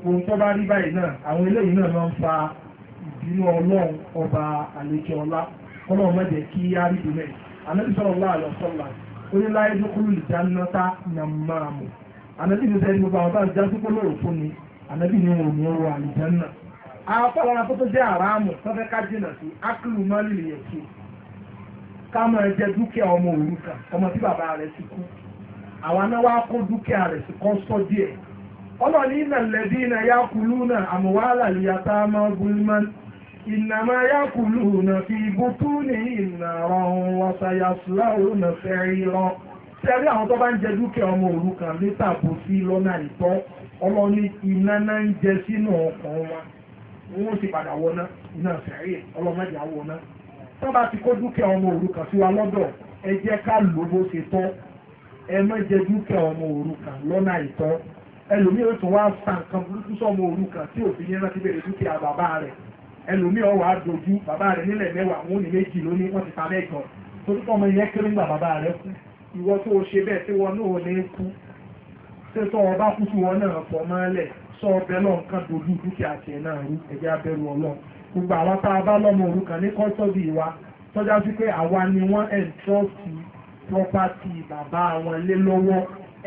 ọlọ́run bá ọlá ìbínú ọlọ́run ọba àlejò ọlá ọlọ́run má jẹ́ kí á rí ìdílé ànábì sọ̀rọ̀ láàlú ọ̀sọ́lá oníláyé dúkúrú ìdánáta nàmàmù ànábì ní sẹ́yìn gbogbo àwọn bá ń pé lóòrò fún ni ànábì ní wọn ò ní ọwọ́ àlùjánà. afọlára tó tó jẹ́ àràmù tọ́fẹ́ ká jìnà sí ákìlù mọ́lì yẹn kí ká máa jẹ dúkìá ọmọ òrukàn ọmọ tí bàbá rẹ̀ ti kú àwa náà wá kó dúkìá rẹ̀ sí kọ́ńsọ́ díẹ̀ ọlọ́ọ̀ni ìnà lẹ́bí ìnà yá kulú náà àmúwálà lìyàtá máa gúnmán ìnàmá yákùlù nà fi bùkú ní ìnàrọ̀ wọ́sàyàsùláwò àwọn tó bá ń jẹ dúkìá ọmọ òrukàn ní tàbó sí lọ́nà ìtọ́ ọlọ́ni iná náà ń jẹ sínú ọkàn wa. Wọ́n sì padà wọná iná fẹ́rí ọlọ́mọdé àwọná. Tó bá ti kó ọmọ sí wa lọ́dọ̀ ẹ jẹ́ ká bó ṣe tọ́. Ẹ má jẹ ọmọ lọ́nà ìtọ́. Ẹlòmíràn tó wá sàǹkan burúkú sọ́mọ tí ẹlòmíì ọwọ́ àdójú bàbá rẹ̀ nílẹ̀ mẹ́wàá wọn ò ní méjì lónìí wọ́n ti ta mẹ́jọ torí pé ọmọ yẹn kéré ńgbà bàbá rẹ̀ kú ìwọ tó o ṣe bẹ́ẹ̀ tí wọn náà lè kú ṣé sọ ọba kú sí wọn náà pọ̀ mọ́lẹ̀ sọ ọbẹ̀ náà nǹkan dojú dúkìá tiẹ̀ náà rú ẹ̀jẹ̀ abẹ́rù ọlọ́run gbogbo àwọn tá a bá lọ́mọ òrukàn ní kọ́sọ́bì wa tọ́já sí pé àwa ni wọ́n ẹ̀ńtrọ́ọ̀tì pọ́pátì bàbá wọn lé lọ́wọ́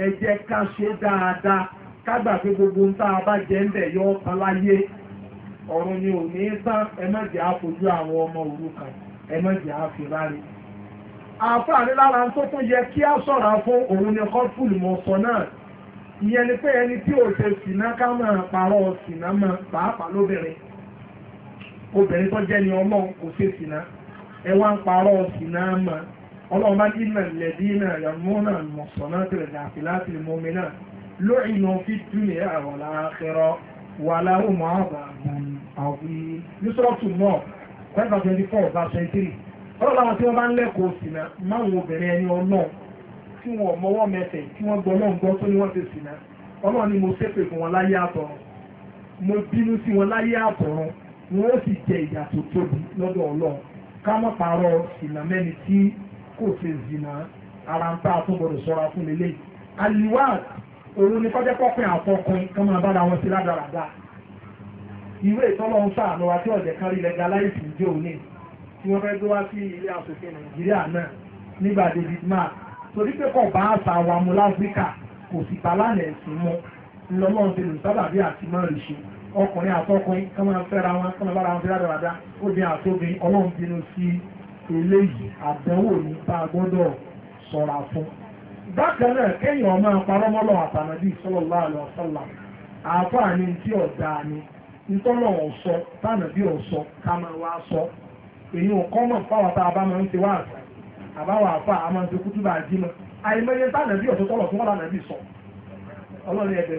ẹ jẹ́ ká ṣe dáadáa ká gbà pé gbogbo ń tá a bá jẹ́ ń bẹ̀ yọ ọ́ ọ̀run ni ò ní sá ẹmẹ́jẹ̀ àfojú àwọn ọmọ òrukàn ẹmẹ́jẹ̀ àfiráre. àǹfààní lára tó tún yẹ kí á ṣọ́ra fún òun ni kọ́fùlù mọ̀ọ́sọ náà ìyẹn ni pé ẹni tí ò ṣe sìnà ká máa parọ́ sìnà máa pàápàá lóbìnrin obìnrin tó jẹ́ ni ọlọ́run kò ṣe sìnà ẹ wá ń parọ́ sìnà máa ọlọ́run bá dín náà lẹ́dí náà yàmú náà mọ̀ọ́sọ náà tẹ̀lé àfi láti mọ́mi náà lóyìn náà fi dúnìyà àwọn àkẹrọ wà láhùn mọ́ àwọn yusrọ́tù náà twenty four verse twenty three ọlọ́run àwọn tí wọ́n bá ń lẹ́kọ̀ọ́ sínà máwọn obìnrin ẹni ọlọ́run tí wọ́n mọwọ́ mẹsẹ̀ tí wọ́n gbọ́ ọlọ́run gbọ́ tó ní wọ́n ti sínà ọlọ́run ni mo ṣépè fún wọn láyé àtọ̀run mo bínú sí wọn láyé àtọ̀run wọn ó sì jẹ ìyà tó tóbi lọ́dọ̀ ọlọ́run ká mọ̀ pààrọ̀ sínà mẹ́ni tí kò ṣe zìnà ara ń tà tó gbọdọ̀ sọ́ra fún lélẹ́yìí òun ni kọ́jẹ́ pọ́pin àtọkùn kan máa bára wọn sí ládàradà ìwé ìtọ́lọ́ ń sàánú àti ọ̀jẹ̀ kan rí legalize ìjọ òní tí wọ́n fẹ́ gbé wá sí ilé asòfin nàìjíríà náà nígbà david mark torí pé kò bá àṣà wa mu láfíríkà kò sì bá lánàá ẹ̀sìn mu ńlọmọ ti lù sábà bí àti máa rí ṣe ọkùnrin àtọkùnrin kan máa fẹ́ra wọn kan máa bára wọn sí ládàradà obìnrin àtobìnrin ọlọ́run bínú sí eléyìí àdánwò ní bá a gbọ́dọ̀ sọ̀rọ̀ fún bákan náà ọmọ máa parọ́ mọ́lọ́ àtànàbí sallallahu alaihi ni tí ọ̀dà ni ntọ́lọ̀ ọ̀sọ́ tànàbí ọ̀sọ́ wá sọ èyí ò kọ́mọ̀ fáwọn tá ń ti wá àṣà àbáwọ̀ àfà a máa ń ti kútú bá a jí tọlọ àìmọye tànàbí ọ̀sọ́ tọ́lọ̀ fún ọ̀lànàbí sọ sọ ọlọ́run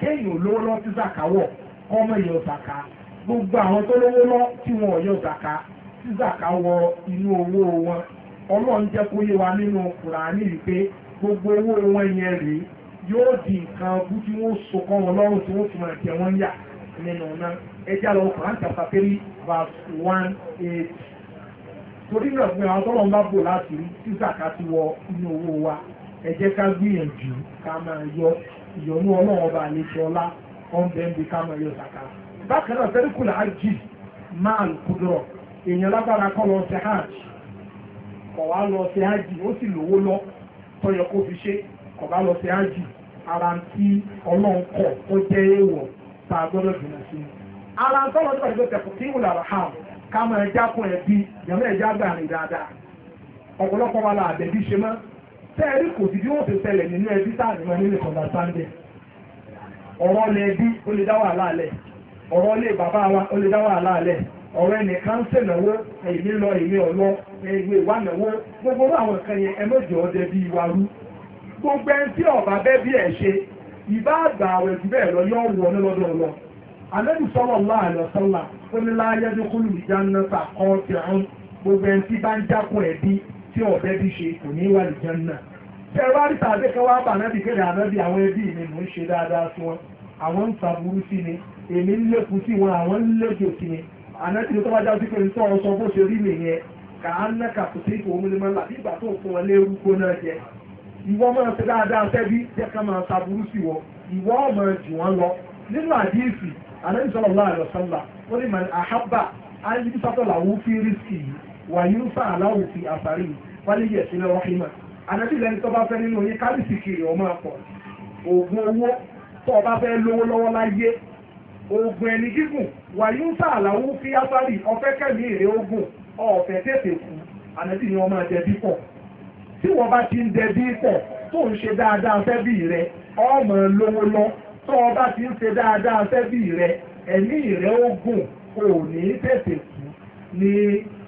kéèyàn olówó lọ tí zaka wọ̀ ọmọ yọ zaka gbogbo àwọn tó lówó lọ tí wọn ò zaka zaka wọ inú owó wọn ọlọ́run jẹ́ kó yé wa nínú gbogbo owó wọn yẹn rèé yóò di nǹkan bú tí wọ́n so kọ́ wọn lọ́rùn tí fi máa yà nínú náà owó wa ká gbìyànjú ká ìyọ̀nú ọlọ́wọ́ ọba lè ṣe ọlá ọ̀nbẹ ń bi bákan náà èèyàn lágbára kọ́ lọ ṣe hajj wá lọ ṣe hajj ó sì lówó lọ tọyọ kó fi ṣe kọ̀ bá lọ hajj ara tí ọlọ́run tá a jùlọ sí i. ara ń tọ́lọ́ nípa ìgbésẹ̀ kò tí la ṣe tẹ́ẹ̀rí kò sí bí wọ́n ti tẹ̀lẹ̀ nínú ẹbí táàrí wọn nílé kọ̀ǹdàsáńdé ọ̀rọ̀ ilé ó lè dá wàhálà alẹ̀ ọ̀rọ̀ ilé bàbá wa ó lè dá wàhálà alẹ̀ ọ̀rọ̀ ẹnìkan ṣènáwó èmi lọ èmi ọ̀lọ́ gbogbo àwọn nǹkan yẹn ọdẹ bí wa rú gbogbo ẹni tí ọba bí ṣe ìbá àgbà bẹ́ẹ̀ lọ yọ wọ lọ sọ́lọ̀ ó ní láyé tí ọ̀bẹ bí ṣe kò ní wà ní jẹ́nà tí ẹ bá rí tàbí kan wá bà nábì kéde ànábì àwọn ẹbí mi mò ń ṣe dáadáa sí wọn àwọn ń ta burú sí mi èmi ń lékun sí wọn àwọn ń lékun sí mi ànábì tó bá jáde pé nítorí ọsọ bó ṣe rí nìyẹn kà á ná kàkó sí ìfowó mi lọ́la bí ìgbà tó fún wọn lérú gbóná jẹ ìwọ máa ṣe dáadáa sẹ́bí jẹ́ ká máa ta burú sí wọn ìwọ máa jù wọn lọ nínú àdíyèsí ànábì sọlọ́ọ̀lá àlọ́sọ́lá wọ́n ní wàyúfà aláwọ̀ fi àfàrí wálé yẹ̀ sílẹ̀ wáhímà ànábì lẹni tó bá fẹ́ nínú yín kálísì kiri ọmọ àpọ̀ oògùn owó tó o bá fẹ́ lówó lọ́wọ́ láyé oògùn ẹni gígùn wàyúfà aláwọ̀ fi àfàrí ọ̀fẹ́ kẹ́mi èrè oògùn ọ̀fẹ́ tètè kú ànábì ni wọ́n máa jẹ bípọ̀ tí wọ́n bá ti ń jẹ bípọ̀ tó ń ṣe dáadáa fẹ́ bí rẹ ọmọ lówó lọ tó o bá ti ń ṣe dáadáa fẹ́ bí rẹ ẹ̀mí rẹ oògùn kò ní tètè kú ní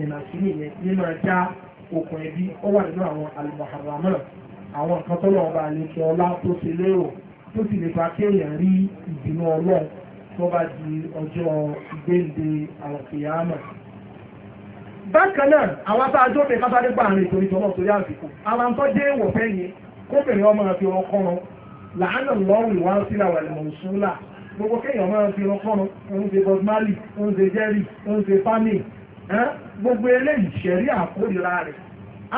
jìnnà sí nìyẹn nínú ẹja okùn ẹbí ó wà nínú àwọn alùpàdàmọ́ àwọn nǹkan tó lọ́wọ́ bá lè fi ọlá tó ṣe lérò tó sì lè fa kéèyàn rí ìbínú ọlọ́run tó bá di ọjọ́ ìgbéǹde àlọ́kìyàmọ̀. bákan náà àwọn tá a jó pé kátà nípa àrùn ètò ìjọba òtòrí àsìkò àwọn tó dé èèwọ̀ fẹ́ yẹn kóbìnrin ọmọ àti ọkọ̀run làánà lọ́rùn ìwà sílà wà lè mọ̀ọ́sùn gbogbo kéèyàn máa fi ọkọ̀run oúnjẹ Bob Marley oúnjẹ Jerry oúnjẹ family gbogbo eléyìí ṣẹ̀rí àkórira rẹ̀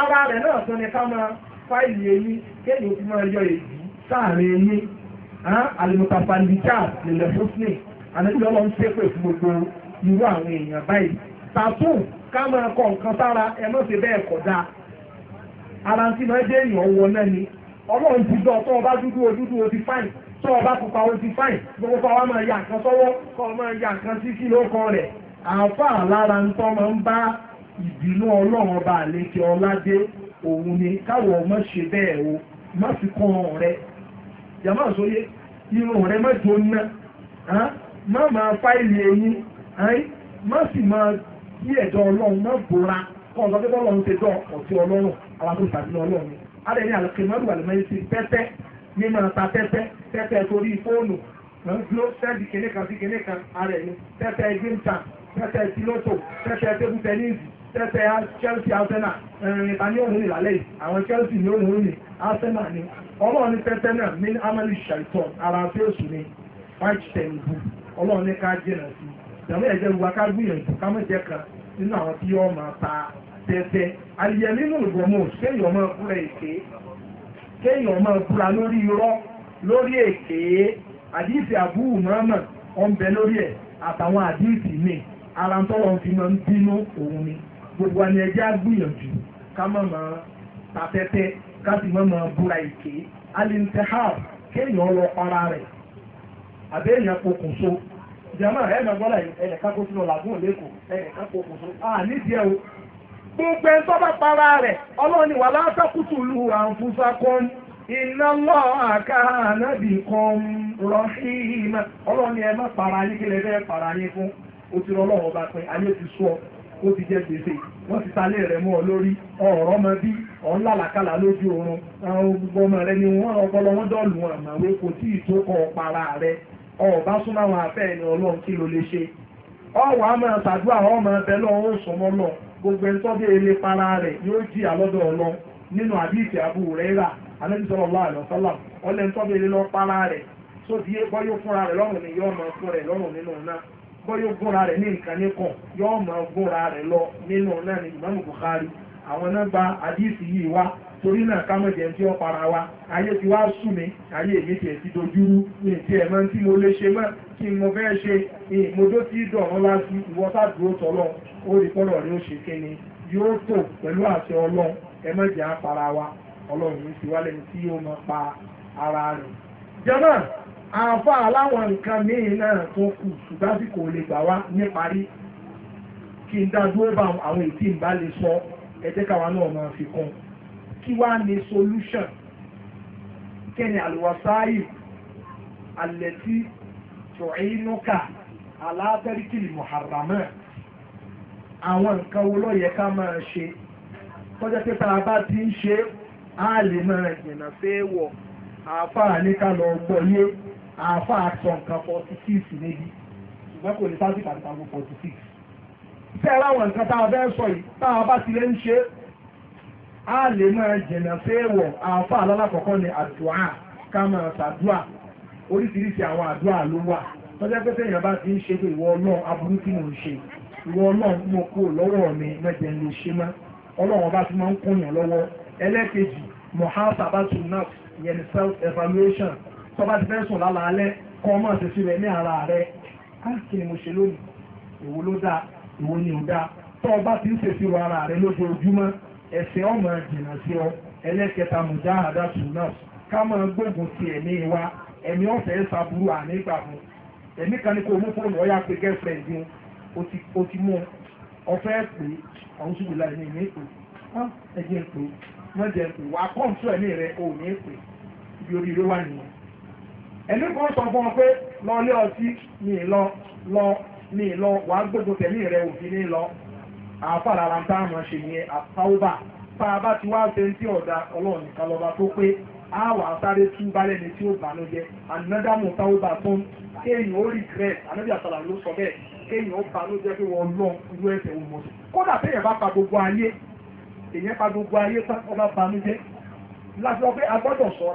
ara rẹ̀ náà tún ni ká máa fáìlì eyín kéèyàn fi máa yọ èyí sáàrin eyín alimutafandika lèlè fúnfúnni ànájọ́ lọ ń ṣépè fún gbogbo irú àwọn èèyàn báyìí ká máa kọ nǹkan sára bẹ́ẹ̀ ti máa èèyàn wọ náà ni ọlọ́run ti dúdú o ti fáìn ọba pupa o ti fáìn gbogbo fáwọn máa sọ́wọ́ máa sí àáfàá lára ń tọ́ máa ń bá ìbínú ọlọ́run ọba àlejò ọládé òun ni káwọ̀ ọmọ ṣe bẹ́ẹ̀ o má fi kún ọ̀rọ̀ rẹ yàmá sóyè irun rẹ má jóná má máa fáìlì eyín má sì máa kí ẹ̀dọ̀ ọlọ́run má bora kọ́ ọ̀dọ́ pípọ́ ọlọ́run ti dọ̀ ọ̀tí ọlọ́run àwọn tó tàbí ọlọ́run ni alẹ́ ní àlùkè mọ́rù àlùmọ́yẹsì pẹ́pẹ́ ní máa ta pẹ́pẹ́ pẹ́pẹ́ torí fóònù ló sẹ́ẹ̀dì kìnìkan sí kìnìkan ara ẹ̀ ní pẹ́pẹ́ ẹgbẹ́ ń ta tẹ́tẹ́ tiloto tẹ́tẹ́ tébù tẹ́nísì tẹ́tẹ́ Chelsea Arsenal ẹ̀rìn ní òun ìlàlẹ́ yìí àwọn Chelsea ní òun ìrìn Arsenal ni ọlọ́run ní tẹ́tẹ́ náà ní amẹ́lì ṣàìtọ́ ara tí ó sùn ní white ten bu ní ká jìnà sí ìdàmú ẹ̀jẹ̀ wíwá ká gbìyànjú ká mọ̀jẹ̀ kan nínú àwọn tí yóò máa ta nínú kéèyàn máa èké kéèyàn máa lórí lórí èké àdìsí àbúrò ọ̀ àtàwọn àdìsí míì ara ń tọ́lọ̀ fi máa ń bínú òun ni gbogbo àni ẹjẹ́ àgbìyànjú ká má máa ta tẹ́tẹ́ ká sì má máa búra ìké alintahar kéèyàn lọ para rẹ̀ pokùnso jama máa gbọ́dọ̀ kó sínú làgùn lẹ́kọ̀ọ́ pokùnso à nídìí ẹ̀ o gbogbo ẹ̀ para rẹ̀ ọlọ́run ni wà látàkùtù lu àǹfùsà kan iná lọ àká ànábì kan ìmọ̀ ọlọ́run ni ẹ má para yín ó ti rọ́ lọ́wọ́ bá pẹ́ ayé ti sọ ọ ó ti jẹ gbèsè wọ́n ti ta lé rẹ̀ mọ́ ọ lórí ọ̀rọ̀ ọmọ bí ọ̀n làlàkàlà lójú oorun gbogbo ọmọ rẹ ni wọ́n ọpọlọ wọn dọ̀lù wọn àmàwé kò tí ì tó kọ rẹ ọ súnmọ́ afẹ́ ẹni ọlọ́run kí ló lè ṣe lọ́wọ́ ó lọ gbogbo ẹni tọ́bí para yóò jí àlọ́dọ̀ ọlọ nínú rẹ rà bọ́yọ̀ gúnra rẹ̀ ní nǹkan nìkan yóò máa gúnra rẹ̀ lọ nínú náà ní ìmáàmù Bukhari àwọn náà gba àdíìsì yìí wá torí náà ká mọ̀jẹ̀ tí ó para wa ayé ti wá sú mi ayé èmi tiẹ̀ ti dojúrú ní ti ẹ̀ máa ń tí mo lè ṣe mọ́ kí mo fẹ́ ṣe ìmọ̀dó tí dọ̀rọ̀ wá sí ìwọ sádùúró tọ́lọ́ ó rí pọ́lọ̀ rí ó ṣe kíni yóò tò pẹ̀lú àṣẹ ọlọ́run ẹ á para wa ọlọ́run ti wá lẹ́yìn tí yóò máa pa ara rẹ̀. jẹ́mọ̀ àǹfà aláwọn nǹkan míì náà tó kù ṣùgbọ́n tí kò lè gbà wá níparí kí n dá dúró bá àwọn sọ ẹ káwa náà máa fi kí wá ní solution ni àlùwàsáyì àlẹ́tí tòínúkà aláàtẹ́ríkìlì mọ̀hàrámà àwọn nǹkan wo ló ká máa ṣe tọ́jọ́ pé tá a bá ti ń ṣe á lè máa jìnnà lọ gbọ́ àáfà àtọ nǹkan forty six níbi ṣùgbọ́n kò lè sásìkò àti àgbo forty six. sẹ́ẹ̀rọ àwọn nǹkan tá a fẹ́ sọ yìí tá a bá ti lè ń ṣe á lè máa jẹ̀nà séèwọ̀ àáfà alálàkọ̀kọ́ ni àdúà ká máa ṣàdúà oríṣiríṣi àwọn àdúà ló wà tọ́jà pé sẹ́yìn bá ti ń ṣe pé ìwọ ọlọ́run aburú tí mò ń ṣe ìwọ ọlọ́run mo kó lọ́wọ́ mi mẹ́jẹ ń lè ṣe mọ́ ọlọ́run ọba ti máa ń kóyàn lọ́wọ́ ẹlẹ́kejì mohasa batu naf yẹn self evaluation tó bá ti fẹ́ sùn lálaalẹ́ kọ́ mọ̀ sí sílẹ̀ ní ara rẹ̀ kí ni mo ṣe lónìí èwo ló dáa èwo ni ò dáa tó o bá ti ń ṣèṣirò ara rẹ̀ lójoojúmọ́ ẹ̀sìn ọmọ jìnnà sí ọ ẹlẹ́kẹta mọ̀já àdásùn náà ká máa gbógun ti ẹ̀mí wa ẹ̀mí ọ̀fẹ́ ṣàbúrú ànígbà mu ẹ̀mí kan ní kó mú fóònù ọ̀yà pé girlfriend yẹn o ti mú ọ̀fẹ́ pé àwọn ṣubú láì ní ìní pè ẹ̀jẹ̀ pé wọ́n jẹ́ pé wà á kọ́ǹtù ẹ̀mí rẹ̀ ò ní pè ibi oríire wà nìyẹn ẹni kan sọ fún ọ pé lọ lé ọtí mi lọ lọ mi lọ wà á gbógun tẹ̀lé rẹ òfin ní lọ àáfà lára tá a máa ṣe yẹn àtàwọ́bà tá a bá ti wá ṣe ń tí ọ̀dà ọlọ́run nìkan lọ́ba tó pé á wà á sáré tú balẹ̀ ní tí ó bànújẹ́ ànádàmú táwọ́bà tó ń kéèyàn ó regret ànábì àtàlà ló sọ bẹ́ẹ̀ kéèyàn ó bànújẹ́ pé wọ́n lọ irú ẹ̀ṣẹ̀ wọn mọ̀ kódà téèyàn bá pa gbogbo ayé èèyàn pa gbogbo ayé tán ọba bànújẹ́ láti lọ pé a gbọ́dọ̀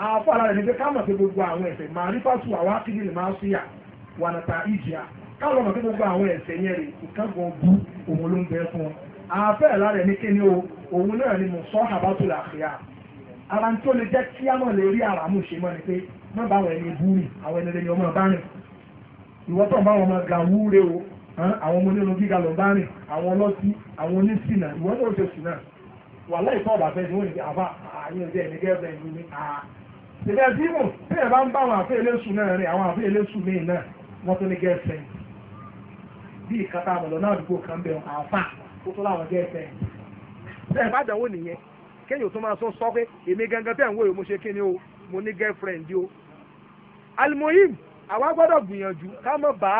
afárá rẹ̀ ní pé káàmọ̀ pé gbogbo àwọn ẹ̀ṣẹ̀ máa rí fásù àwọn akéde lè máa ṣíyà wà nàta ìjìyà káàmọ̀ mọ̀ pé gbogbo àwọn ẹ̀ṣẹ̀ yẹn rè ìkángan bú òun ló ń bẹ fún wọn. afẹ́ ẹ̀lá rẹ̀ ní kíni o òun náà ni mùsọ́ àbátúlẹ̀ àfíà ara ń tó lè jẹ́ kí á mọ̀ lè rí ara mú ṣe mọ́ ni pé má bá àwọn ẹni bú rìn àwọn ẹni rẹ̀ ni ọmọ bá rìn ìwọ́ tó ń bá wọn máa ga wúre o àwọn ọmọ onírun gíga lọ bá rìn àwọn ọlọ́tí àwọn onísìnà ìwọ́ tó ń ṣe sùn náà wàhálà ìfọ̀ọ̀bà fẹ́ẹ́ ni wọ́n ní àbá àyè ọjọ́ ẹni gẹ́gẹ́ bẹ́ẹ̀ ni ṣèlẹ̀ dìímù tí ẹ̀ bá ń bá àwọn àfẹ́ eléṣù náà rìn àwọn àfẹ́ eléṣù míì náà wọ́n tó ní gẹ́ẹ̀fẹ́ bí ìkàtà àmọ̀lọ́ náà dùgbò kan bẹ̀ àfà tó tó láwọn gẹ́ẹ̀fẹ́ ṣe ìbádàwó nìyẹn kéèyàn tó máa sọ sọ pé èmi gangan tẹ̀ ń wòye mo ṣe kí ni o mo ní gẹ́ẹ̀fẹ́rẹ́ndì o alimoyim àwa gbọ́dọ̀ gbìyànjú ká má bá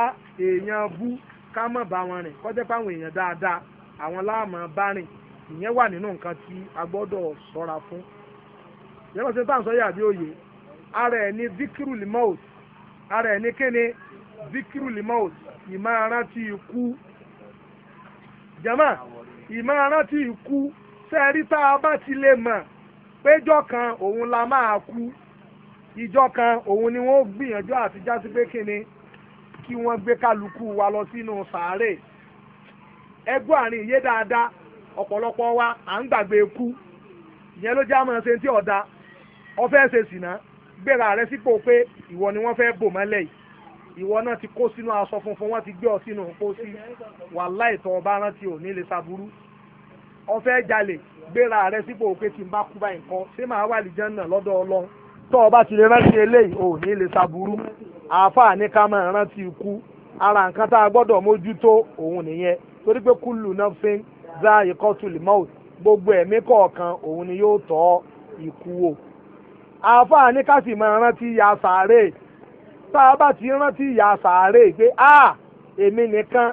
èèyàn bú ká má bá wọn rìn kọjá pé àwọn èèyàn dáadáa àwọn láàmú bá rìn ìyẹn wà nínú nǹkan tí a gbọ́dọ̀ ṣọ́ra fún yẹ́nà ṣe táwọn sọ́yà àbí òye ara ẹ̀ ní zikiru limout ara ẹ̀ ní kíni zikiru limout ìmọ̀ arántí ikú jama ìmọ̀ arántí ikú sẹ́ẹ̀rí tá a bá ti lè mọ̀ péjọ kan òun la máa kú ìjọ kan òun ni wọ́n gbìyànjú àti jásí pé kíni kí wọ́n gbé kálukú wa lọ sínú sàárè ẹgbọ́ àárín ìyé dáadáa ọ̀pọ̀lọpọ̀ wa à ń gbàgbé ikú ìyẹn ló jẹ́ àmọ́ ṣe ti ọ̀dà ọfẹ́ ṣe sìnà gbéra rẹ sípò pé ìwọ ni wọ́n fẹ́ bò mọ́lẹ̀ yìí ìwọ náà ti kó sínú aṣọ funfun wọ́n ti gbé ọ sínú pósí wàláì tó ọba rántí ò ní lè ṣàbúrú ọfẹ́ jalè gbéra rẹ sípò pé tí n bá kú báyìí nǹkan ṣé màá wà lè jẹun náà lọ́dọ̀ ọlọ́run tó ọba ti lè rántí eléyìí ò ní lè ṣàbúrú àáfàá ní ká máa rántí ikú ara nǹkan tá a gbọ́dọ̀ mójútó òun nìyẹn torí pé kúlù náà fi ń zá ìkọ́tù lè mọ́ọ̀t gbogbo ẹ̀mí kọ̀ọ̀kan òun ni yóò tọ́ ikú wò. àáfàá ní ká sì máa rántí a bá ti rántí ìyá sàárè pé a èmi nìkan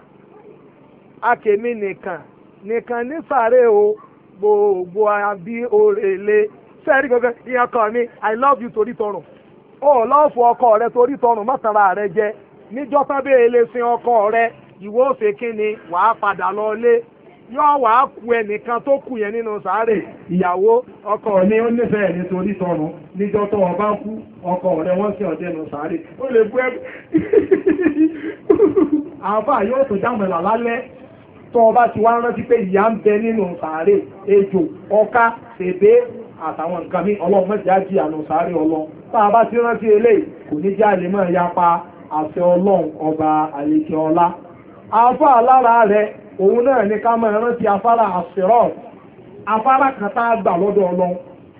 akèmi nìkan nìkan ní sàárè o gbogbo àbí òrèlè sẹ́ẹ̀rí kankan ìyẹn kan mi i love you torí tọrùn o lọ́ọ̀fù ọkọ rẹ torí tọrùn mọ́tara rẹ jẹ níjọ́ tán bẹ́ẹ̀ ọkọ rẹ òfin wàá padà lọ yóò wá ku ẹnìkan tó kù yẹn nínú sáré ìyàwó ọkọ ní ó nífẹ̀ẹ́ nítorí tọrùn níjọ́ tó ọba kú ọkọ rẹ wọ́n sí ọdẹ nù sáré ó lè bú ẹbí àbá yóò tó dámọ̀lá lálẹ́ tó ọba ti wá rántí pé ìyá ń bẹ nínú sáré ejò ọká ṣèbé àtàwọn nǹkan mi ọlọ́run mẹ́sì á jìyà nù sáré ọlọ́run tá a bá ti rántí eléyìí kò ní jẹ́ àlè mọ́ ìyapa àṣẹ ọlọ́run ọba àlejò ọlá àbá lára rẹ̀ òun náà ní ká máa rántí afárá àṣírọ̀ afárá kan tá a gbà lọ́dọ̀ ọlọ́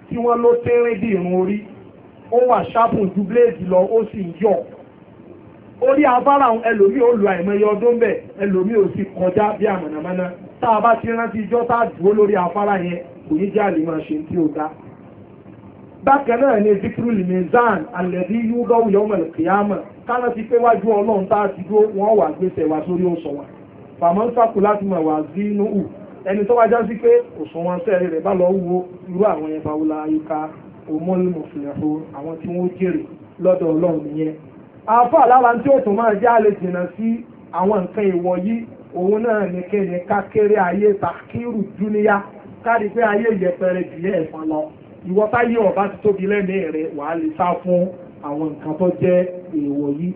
tí wọ́n ló tẹ́rín bí irun orí ó wà ṣáàpù ju bléèdì lọ ó sì ń yọ̀ orí afárá ẹlòmíì ó lu àìmọye ọdún bẹ́ẹ̀ ẹlòmíì ò sì kọjá bí àmọ̀nàmọ́ná tá a bá ti rántí ijọ́ tá a dúró lórí afárá yẹn kò ní jẹ́ àlè máa ṣe tí ó dá bákan náà ni zikiru limizan alẹ́bí yúgọ́wù yọmọ kìyàmọ̀ ká rántí pé wájú ọlọ́run tá a ti dúró wọ́n wà gbèsè wá sórí òṣùwọ̀n fàmọ́ sàkù láti mọ̀ wá sí inú hù ẹni tó wájá sí pé òṣùwọ̀n sẹ́ẹ̀rì rẹ̀ bá lọ wo irú àwọn yẹn fàwọn ayíká òmùlù mùsùlùmù àwọn tí wọ́n jèrè lọ́dọ̀ ọlọ́run nìyẹn. àáfà lára tí ó tún máa jẹ́ àlè jìnnà sí àwọn nǹkan ìwọ̀ yìí òun náà ní kéde kákéré ayé takiru dúníyá kárí pé ayé yẹpẹrẹ jùlẹ̀ ẹ̀fọn lọ ìwọ táyé ọba ti tóbi lẹ́mìí rẹ̀ wàá lè sá fún àwọn nǹkan tó jẹ́ èèwọ̀ yìí.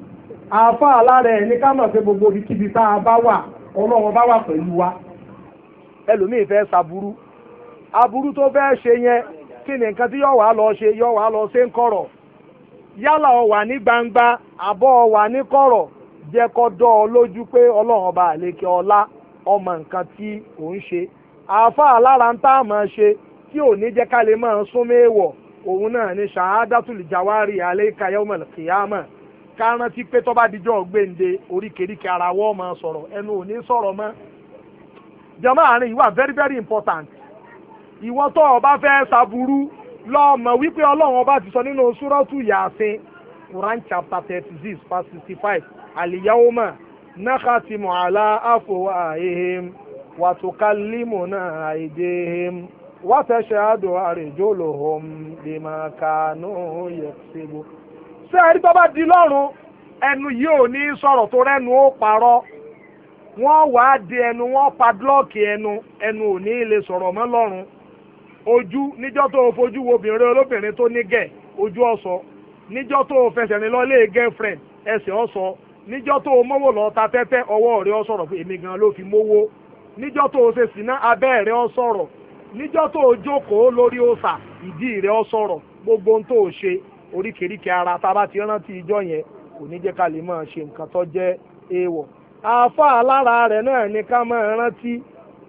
àáfà lára ẹ̀ ní ká mọ̀ pé gbogbo ibikíbi tá a bá wà ọlọ́run bá wà pẹ̀lú wa ẹlòmíì fẹ́ ṣàbúrú aburú tó fẹ́ ṣe yẹn kí ni nǹkan tí yóò wá lọ ṣe yóò wá lọ ṣe ń kọ̀rọ̀ yálà ó wà ní gbangba àbọ̀ ó wà ní kọ̀rọ̀ jẹ́ kó dọ́ ọ lójú pé ọlọ́run ọba àlekè ọlá ọmọ nǹkan tí ò ń ṣe àáfàá lára ń tá a ṣe tí ò ní jẹ́ ká lè máa sún méèwọ̀ òun náà ni ṣàhádátùlì jàwárì àlékà yawmal ká rántí pé tó bá dijọ́ gbèǹde oríkèéríkèé ara wọ́n máa sọ̀rọ̀ ẹnu ò ní sọ̀rọ̀ mọ́ jama àárín ìwà very very important ìwọ tó o bá fẹ́ ṣàbùrú lọ́ọ̀mọ̀ wípé ọlọ́run ọba ti sọ nínú súrọ́tù yàsín quran chapter thirty six verse sixty five àlìyáwómà náxàtìmù àlá àfòwà àhèhìm wàtúkàlímùnà àìdèhìm wàtẹ̀ṣẹ̀ àdùn àrèjòlòhùn bímọ kánú yẹ̀ṣẹ̀gbò. ṣé ẹni di lọ́rùn ẹnu yìí ò ní sọ̀rọ̀ tó rẹ́nu ó parọ́ wọ́n wàá di ẹnu wọ́n padlọ́ọ̀kì ẹnu ẹnu ò ní lè sọ̀rọ̀ mọ́ lọ́rùn ojú níjọ́ tó fojú wo obìnrin olóbìnrin tó ní gẹ̀ ojú ọ̀sọ́ níjọ́ tó fẹsẹ̀ rìn lọ girlfriend ẹsẹ̀ ọ̀sọ́ níjọ́ tó o lọ ta tẹ́tẹ́ ọwọ́ rẹ̀ ọ̀sọ̀rọ̀ pé èmi gan ló fi mówó níjọ́ ṣe abẹ́ ọ̀sọ̀rọ̀ níjọ́ tó gbogbo ohun oríkèéríkèé ara tá a bá ti rántí ìjọ yẹn kò ní jẹ́ ká lè máa ṣe nǹkan tó jẹ́ èèwọ̀ àfa alára rẹ̀ náà ni ká máa rántí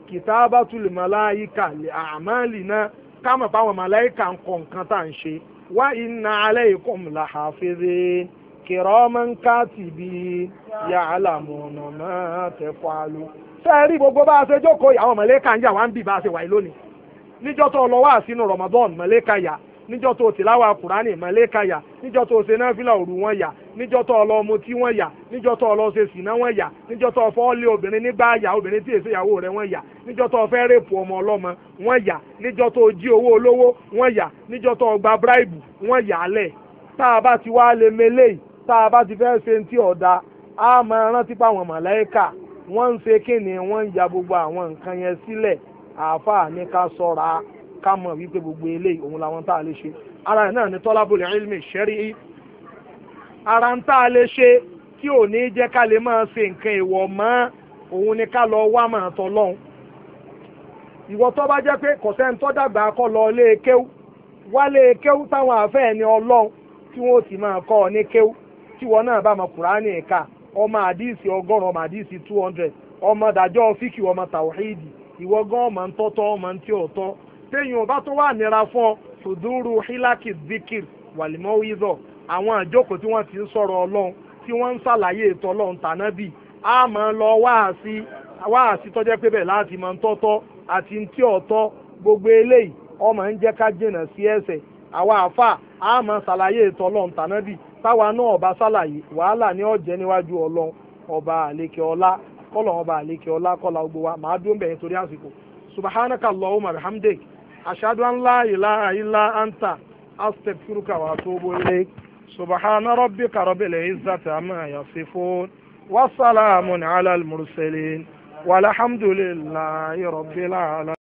kitabatul malaika li a'malina ká mọ̀ páwọn màláìkà ń kọ nǹkan tá à ń ṣe wa inna alaykum lahafizin kiraman katibin ya'lamuna ma taf'alu sẹ́ẹ̀rí gbogbo bá a ṣe jókòó àwọn màláìkà ń yà wá ń bì bá a ṣe wà lónìí níjọ́ tó lọ wá sínú Ramadan màláìkà yà níjọ́ tó tìláwà kùránì mọ̀lẹ́ka yà níjọ́ tó ṣe náfìlà òru wọn yà níjọ́ tó ọlọ ọmọ tí wọ́n yà níjọ́ tó ọlọ ṣe sìnà wọn yà níjọ́ tó ọfọ́ lé obìnrin nígbà yà obìnrin tí èso ìyàwó rẹ̀ wọ́n yà níjọ́ tó ọfẹ́ rèpù ọmọ ọlọ́mọ wọ́n yà níjọ́ tó jí owó olówó wọ́n yà níjọ́ tó ọgbà bíráìbù wọ́n yà á lẹ̀ tá a bá ti wá lè mele tá a bá ti fẹ́ ṣe ń ṣe kíni ya gbogbo àwọn nǹkan yẹn sílẹ̀ àáfàá ní ká mọ̀ wípé gbogbo eléyìí òun làwọn tá a lè ṣe ara rẹ̀ náà ni tọ́lábùlẹ̀ ilmi ṣẹ́rí ara ń tá a lè ṣe tí ò ní ká lè máa ṣe nǹkan ìwọ̀ mọ́ òun ni ká lọ wá màá tọ́ lọ́hùn ìwọ tó bá jẹ́ pé kọ̀sẹ́ni tó kọ́ lọ lé e kéwú wálé e kéwú táwọn àfẹ́ ẹni ọlọ́hun tí wọ́n sì máa kọ́ ọ ní kéwú tí wọ́n náà bá ọmọ àdìsí ọgọ́rùn ọmọ téèyàn bá tún wà nira fún ọ tòdúrú hilaki zikir wàlímọ́ wíìzọ̀ àwọn àjókòó tí wọ́n ti ń sọ̀rọ̀ ọlọ́run tí wọ́n ń ṣàlàyé ètò ọlọ́run tànábì á máa lọ wáàsí wáàsí tọ́jẹ́ pé bẹ́ẹ̀ láti máa ń tọ́tọ́ àti ń tí ọ̀tọ́ gbogbo eléyìí ọmọ ń jẹ́ ká jìnà sí ẹ̀ṣẹ̀ àwa àfà á máa ṣàlàyé ètò ọlọ́run tànábì táwa náà ọba ṣàlàyé wàhálà ní ọ̀jẹ́ níwájú ọlọ́run ọba àlekè ọlá kọ́lọ̀ subhanaka allahumma bihamdik ashhadu an la ilaha illa anta astaghfiruka wa atubu ilayk subhana rabbika rabbil izzati amma yasifun wa salamun ala al mursalin walhamdulillahi rabbil alamin.